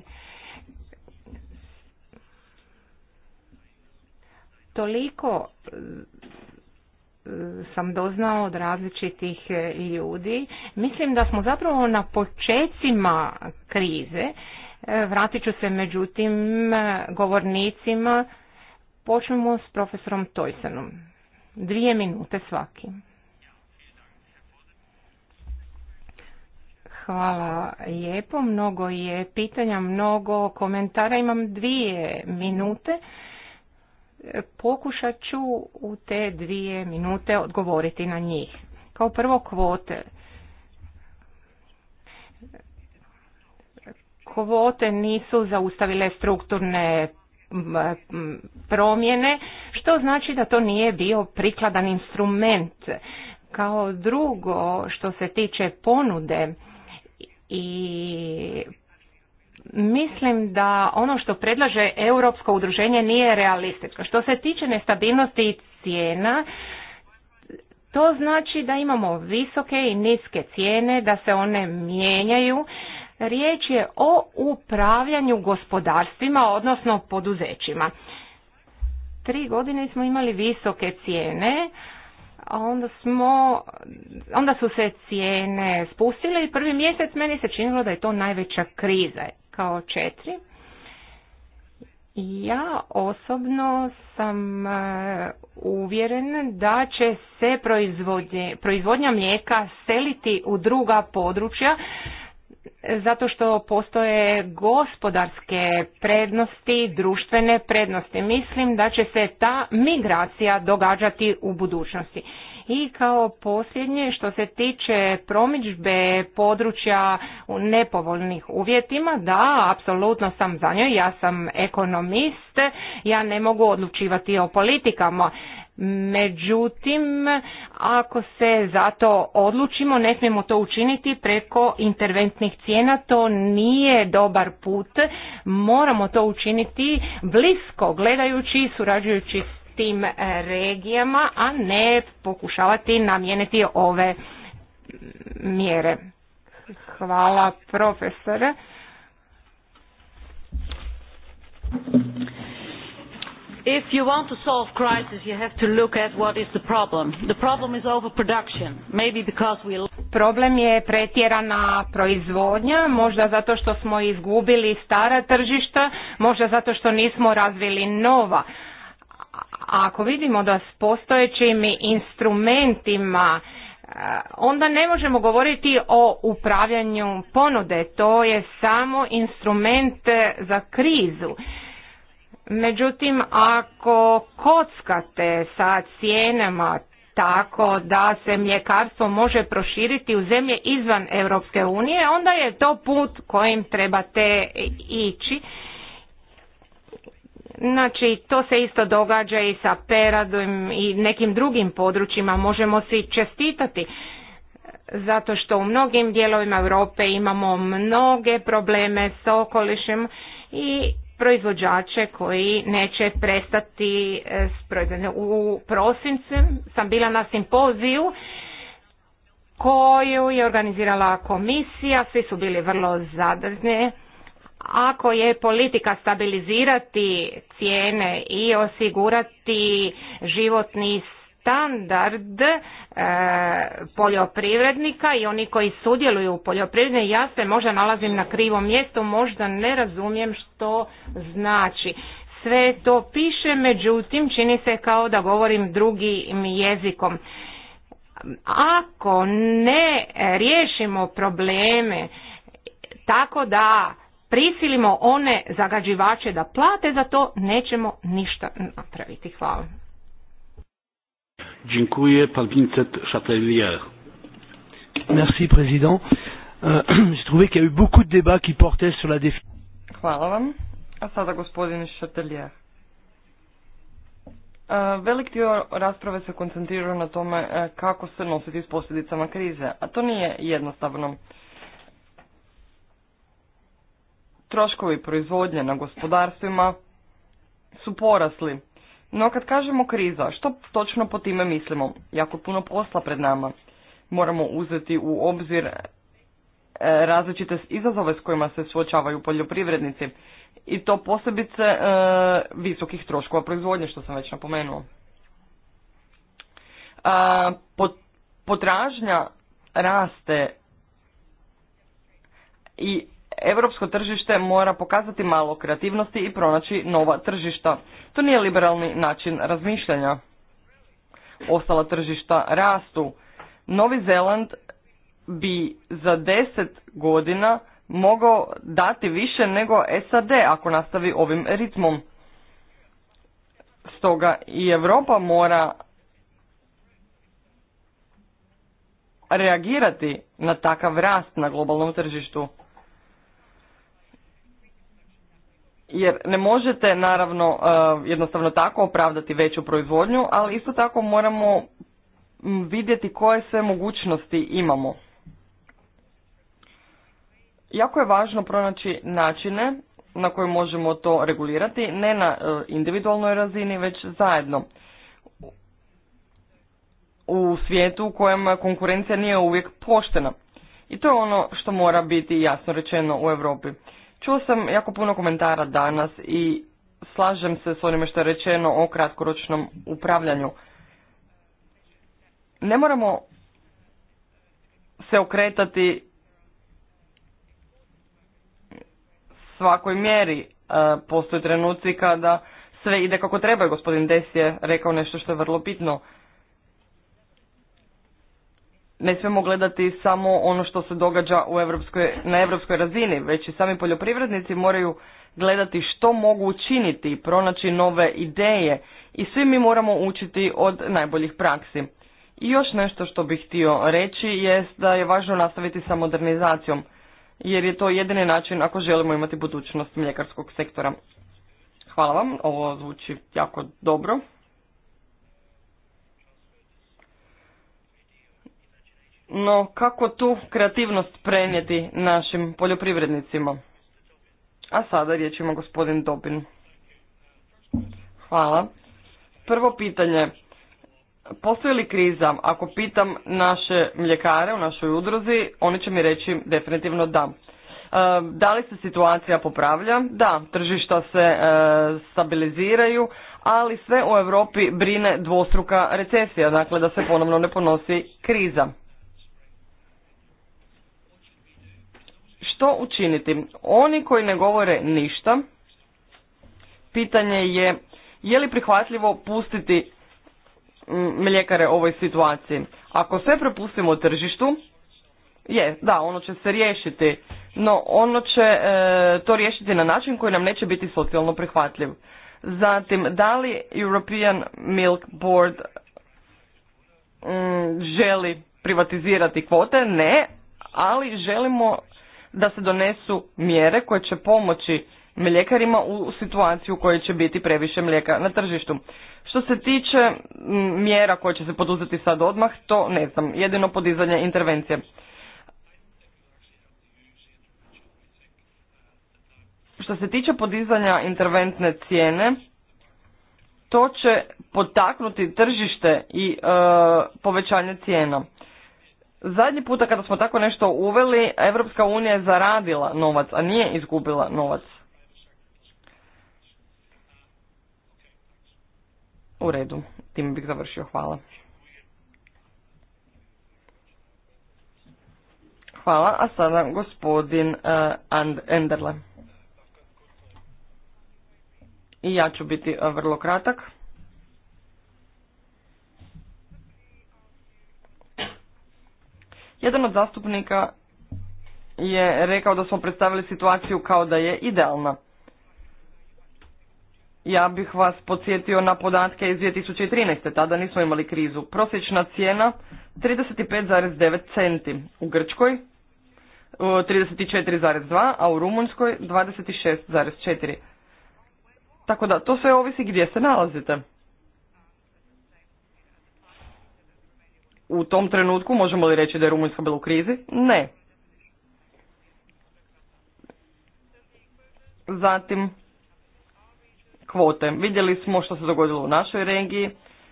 S4: Toliko eh, sam doznao od različitih eh, ljudi. Mislim da smo zapravo na počecima krize. Eh, vratit ću se međutim govornicima. Počnemo s profesorom Tojsenom. Dvije minute svaki. Hvala lijepo, mnogo je pitanja, mnogo komentara, imam dvije minute. Pokušat ću u te dvije minute odgovoriti na njih. Kao prvo kvote. Kvote nisu zaustavile strukturne promjene, što znači da to nije bio prikladan instrument. Kao drugo, što se tiče ponude, i mislim da ono što predlaže Europsko udruženje nije realističko. Što se tiče nestabilnosti i cijena, to znači da imamo visoke i niske cijene, da se one mijenjaju. Riječ je o upravljanju gospodarstvima, odnosno poduzećima. Tri godine smo imali visoke cijene, onda smo, onda su se cijene spustile i prvi mjesec meni se činilo da je to najveća kriza kao četiri. Ja osobno sam e, uvjeren da će se proizvodnja mlijeka seliti u druga područja zato što postoje gospodarske prednosti, društvene prednosti. Mislim da će se ta migracija događati u budućnosti. I kao posljednje što se tiče promičbe područja u nepovoljnih uvjetima, da, apsolutno sam za njoj, ja sam ekonomist, ja ne mogu odlučivati o politikama. Međutim, ako se zato odlučimo, ne smijemo to učiniti preko interventnih cijena, to nije dobar put. Moramo to učiniti blisko, gledajući i surađujući s tim eh, regijama, a ne pokušavati namijeniti ove mm, mjere. Hvala profesore
S5: if you want to solve crisis, you have to look at what is the problem. The problem is overproduction. Maybe because we... Problem
S4: je pretjerana proizvodnja, možda zato što smo izgubili stara tržišta, možda zato što nismo razvili nova. A ako vidimo da s postojećim instrumentima e, onda ne možemo govoriti o upravljanju ponude, to je samo instrument za krizu. Međutim, ako kockate sa cijenama tako da se mljekarstvo može proširiti u zemlje izvan Europske unije, onda je to put kojim trebate ići. Znači, to se isto događa i sa peradom i nekim drugim područjima, možemo se čestitati. Zato što u mnogim dijelovima Europe imamo mnoge probleme s okolišem i proizvođače koji neće prestati e, s U prosincu sam bila na simpoziju koju je organizirala komisija, svi su bili vrlo zadržni. Ako je politika stabilizirati cijene i osigurati životni standard e, poljoprivrednika i oni koji sudjeluju u poljoprivredni, ja se možda nalazim na krivom mjestu, možda ne razumijem što znači. Sve to piše, međutim čini se kao da govorim drugim jezikom. Ako ne riješimo probleme tako da prisilimo one zagađivače da plate za to, nećemo ništa napraviti. Hvala.
S1: Dziękuję, pan Vincent Châtelier. Merci, président. Euh, J'ai trouvé qu'il y a eu beaucoup de débats qui portaient sur la définition. Hvala vam.
S2: A sada gospodin Šatelijer. E, velik dio rasprave se koncentrira na tome e, kako se nositi s posljedicama krize, a to nije jednostavno. Troškovi proizvodnje na gospodarstvima su porasli no kad kažemo kriza, što točno po time mislimo? Jako puno posla pred nama. Moramo uzeti u obzir e, različite izazove s kojima se suočavaju poljoprivrednici i to posebice e, visokih troškova proizvodnje što sam već napomenuo. A, e, potražnja raste i Europsko tržište mora pokazati malo kreativnosti i pronaći nova tržišta. To nije liberalni način razmišljanja. Ostala tržišta rastu. Novi Zeland bi za deset godina mogao dati više nego SAD ako nastavi ovim ritmom. Stoga i Europa mora reagirati na takav rast na globalnom tržištu. jer ne možete naravno uh, jednostavno tako opravdati veću proizvodnju, ali isto tako moramo mm, vidjeti koje sve mogućnosti imamo. Jako je važno pronaći načine na koje možemo to regulirati, ne na uh, individualnoj razini, već zajedno. U svijetu u kojem konkurencija nije uvijek poštena. I to je ono što mora biti jasno rečeno u Europi. Čuo sam jako puno komentara danas i slažem se s onime što je rečeno o kratkoročnom upravljanju. Ne moramo se okretati svakoj mjeri. E, postoje trenuci kada sve ide kako treba. Gospodin Des je rekao nešto što je vrlo bitno ne smijemo gledati samo ono što se događa u evropskoj, na europskoj razini, već i sami poljoprivrednici moraju gledati što mogu učiniti, pronaći nove ideje i svi mi moramo učiti od najboljih praksi. I još nešto što bih htio reći jest da je važno nastaviti sa modernizacijom, jer je to jedini način ako želimo imati budućnost mljekarskog sektora. Hvala vam, ovo zvuči jako dobro. No kako tu kreativnost prenijeti našim poljoprivrednicima? A sada riječ ima gospodin Dobin. Hvala. Prvo pitanje. Postoji li kriza? Ako pitam naše mljekare u našoj udruzi, oni će mi reći definitivno da. E, da li se situacija popravlja? Da, tržišta se e, stabiliziraju, ali sve u Europi brine dvostruka recesija, dakle da se ponovno ne ponosi kriza. Što učiniti? Oni koji ne govore ništa, pitanje je je li prihvatljivo pustiti mm, mljekare ovoj situaciji. Ako sve prepustimo tržištu, je, da, ono će se riješiti, no ono će e, to riješiti na način koji nam neće biti socijalno prihvatljiv. Zatim, da li European Milk Board mm, želi privatizirati kvote? Ne, ali želimo da se donesu mjere koje će pomoći mljekarima u situaciju u kojoj će biti previše mlijeka na tržištu. Što se tiče mjera koje će se poduzeti sad odmah, to ne znam, jedino podizanje intervencije. Što se tiče podizanja interventne cijene, to će potaknuti tržište i e, povećanje cijena. Zadnji puta kada smo tako nešto uveli, Evropska unija je zaradila novac, a nije izgubila novac. U redu, time bih završio, hvala. Hvala, a sada gospodin eh, Enderle. I ja ću biti eh, vrlo kratak. Jedan od zastupnika je rekao da smo predstavili situaciju kao da je idealna. Ja bih vas podsjetio na podatke iz 2013. Tada nismo imali krizu. Prosječna cijena 35,9 centi u Grčkoj, 34,2, a u Rumunjskoj 26,4. Tako da, to sve ovisi gdje se nalazite. u tom trenutku možemo li reći da je Rumunjska bila u krizi? Ne. Zatim, kvote. Vidjeli smo što se dogodilo u našoj regiji,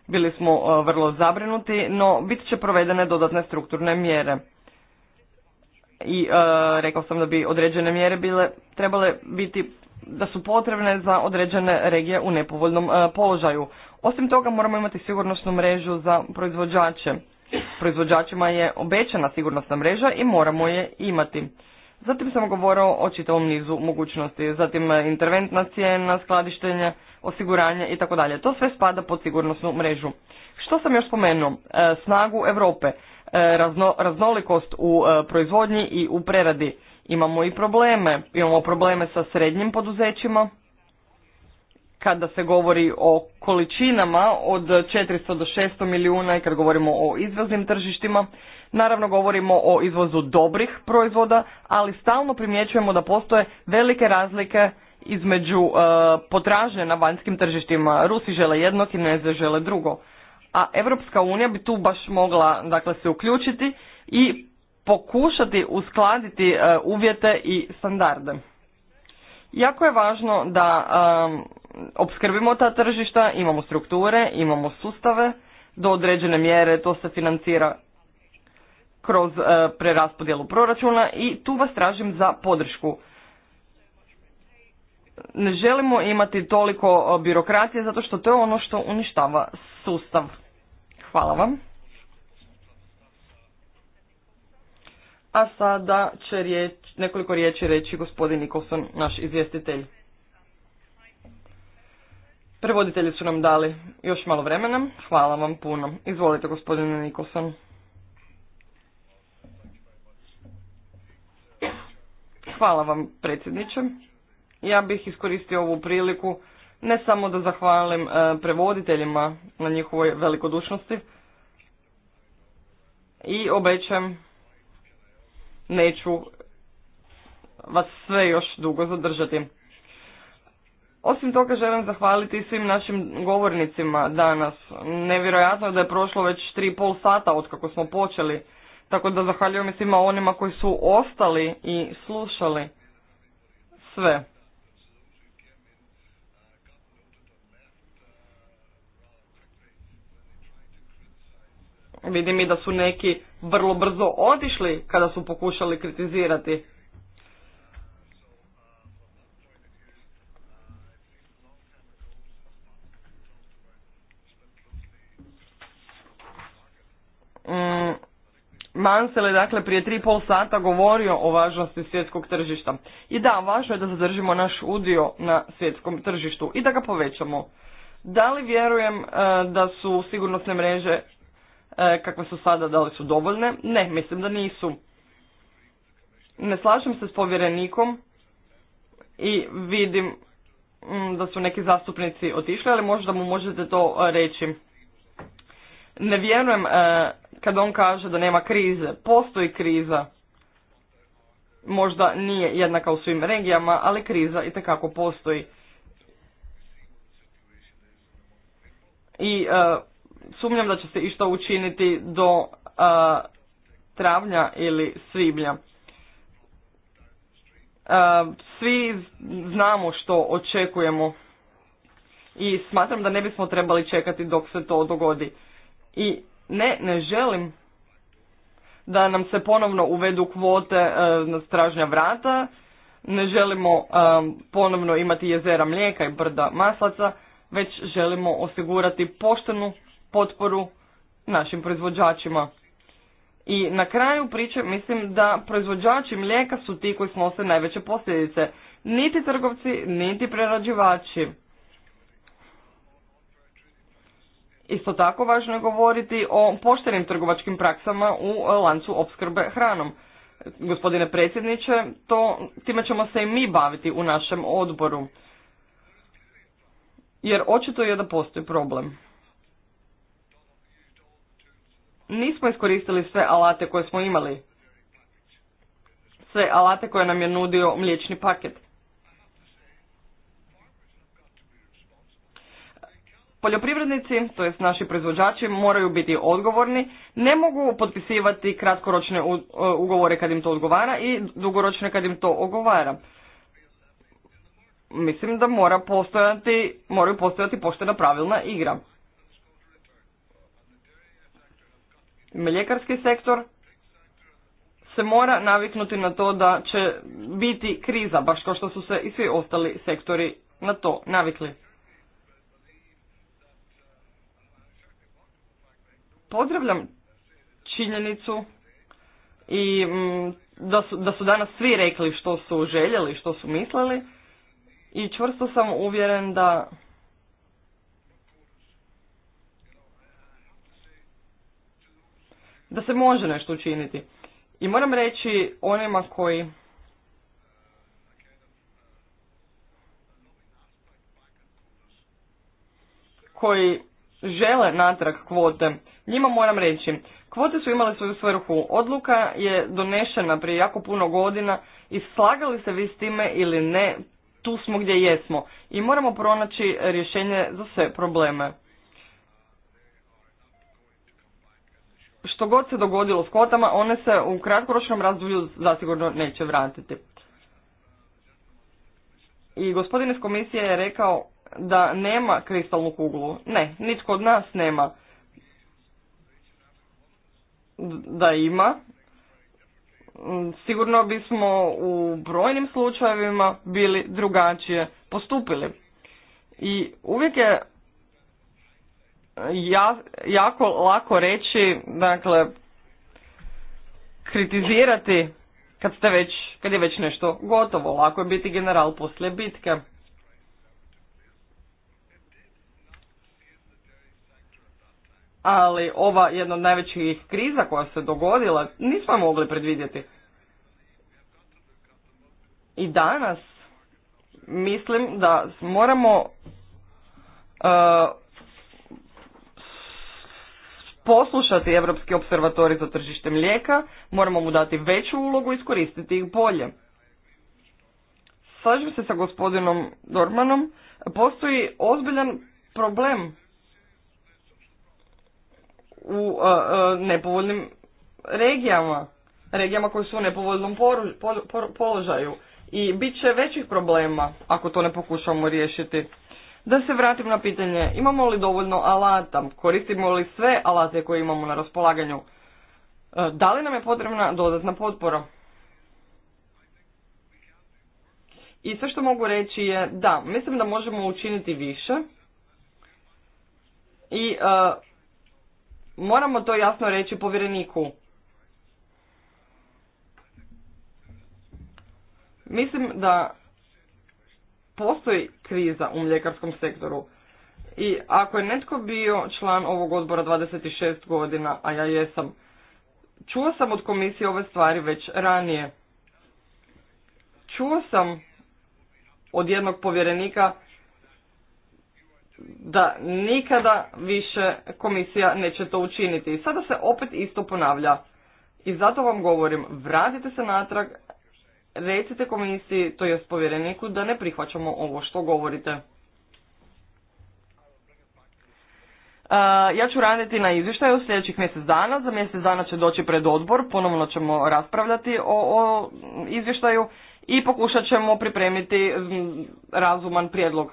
S2: bili smo e, vrlo zabrinuti, no bit će provedene dodatne strukturne mjere. I e, rekao sam da bi određene mjere bile, trebale biti da su potrebne za određene regije u nepovoljnom e, položaju. Osim toga moramo imati sigurnosnu mrežu za proizvođače proizvođačima je obećana sigurnosna mreža i moramo je imati. Zatim sam govorao o čitavom nizu mogućnosti, zatim interventna cijena, skladištenje, osiguranje i tako dalje. To sve spada pod sigurnosnu mrežu. Što sam još spomenuo? E, snagu Europe, e, raznolikost u e, proizvodnji i u preradi. Imamo i probleme, imamo probleme sa srednjim poduzećima, kada se govori o količinama od 400 do 600 milijuna i kad govorimo o izvoznim tržištima. Naravno govorimo o izvozu dobrih proizvoda, ali stalno primjećujemo da postoje velike razlike između e, potražnje na vanjskim tržištima. Rusi žele jedno, Kineze žele drugo. A Europska unija bi tu baš mogla dakle, se uključiti i pokušati uskladiti e, uvjete i standarde. Jako je važno da e, opskrbimo ta tržišta, imamo strukture, imamo sustave, do određene mjere to se financira kroz e, preraspodjelu proračuna i tu vas tražim za podršku. Ne želimo imati toliko e, birokracije zato što to je ono što uništava sustav. Hvala vam. A sada će riječ, nekoliko riječi reći gospodin Nikolson, naš izvjestitelj. Prevoditelji su nam dali još malo vremena. Hvala vam puno. Izvolite, gospodine Nikolson. Hvala vam, predsjedniče. Ja bih iskoristio ovu priliku ne samo da zahvalim e, prevoditeljima na njihovoj velikodušnosti i obećam neću vas sve još dugo zadržati. Osim toga želim zahvaliti svim našim govornicima danas. Nevjerojatno je da je prošlo već 3,5 sata od kako smo počeli. Tako da zahvaljujem svima onima koji su ostali i slušali sve. Vidim i da su neki vrlo brzo otišli kada su pokušali kritizirati Mm, Mansell je dakle prije tri sata govorio o važnosti svjetskog tržišta. I da, važno je da zadržimo naš udio na svjetskom tržištu i da ga povećamo. Da li vjerujem e, da su sigurnosne mreže e, kakve su sada, da li su dovoljne? Ne, mislim da nisu. Ne slažem se s povjerenikom i vidim mm, da su neki zastupnici otišli, ali možda mu možete to reći. Ne vjerujem e, kada on kaže da nema krize. Postoji kriza. Možda nije jednaka u svim regijama, ali kriza i tekako postoji. I e, sumnjam da će se išta učiniti do e, travnja ili svibnja. E, svi znamo što očekujemo i smatram da ne bismo trebali čekati dok se to dogodi. I ne, ne želim da nam se ponovno uvedu kvote e, na stražnja vrata, ne želimo e, ponovno imati jezera mlijeka i brda maslaca, već želimo osigurati poštenu potporu našim proizvođačima. I na kraju priče mislim da proizvođači mlijeka su ti koji snose najveće posljedice. Niti trgovci, niti prerađivači. Isto tako važno je govoriti o poštenim trgovačkim praksama u e, lancu opskrbe hranom. Gospodine predsjedniče, to, time ćemo se i mi baviti u našem odboru. Jer očito je da postoji problem. Nismo iskoristili sve alate koje smo imali. Sve alate koje nam je nudio mliječni paket. Poljoprivrednici, to jest naši proizvođači, moraju biti odgovorni, ne mogu potpisivati kratkoročne e, ugovore kad im to odgovara i dugoročne kad im to ogovara. Mislim da mora postojati, moraju postojati poštena pravilna igra. Mljekarski sektor se mora naviknuti na to da će biti kriza, baš kao što su se i svi ostali sektori na to navikli. Pozdravljam činjenicu i mm, da su, da su danas svi rekli što su željeli, što su mislili i čvrsto sam uvjeren da da se može nešto učiniti. I moram reći onima koji koji žele natrag kvote. Njima moram reći, kvote su imale svoju svrhu, odluka je donešena prije jako puno godina i slagali se vi s time ili ne, tu smo gdje jesmo i moramo pronaći rješenje za sve probleme. Što god se dogodilo s kvotama, one se u kratkoročnom razdoblju zasigurno neće vratiti. I gospodin iz komisije je rekao da nema kristalnu kuglu. Ne, nitko od nas nema. Da ima, sigurno bismo u brojnim slučajevima bili drugačije postupili. I uvijek je ja, jako lako reći, dakle, kritizirati kad ste već, kad je već nešto gotovo, lako je biti general poslije bitke. ali ova jedna od najvećih kriza koja se dogodila nismo mogli predvidjeti. I danas mislim da moramo e, poslušati Europski observatori za tržište mlijeka, moramo mu dati veću ulogu i iskoristiti ih bolje. Slažem se sa gospodinom Dormanom, postoji ozbiljan problem u nepovoljnim regijama, regijama koje su u nepovoljnom položaju i bit će većih problema ako to ne pokušamo riješiti. Da se vratim na pitanje, imamo li dovoljno alata, koristimo li sve alate koje imamo na raspolaganju, e, da li nam je potrebna dodatna potpora? I sve što mogu reći je da, mislim da možemo učiniti više i e, Moramo to jasno reći povjereniku. Mislim da postoji kriza u mljekarskom sektoru. I ako je netko bio član ovog odbora 26 godina, a ja jesam, čuo sam od komisije ove stvari već ranije. Čuo sam od jednog povjerenika da nikada više komisija neće to učiniti. I sada se opet isto ponavlja. I zato vam govorim, vratite se natrag, recite komisiji, to jest povjereniku, da ne prihvaćamo ovo što govorite. Ja ću raditi na izvještaju sljedećih mjesec dana, za mjesec dana će doći pred odbor, ponovno ćemo raspravljati o, o izvještaju i pokušat ćemo pripremiti razuman prijedlog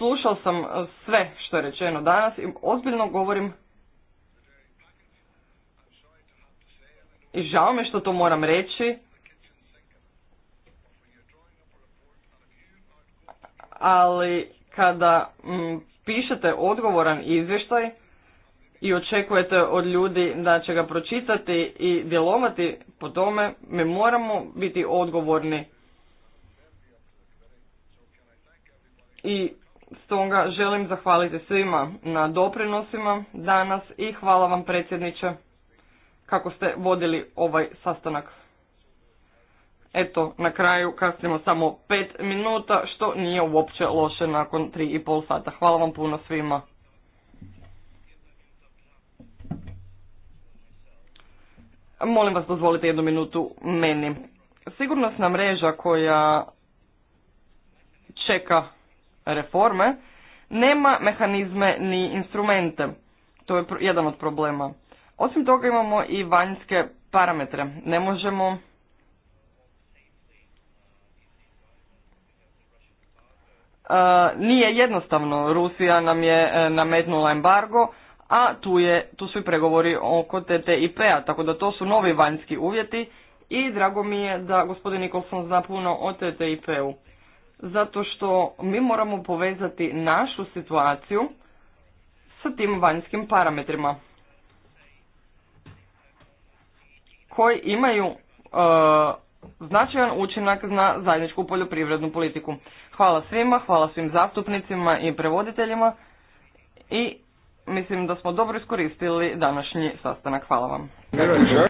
S2: Slušao sam e, sve što je rečeno danas i ozbiljno govorim i žao mi što to moram reći, ali kada pišete odgovoran izvještaj i očekujete od ljudi da će ga pročitati i djelovati po tome, mi moramo biti odgovorni. I Stoga želim zahvaliti svima na doprinosima danas i hvala vam predsjedniče kako ste vodili ovaj sastanak. Eto, na kraju kasnimo samo pet minuta, što nije uopće loše nakon tri i pol sata. Hvala vam puno svima. Molim vas dozvolite jednu minutu meni. Sigurnosna mreža koja čeka reforme, nema mehanizme ni instrumente. To je jedan od problema. Osim toga imamo i vanjske parametre. Ne možemo Uh, nije jednostavno. Rusija nam je e, nametnula embargo, a tu, je, tu su i pregovori oko TTIP-a, tako da to su novi vanjski uvjeti i drago mi je da gospodin Nikolson zna puno o TTIP-u zato što mi moramo povezati našu situaciju sa tim vanjskim parametrima koji imaju e, značajan učinak na zajedničku poljoprivrednu politiku. Hvala svima, hvala svim zastupnicima i prevoditeljima i mislim da smo dobro iskoristili današnji sastanak. Hvala vam.